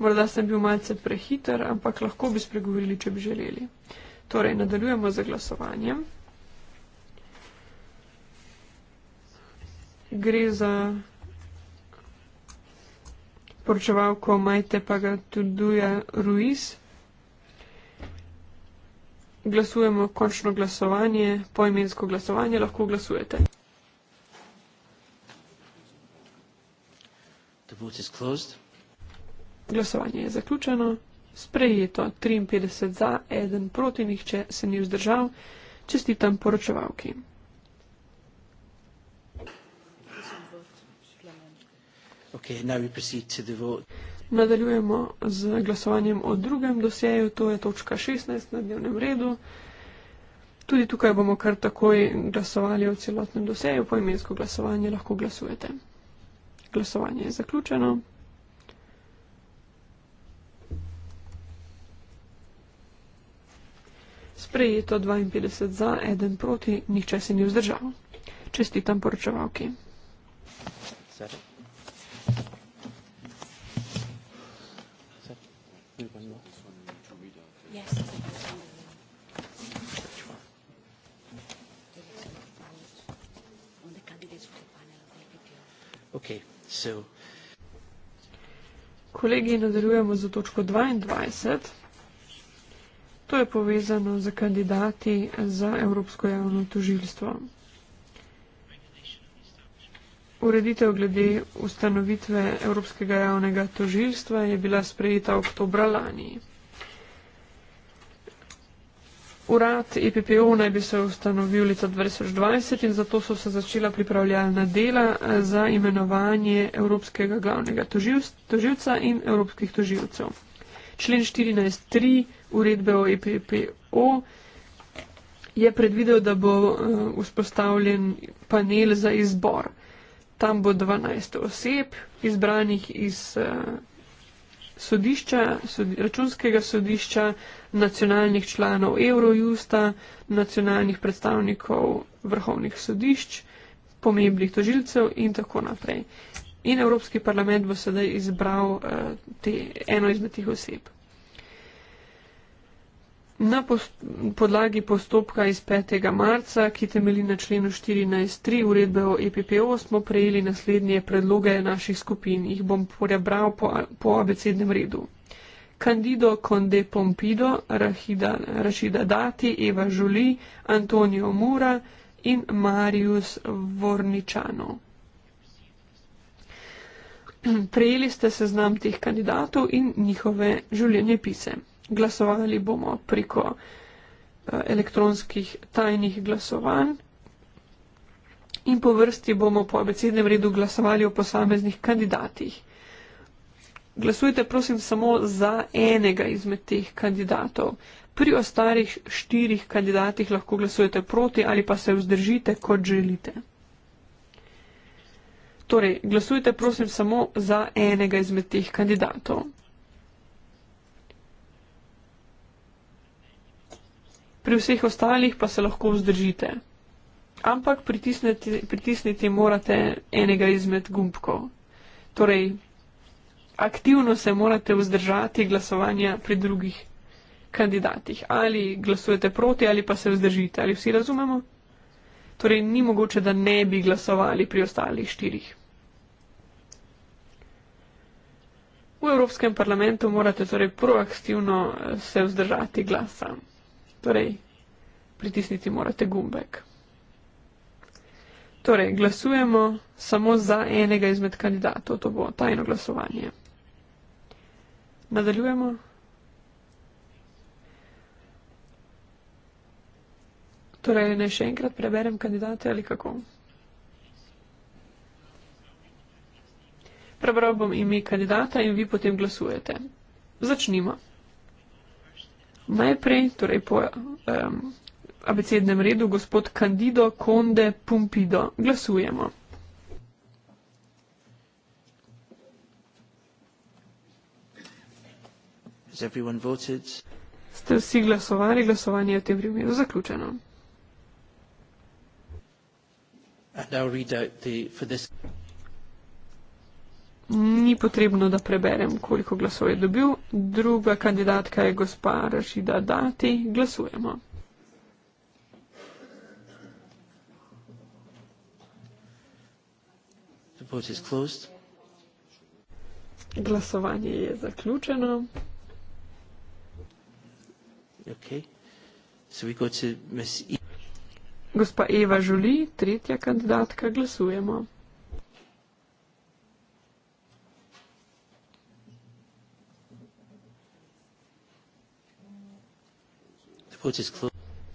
Morda sem bil malce prehiter, ampak lahko bi spregovorili, če bi želeli. Torej, nadaljujemo z glasovanjem. Gre za poročevalko Majte Pagatuduja Ruiz. Glasujemo končno glasovanje, poimensko glasovanje, lahko glasujete. Glasovanje je zaključeno, sprejeto 53 za, 1 proti, nihče se ni vzdržal, čestitam poročevalki. Okay, Nadaljujemo z glasovanjem o drugem dosjeju, to je točka 16 na dnevnem redu. Tudi tukaj bomo kar takoj glasovali o celotnem dosjeju, po imensko glasovanje lahko glasujete. Glasovanje je zaključeno. Sprejeto 52 za, 1 proti, nihče se ni vzdržal. Čestitam poročevalki. Sorry. vesel. Kolegi, nadaljujemo za točko 22. To je povezano z kandidati za Evropsko javno tožilstvo. Ureditev glede ustanovitve Evropskega javnega tožilstva je bila sprejeta oktobra lani. Urad EPPO naj bi se ustanovil leta 2020 in zato so se začela pripravljalna dela eh, za imenovanje Evropskega glavnega toživca in Evropskih toživcev. Člen 14.3 uredbe o EPPO je predvidel, da bo eh, vzpostavljen panel za izbor. Tam bo 12 oseb, izbranih iz eh, sodišča, sod, računskega sodišča, nacionalnih članov Eurojusta, nacionalnih predstavnikov vrhovnih sodišč, pomembnih tožilcev in tako naprej. In Evropski parlament bo sedaj izbral uh, te, eno izmed teh oseb. Na podlagi postopka iz 5. marca, ki temeli na členu 14.3 uredbe o EPPO, smo prejeli naslednje predloge naših skupin. Jih bom porebral po, po abecednem redu. Candido Conde Pompido, Rahida, Rašida Dati, Eva Žuli, Antonio Mura in Marius Vorničano. Prejeli ste seznam teh kandidatov in njihove življenje pisem glasovali bomo preko eh, elektronskih tajnih glasovanj in po vrsti bomo po abecednem redu glasovali o posameznih kandidatih. Glasujte prosim samo za enega izmed teh kandidatov. Pri ostalih štirih kandidatih lahko glasujete proti ali pa se vzdržite, kot želite. Torej, glasujte prosim samo za enega izmed teh kandidatov. pri vseh ostalih pa se lahko vzdržite. Ampak pritisniti, pritisniti morate enega izmed gumbkov. Torej, aktivno se morate vzdržati glasovanja pri drugih kandidatih. Ali glasujete proti, ali pa se vzdržite. Ali vsi razumemo? Torej, ni mogoče, da ne bi glasovali pri ostalih štirih. V Evropskem parlamentu morate torej proaktivno se vzdržati glasa. Torej, pritisniti morate gumbek. Torej, glasujemo samo za enega izmed kandidatov, to bo tajno glasovanje. Nadaljujemo. Torej, ne še enkrat preberem kandidate ali kako. Prebral bom ime kandidata in vi potem glasujete. Začnimo. Najprej, torej po um, abecednem redu, gospod Candido Conde Pumpido. Glasujemo. Ste vsi glasovali, glasovanje je v tem primeru zaključeno. And I'll read out the, for this ni potrebno, da preberem, koliko glasov je dobil. Druga kandidatka je gospa Rašida Dati. Glasujemo. Glasovanje je zaključeno. Okay. So e- Gospa Eva Žuli, tretja kandidatka, glasujemo.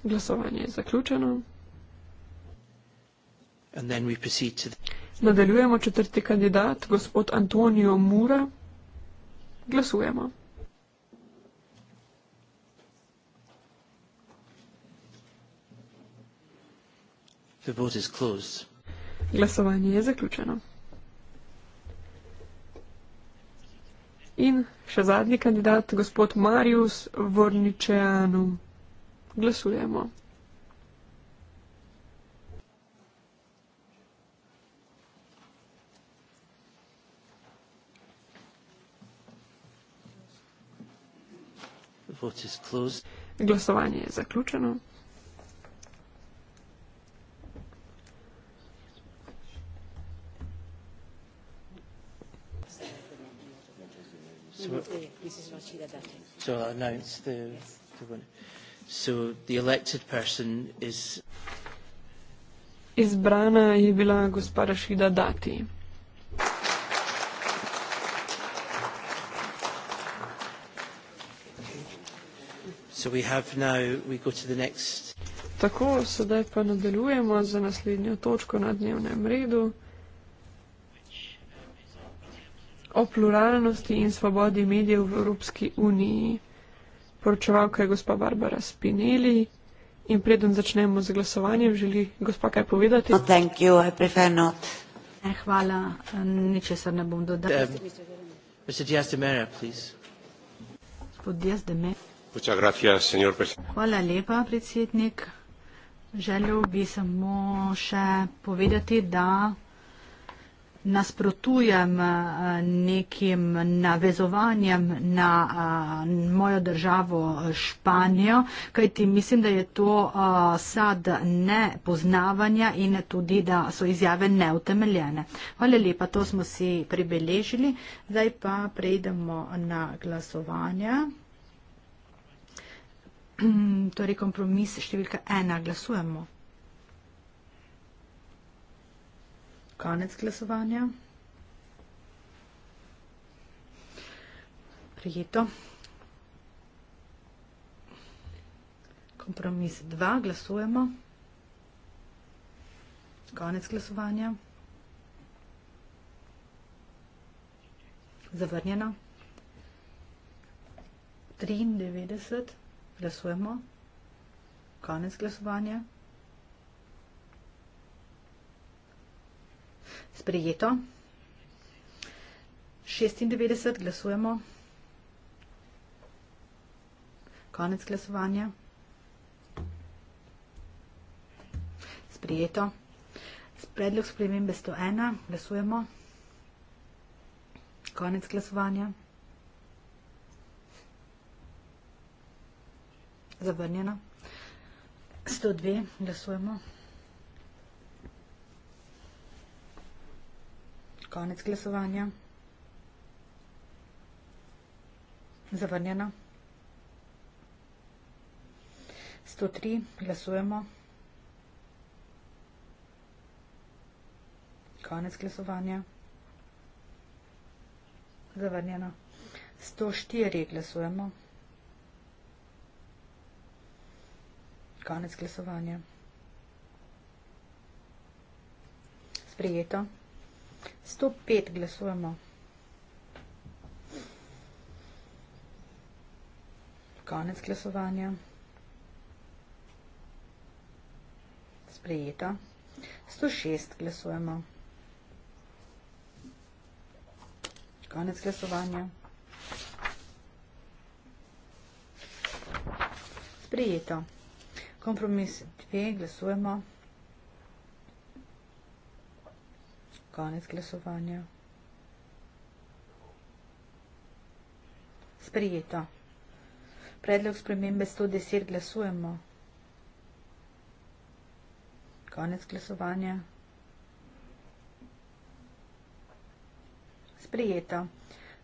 Glasovanje je zaključeno. Nadaljujemo četrti kandidat, gospod Antonio Mura. Glasujemo. Glasovanje je zaključeno. In še zadnji kandidat, gospod Marius Vorničeanum glasujemo. Glasovanje je zaključeno. So, so announce the, the winner. So the elected person is Izbrana je bila gospa Rašida Dati. So we have now, we go to the next. Tako, sedaj pa nadaljujemo za naslednjo točko na dnevnem redu o pluralnosti in svobodi medijev v Evropski uniji poročevalka je gospa Barbara Spinelli. In preden začnemo z glasovanjem, želi gospa kaj povedati? No, thank you, I prefer not. Ne, hvala, ničesar ne bom dodal. Um, Mr. Diaz de Mera, please. Gospod Diaz de Mera. Gracias, senor hvala lepa, predsednik. Želel bi samo še povedati, da nasprotujem eh, nekim navezovanjem na eh, mojo državo Španijo, kajti mislim, da je to eh, sad nepoznavanja in tudi, da so izjave neutemeljene. Hvala lepa, to smo si pribeležili. Zdaj pa prejdemo na glasovanje. Torej kompromis številka ena, glasujemo. konec glasovanja. Prijeto. Kompromis 2, glasujemo. Konec glasovanja. Zavrnjeno. 93, glasujemo. Konec glasovanja. Sprejeto. 96 glasujemo. Konec glasovanja. Sprijeto. Predlog spremembe 101. Glasujemo. Konec glasovanja. Zavrnjeno. 102. Glasujemo. Glasujemo. Konec glasovanja. Zavrnjeno. 103. Glasujemo. Konec glasovanja. Zavrnjeno. 104. Glasujemo. Konec glasovanja. Sprijeto. 105 glasujemo. Konec glasovanja. Sprejeta. 106 glasujemo. Konec glasovanja. Sprejeto. Kompromis 2 glasujemo. Sprejeto. konec glasovanja. Sprijeto. Predlog spremembe 110 glasujemo. Konec glasovanja. Sprijeto.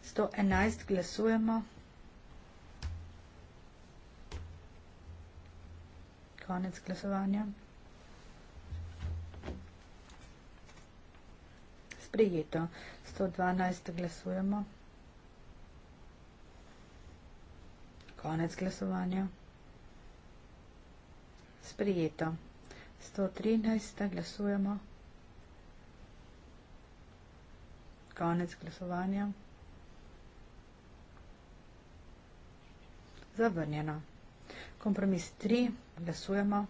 111 glasujemo. Konec glasovanja. sprejeto. 112 glasujemo. Konec glasovanja. Sprejeto. 113 glasujemo. Konec glasovanja. Zavrnjeno. Kompromis 3 glasujemo.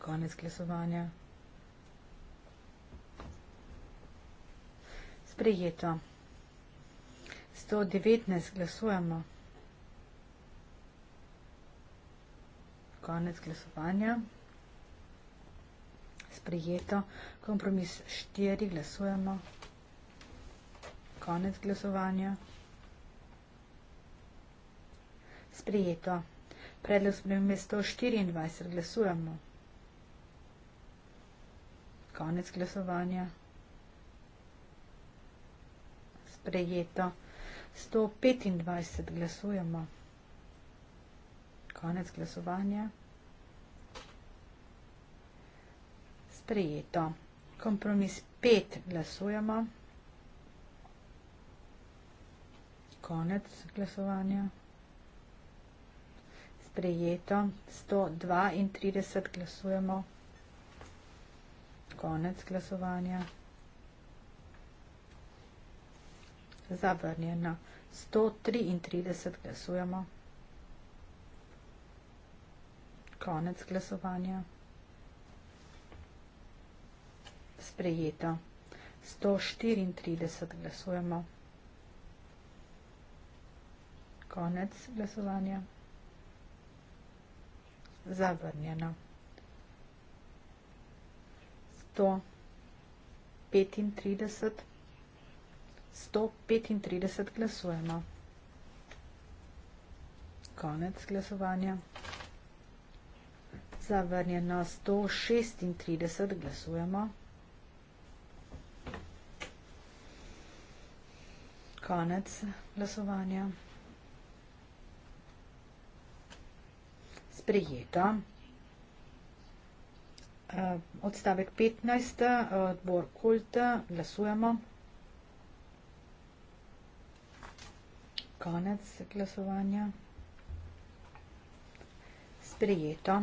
Konec glasovanja. sprejeto. 119 glasujemo. Konec glasovanja. Sprejeto. Kompromis 4 glasujemo. Konec glasovanja. Sprejeto. Predlog spremembe 124 glasujemo. Konec glasovanja sprejeto. 125 glasujemo. Konec glasovanja. Sprejeto. Kompromis 5 glasujemo. Konec glasovanja. Sprejeto. 132 glasujemo. Konec glasovanja. zavrnjena. 133 glasujemo. Konec glasovanja. Sprejeta. 134 glasujemo. Konec glasovanja. Zavrnjena. 135 glasujemo. 135 glasujemo. Konec glasovanja. Zavrnjeno 136 glasujemo. Konec glasovanja. Sprejeto. Eh, odstavek 15, eh, odbor kulta, eh, glasujemo. Glasujemo. konec glasovanja. Sprejeto.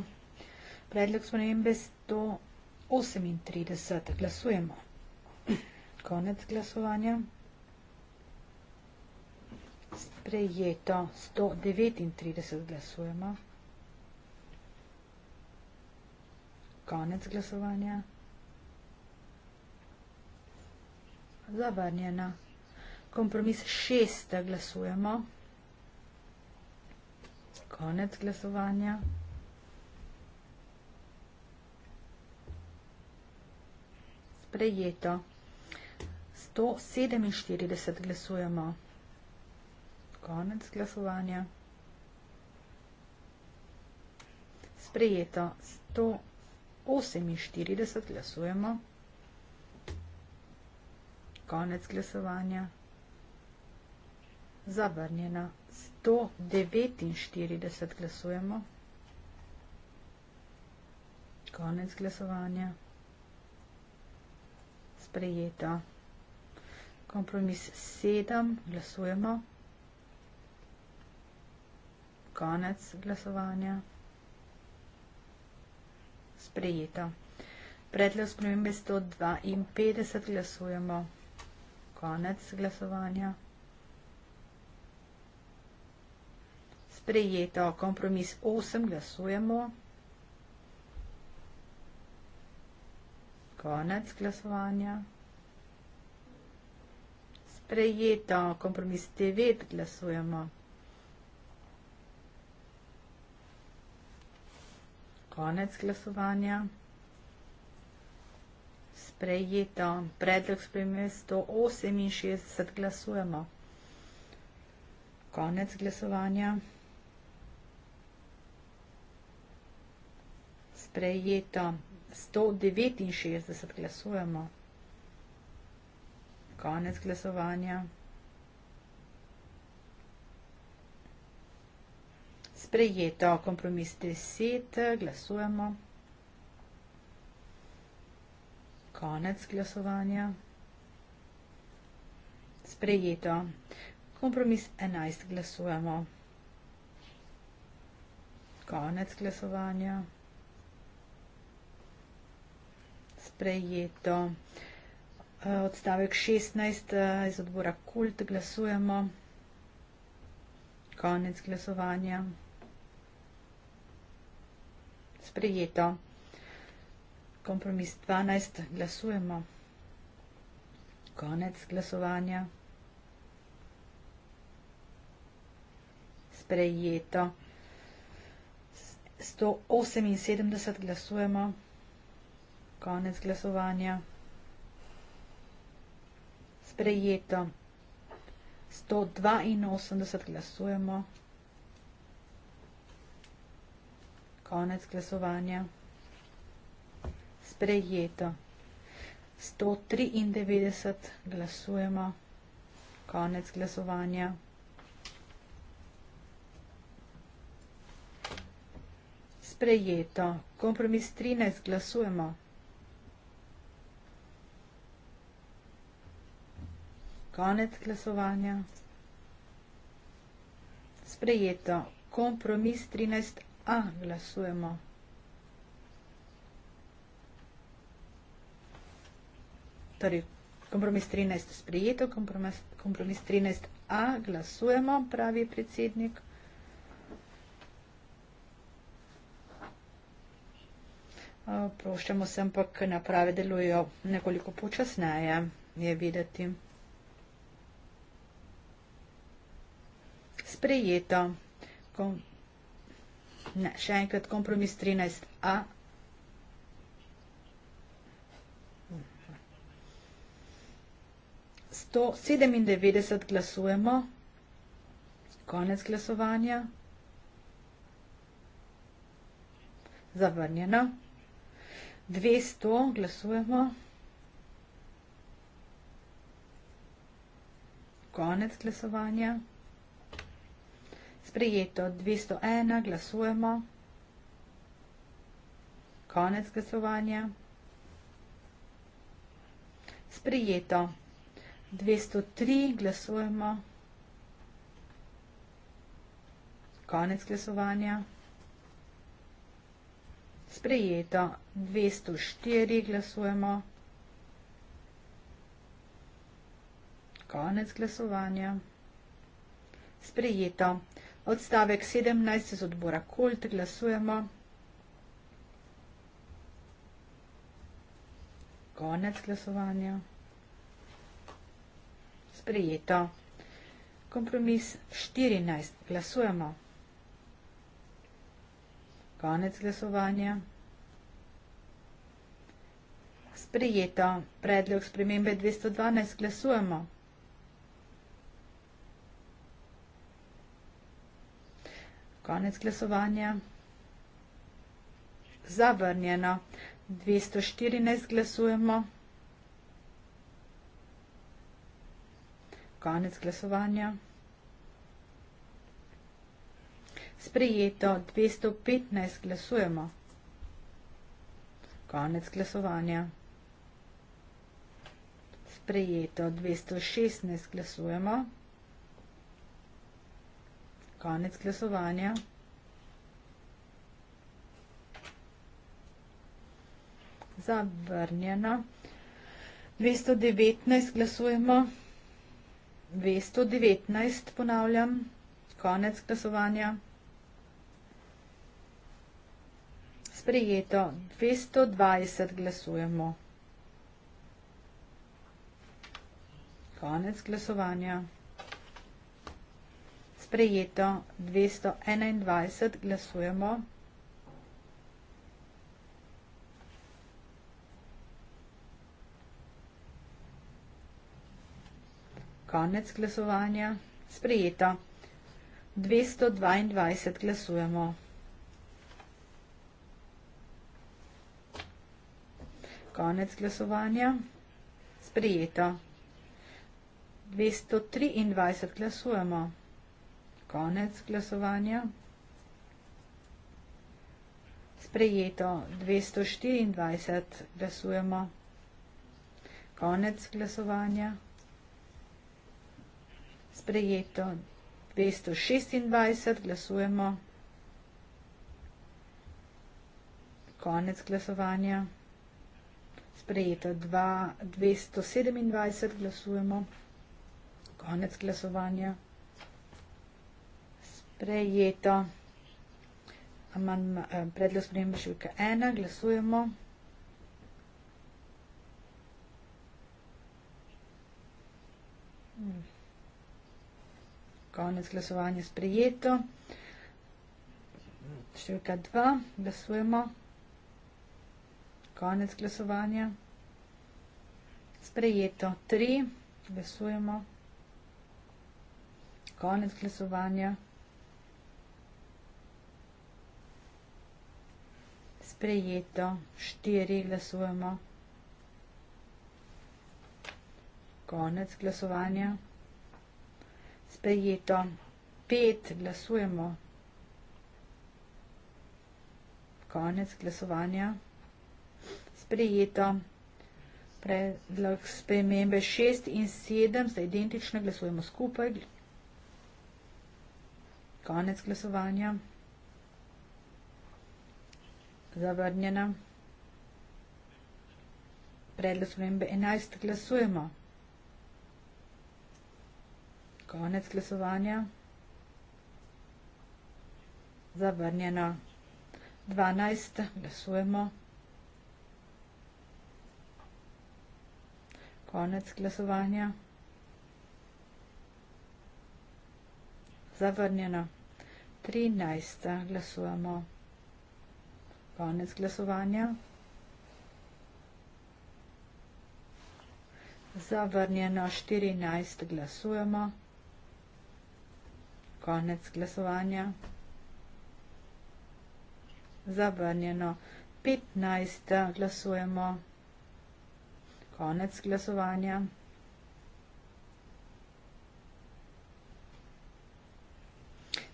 Predlog spremembe 138. Glasujemo. Konec glasovanja. Sprejeto. 139. Glasujemo. Konec glasovanja. Zavrnjena kompromis šest, da glasujemo. Konec glasovanja. Sprejeto. 147 glasujemo. Konec glasovanja. Sprejeto. 148 glasujemo. Konec glasovanja zavrnjena. 149 glasujemo. Konec glasovanja. Sprejeta. Kompromis 7 glasujemo. Konec glasovanja. Sprejeta. Predlog spremembe 152 glasujemo. Konec glasovanja. sprejeto. Kompromis 8, glasujemo. Konec glasovanja. Sprejeto. Kompromis 9, glasujemo. Konec glasovanja. Sprejeto. Predlog spremembe 168 glasujemo. Konec glasovanja. sprejeto 169 glasujemo. Konec glasovanja. Sprejeto kompromis 10 glasujemo. Konec glasovanja. Sprejeto kompromis 11 glasujemo. Konec glasovanja. sprejeto. Eh, odstavek 16 eh, iz odbora Kult glasujemo. Konec glasovanja. Sprejeto. Kompromis 12 glasujemo. Konec glasovanja. Sprejeto. 178 glasujemo. Konec glasovanja. Sprejeto. 182 glasujemo. Konec glasovanja. Sprejeto. 193 glasujemo. Konec glasovanja. Sprejeto. Kompromis 13 glasujemo. Konec glasovanja. Sprejeto. Kompromis 13a. Glasujemo. Torej, kompromis 13 sprejeto, kompromis, kompromis 13a. Glasujemo, pravi predsednik. Proščamo se, ampak naprave delujejo nekoliko počasneje, je videti. sprejeto. Kom, ne, še enkrat kompromis 13a. To 97 glasujemo, konec glasovanja, zavrnjeno, 200 glasujemo, konec glasovanja. Sprejeto 201, glasujemo. Konec glasovanja. Sprejeto 203, glasujemo. Konec glasovanja. Sprejeto 204, glasujemo. Konec glasovanja. Sprejeto 205. Odstavek 17 iz odbora Kult, glasujemo. Konec glasovanja. Sprejeto. Kompromis 14, glasujemo. Konec glasovanja. Sprejeto. Predlog spremembe 212, glasujemo. Konec glasovanja. Zavrnjeno. 214 glasujemo. Konec glasovanja. Sprejeto. 215 glasujemo. Konec glasovanja. Sprejeto. 216 glasujemo konec glasovanja. Zavrnjeno. 219 glasujemo. 219 ponavljam. Konec glasovanja. Sprejeto. 220 glasujemo. Konec glasovanja sprejeto 221, glasujemo. Konec glasovanja. Sprejeto. 222 glasujemo. Konec glasovanja. Sprejeto. 223 glasujemo konec glasovanja. Sprejeto 224 glasujemo. Konec glasovanja. Sprejeto 226 glasujemo. Konec glasovanja. Sprejeto 227 glasujemo. Konec glasovanja prejeto. Eh, predlog sprejema številka ena, glasujemo. Konec glasovanja sprejeto. Številka dva, glasujemo. Konec glasovanja sprejeto. Tri, glasujemo. Konec glasovanja sprejeto. sprejeto. Štiri glasujemo. Konec glasovanja. Sprejeto. Pet glasujemo. Konec glasovanja. Sprejeto. Predlog spremembe 6 in 7 sta identična, glasujemo skupaj. Konec glasovanja zavrnjena. Predlog spremembe 11. Glasujemo. Konec glasovanja. Zavrnjeno. 12. Glasujemo. Konec glasovanja. Zavrnjeno. 13. Glasujemo. Konec glasovanja. Zavrnjeno 14 glasujemo. Konec glasovanja. Zavrnjeno 15 glasujemo. Konec glasovanja.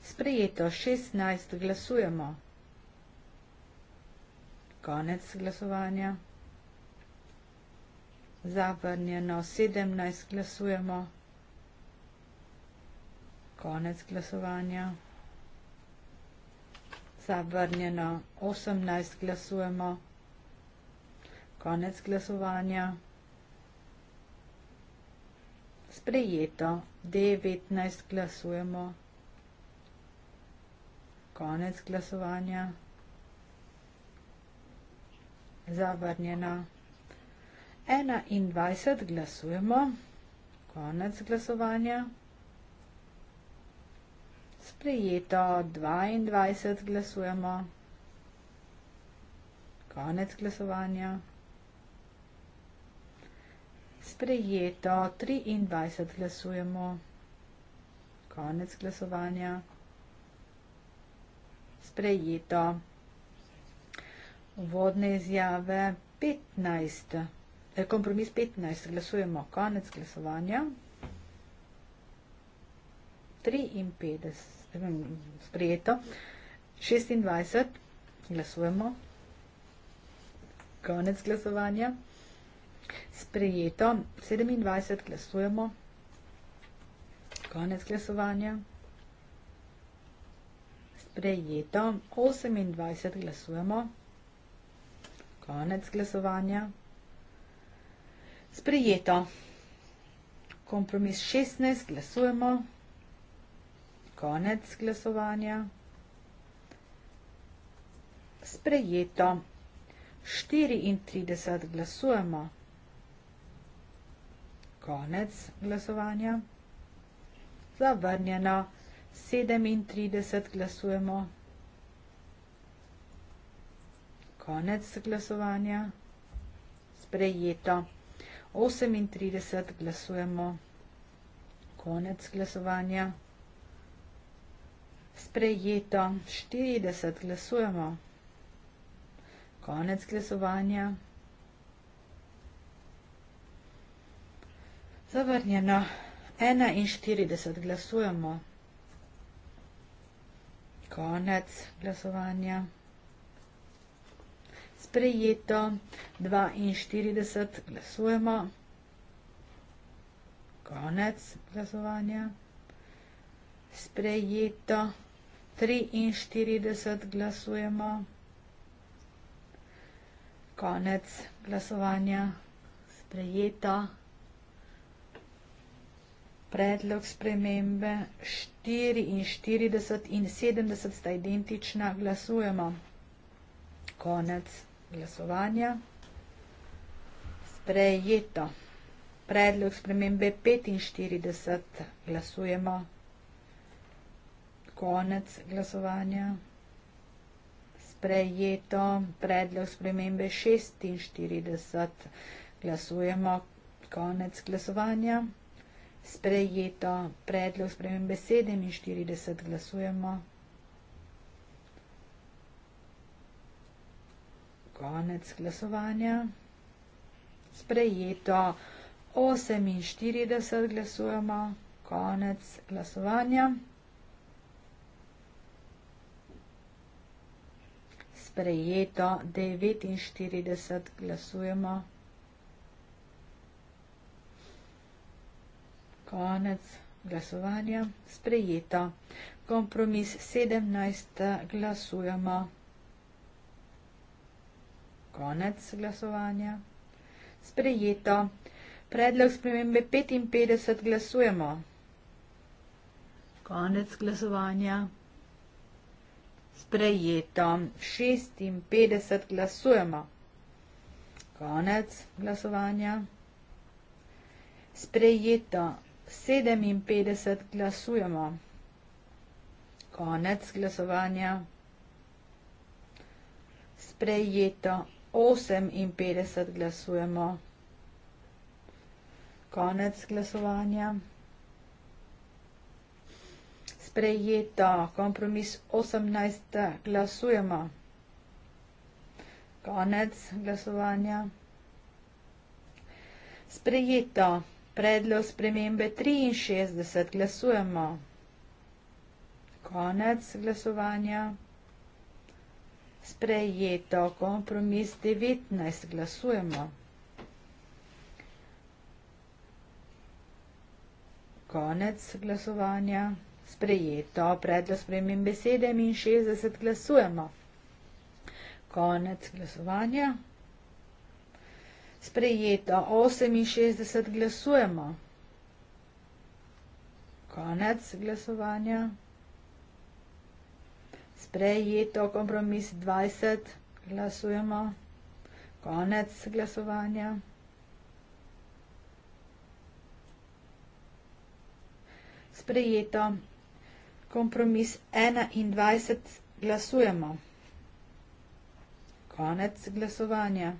Sprejeto 16 glasujemo konec glasovanja. Zavrnjeno 17 glasujemo. Konec glasovanja. Zavrnjeno 18 glasujemo. Konec glasovanja. Sprejeto 19 glasujemo. Konec glasovanja zavrnjeno. 21 glasujemo, konec glasovanja. Sprejeto 22 glasujemo, konec glasovanja. Sprejeto 23 glasujemo, konec glasovanja. Sprejeto 24 vodne izjave 15. Eh, kompromis 15. Glasujemo konec glasovanja. 53. Eh, sprejeto. 26. Glasujemo. Konec glasovanja. Sprejeto. 27. Glasujemo. Konec glasovanja. Sprejeto. 28. Glasujemo konec glasovanja. Sprejeto. Kompromis 16, glasujemo. Konec glasovanja. Sprejeto. 34 glasujemo. Konec glasovanja. Zavrnjeno. 37 glasujemo. konec glasovanja. Sprejeto. 38 glasujemo. Konec glasovanja. Sprejeto. 40 glasujemo. Konec glasovanja. Zavrnjeno. 41 glasujemo. Konec glasovanja sprejeto. 42 glasujemo. Konec glasovanja. Sprejeto. 43 glasujemo. Konec glasovanja. Sprejeto. Predlog spremembe 44 in 70 sta identična. Glasujemo. Konec glasovanja. Sprejeto. Predlog spremembe 45. Glasujemo. Konec glasovanja. Sprejeto. Predlog spremembe 46. Glasujemo. Konec glasovanja. Sprejeto. Predlog spremembe 47. Glasujemo. konec glasovanja. Sprejeto 48 glasujemo, konec glasovanja. Sprejeto 49 glasujemo, konec glasovanja. Sprejeto kompromis 17 glasujemo konec glasovanja. Sprejeto. Predlog spremembe 55 glasujemo. Konec glasovanja. Sprejeto. 56 glasujemo. Konec glasovanja. Sprejeto. 57 glasujemo. Konec glasovanja. Sprejeto. 58 glasujemo. Konec glasovanja. Sprejeto. Kompromis 18. Glasujemo. Konec glasovanja. Sprejeto. Predlog spremembe 63. Glasujemo. Konec glasovanja sprejeto. Kompromis 19. Glasujemo. Konec glasovanja. Sprejeto. Predlog spremim besede in 60. Glasujemo. Konec glasovanja. Sprejeto. 68. Glasujemo. Konec glasovanja sprejeto kompromis 20, glasujemo. Konec glasovanja. Sprejeto. Kompromis 21, glasujemo. Konec glasovanja.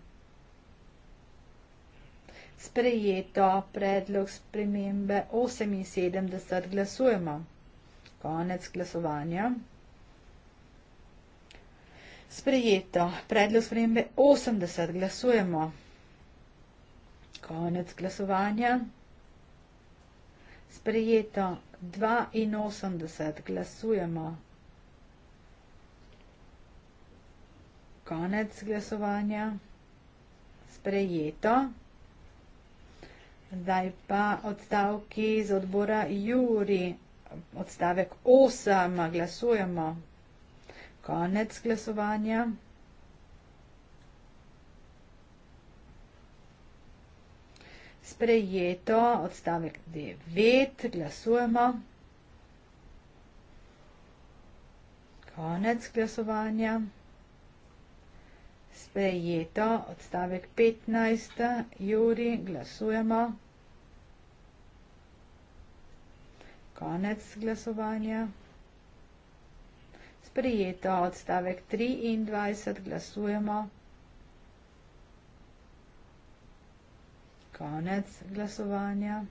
Sprejeto predlog spremembe 78, glasujemo. Konec glasovanja. Sprejeto. Predlog spremembe 80. Glasujemo. Konec glasovanja. Sprejeto. 82. Glasujemo. Konec glasovanja. Sprejeto. Zdaj pa odstavki iz odbora Juri. Odstavek 8. Glasujemo. Glasujemo konec glasovanja. Sprejeto odstavek 9, glasujemo. Konec glasovanja. Sprejeto odstavek 15, Juri, glasujemo. Konec glasovanja sprijeto. Odstavek 23 glasujemo. Konec glasovanja.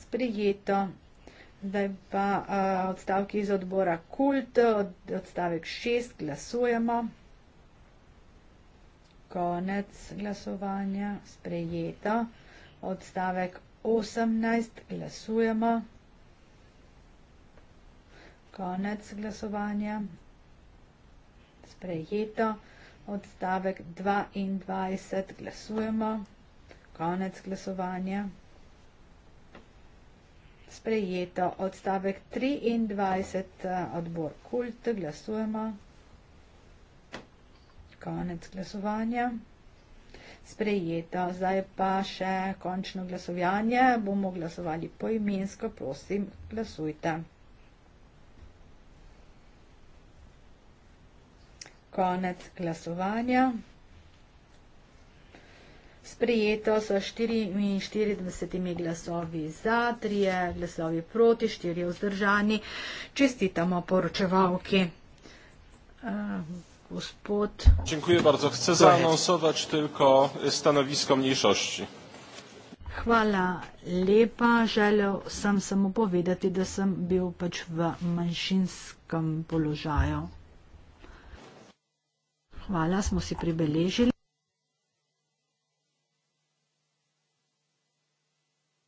Sprijeto. Zdaj pa odstavki iz odbora KULT. Odstavek 6 glasujemo. Konec glasovanja. Sprijeto. Odstavek 18 glasujemo. Konec glasovanja. Sprejeto. Odstavek 22. Glasujemo. Konec glasovanja. Sprejeto. Odstavek 23. Odbor kult. Glasujemo. Konec glasovanja. Sprejeto. Zdaj pa še končno glasovanje. Bomo glasovali poimensko. Prosim, glasujte. konec glasovanja. Sprijeto so 44 glasovi za, 3 glasovi proti, 4 vzdržani. Čestitamo poročevalki. Gospod. Dziękuję bardzo. Chcę zaanonsować tylko stanowisko mniejszości. Hvala lepa. Želel sem samo povedati, da sem bil pač v manjšinskem položaju. Hvala, smo si pribeležili.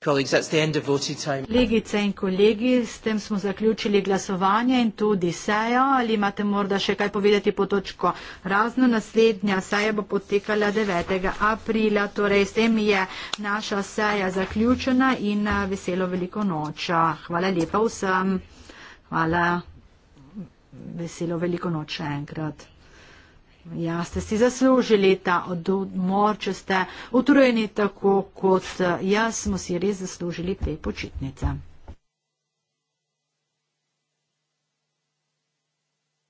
Kolegice in kolegi, s tem smo zaključili glasovanje in tudi sejo. Ali imate morda še kaj povedati po točko razno? Naslednja seja bo potekala 9. aprila, torej s tem je naša seja zaključena in eh, veselo veliko noč. Hvala lepa vsem. Hvala. Veselo veliko noč še enkrat. Ja, ste si zaslužili ta odmor, če ste utrujeni tako kot eh, jaz, smo si res zaslužili te počitnice.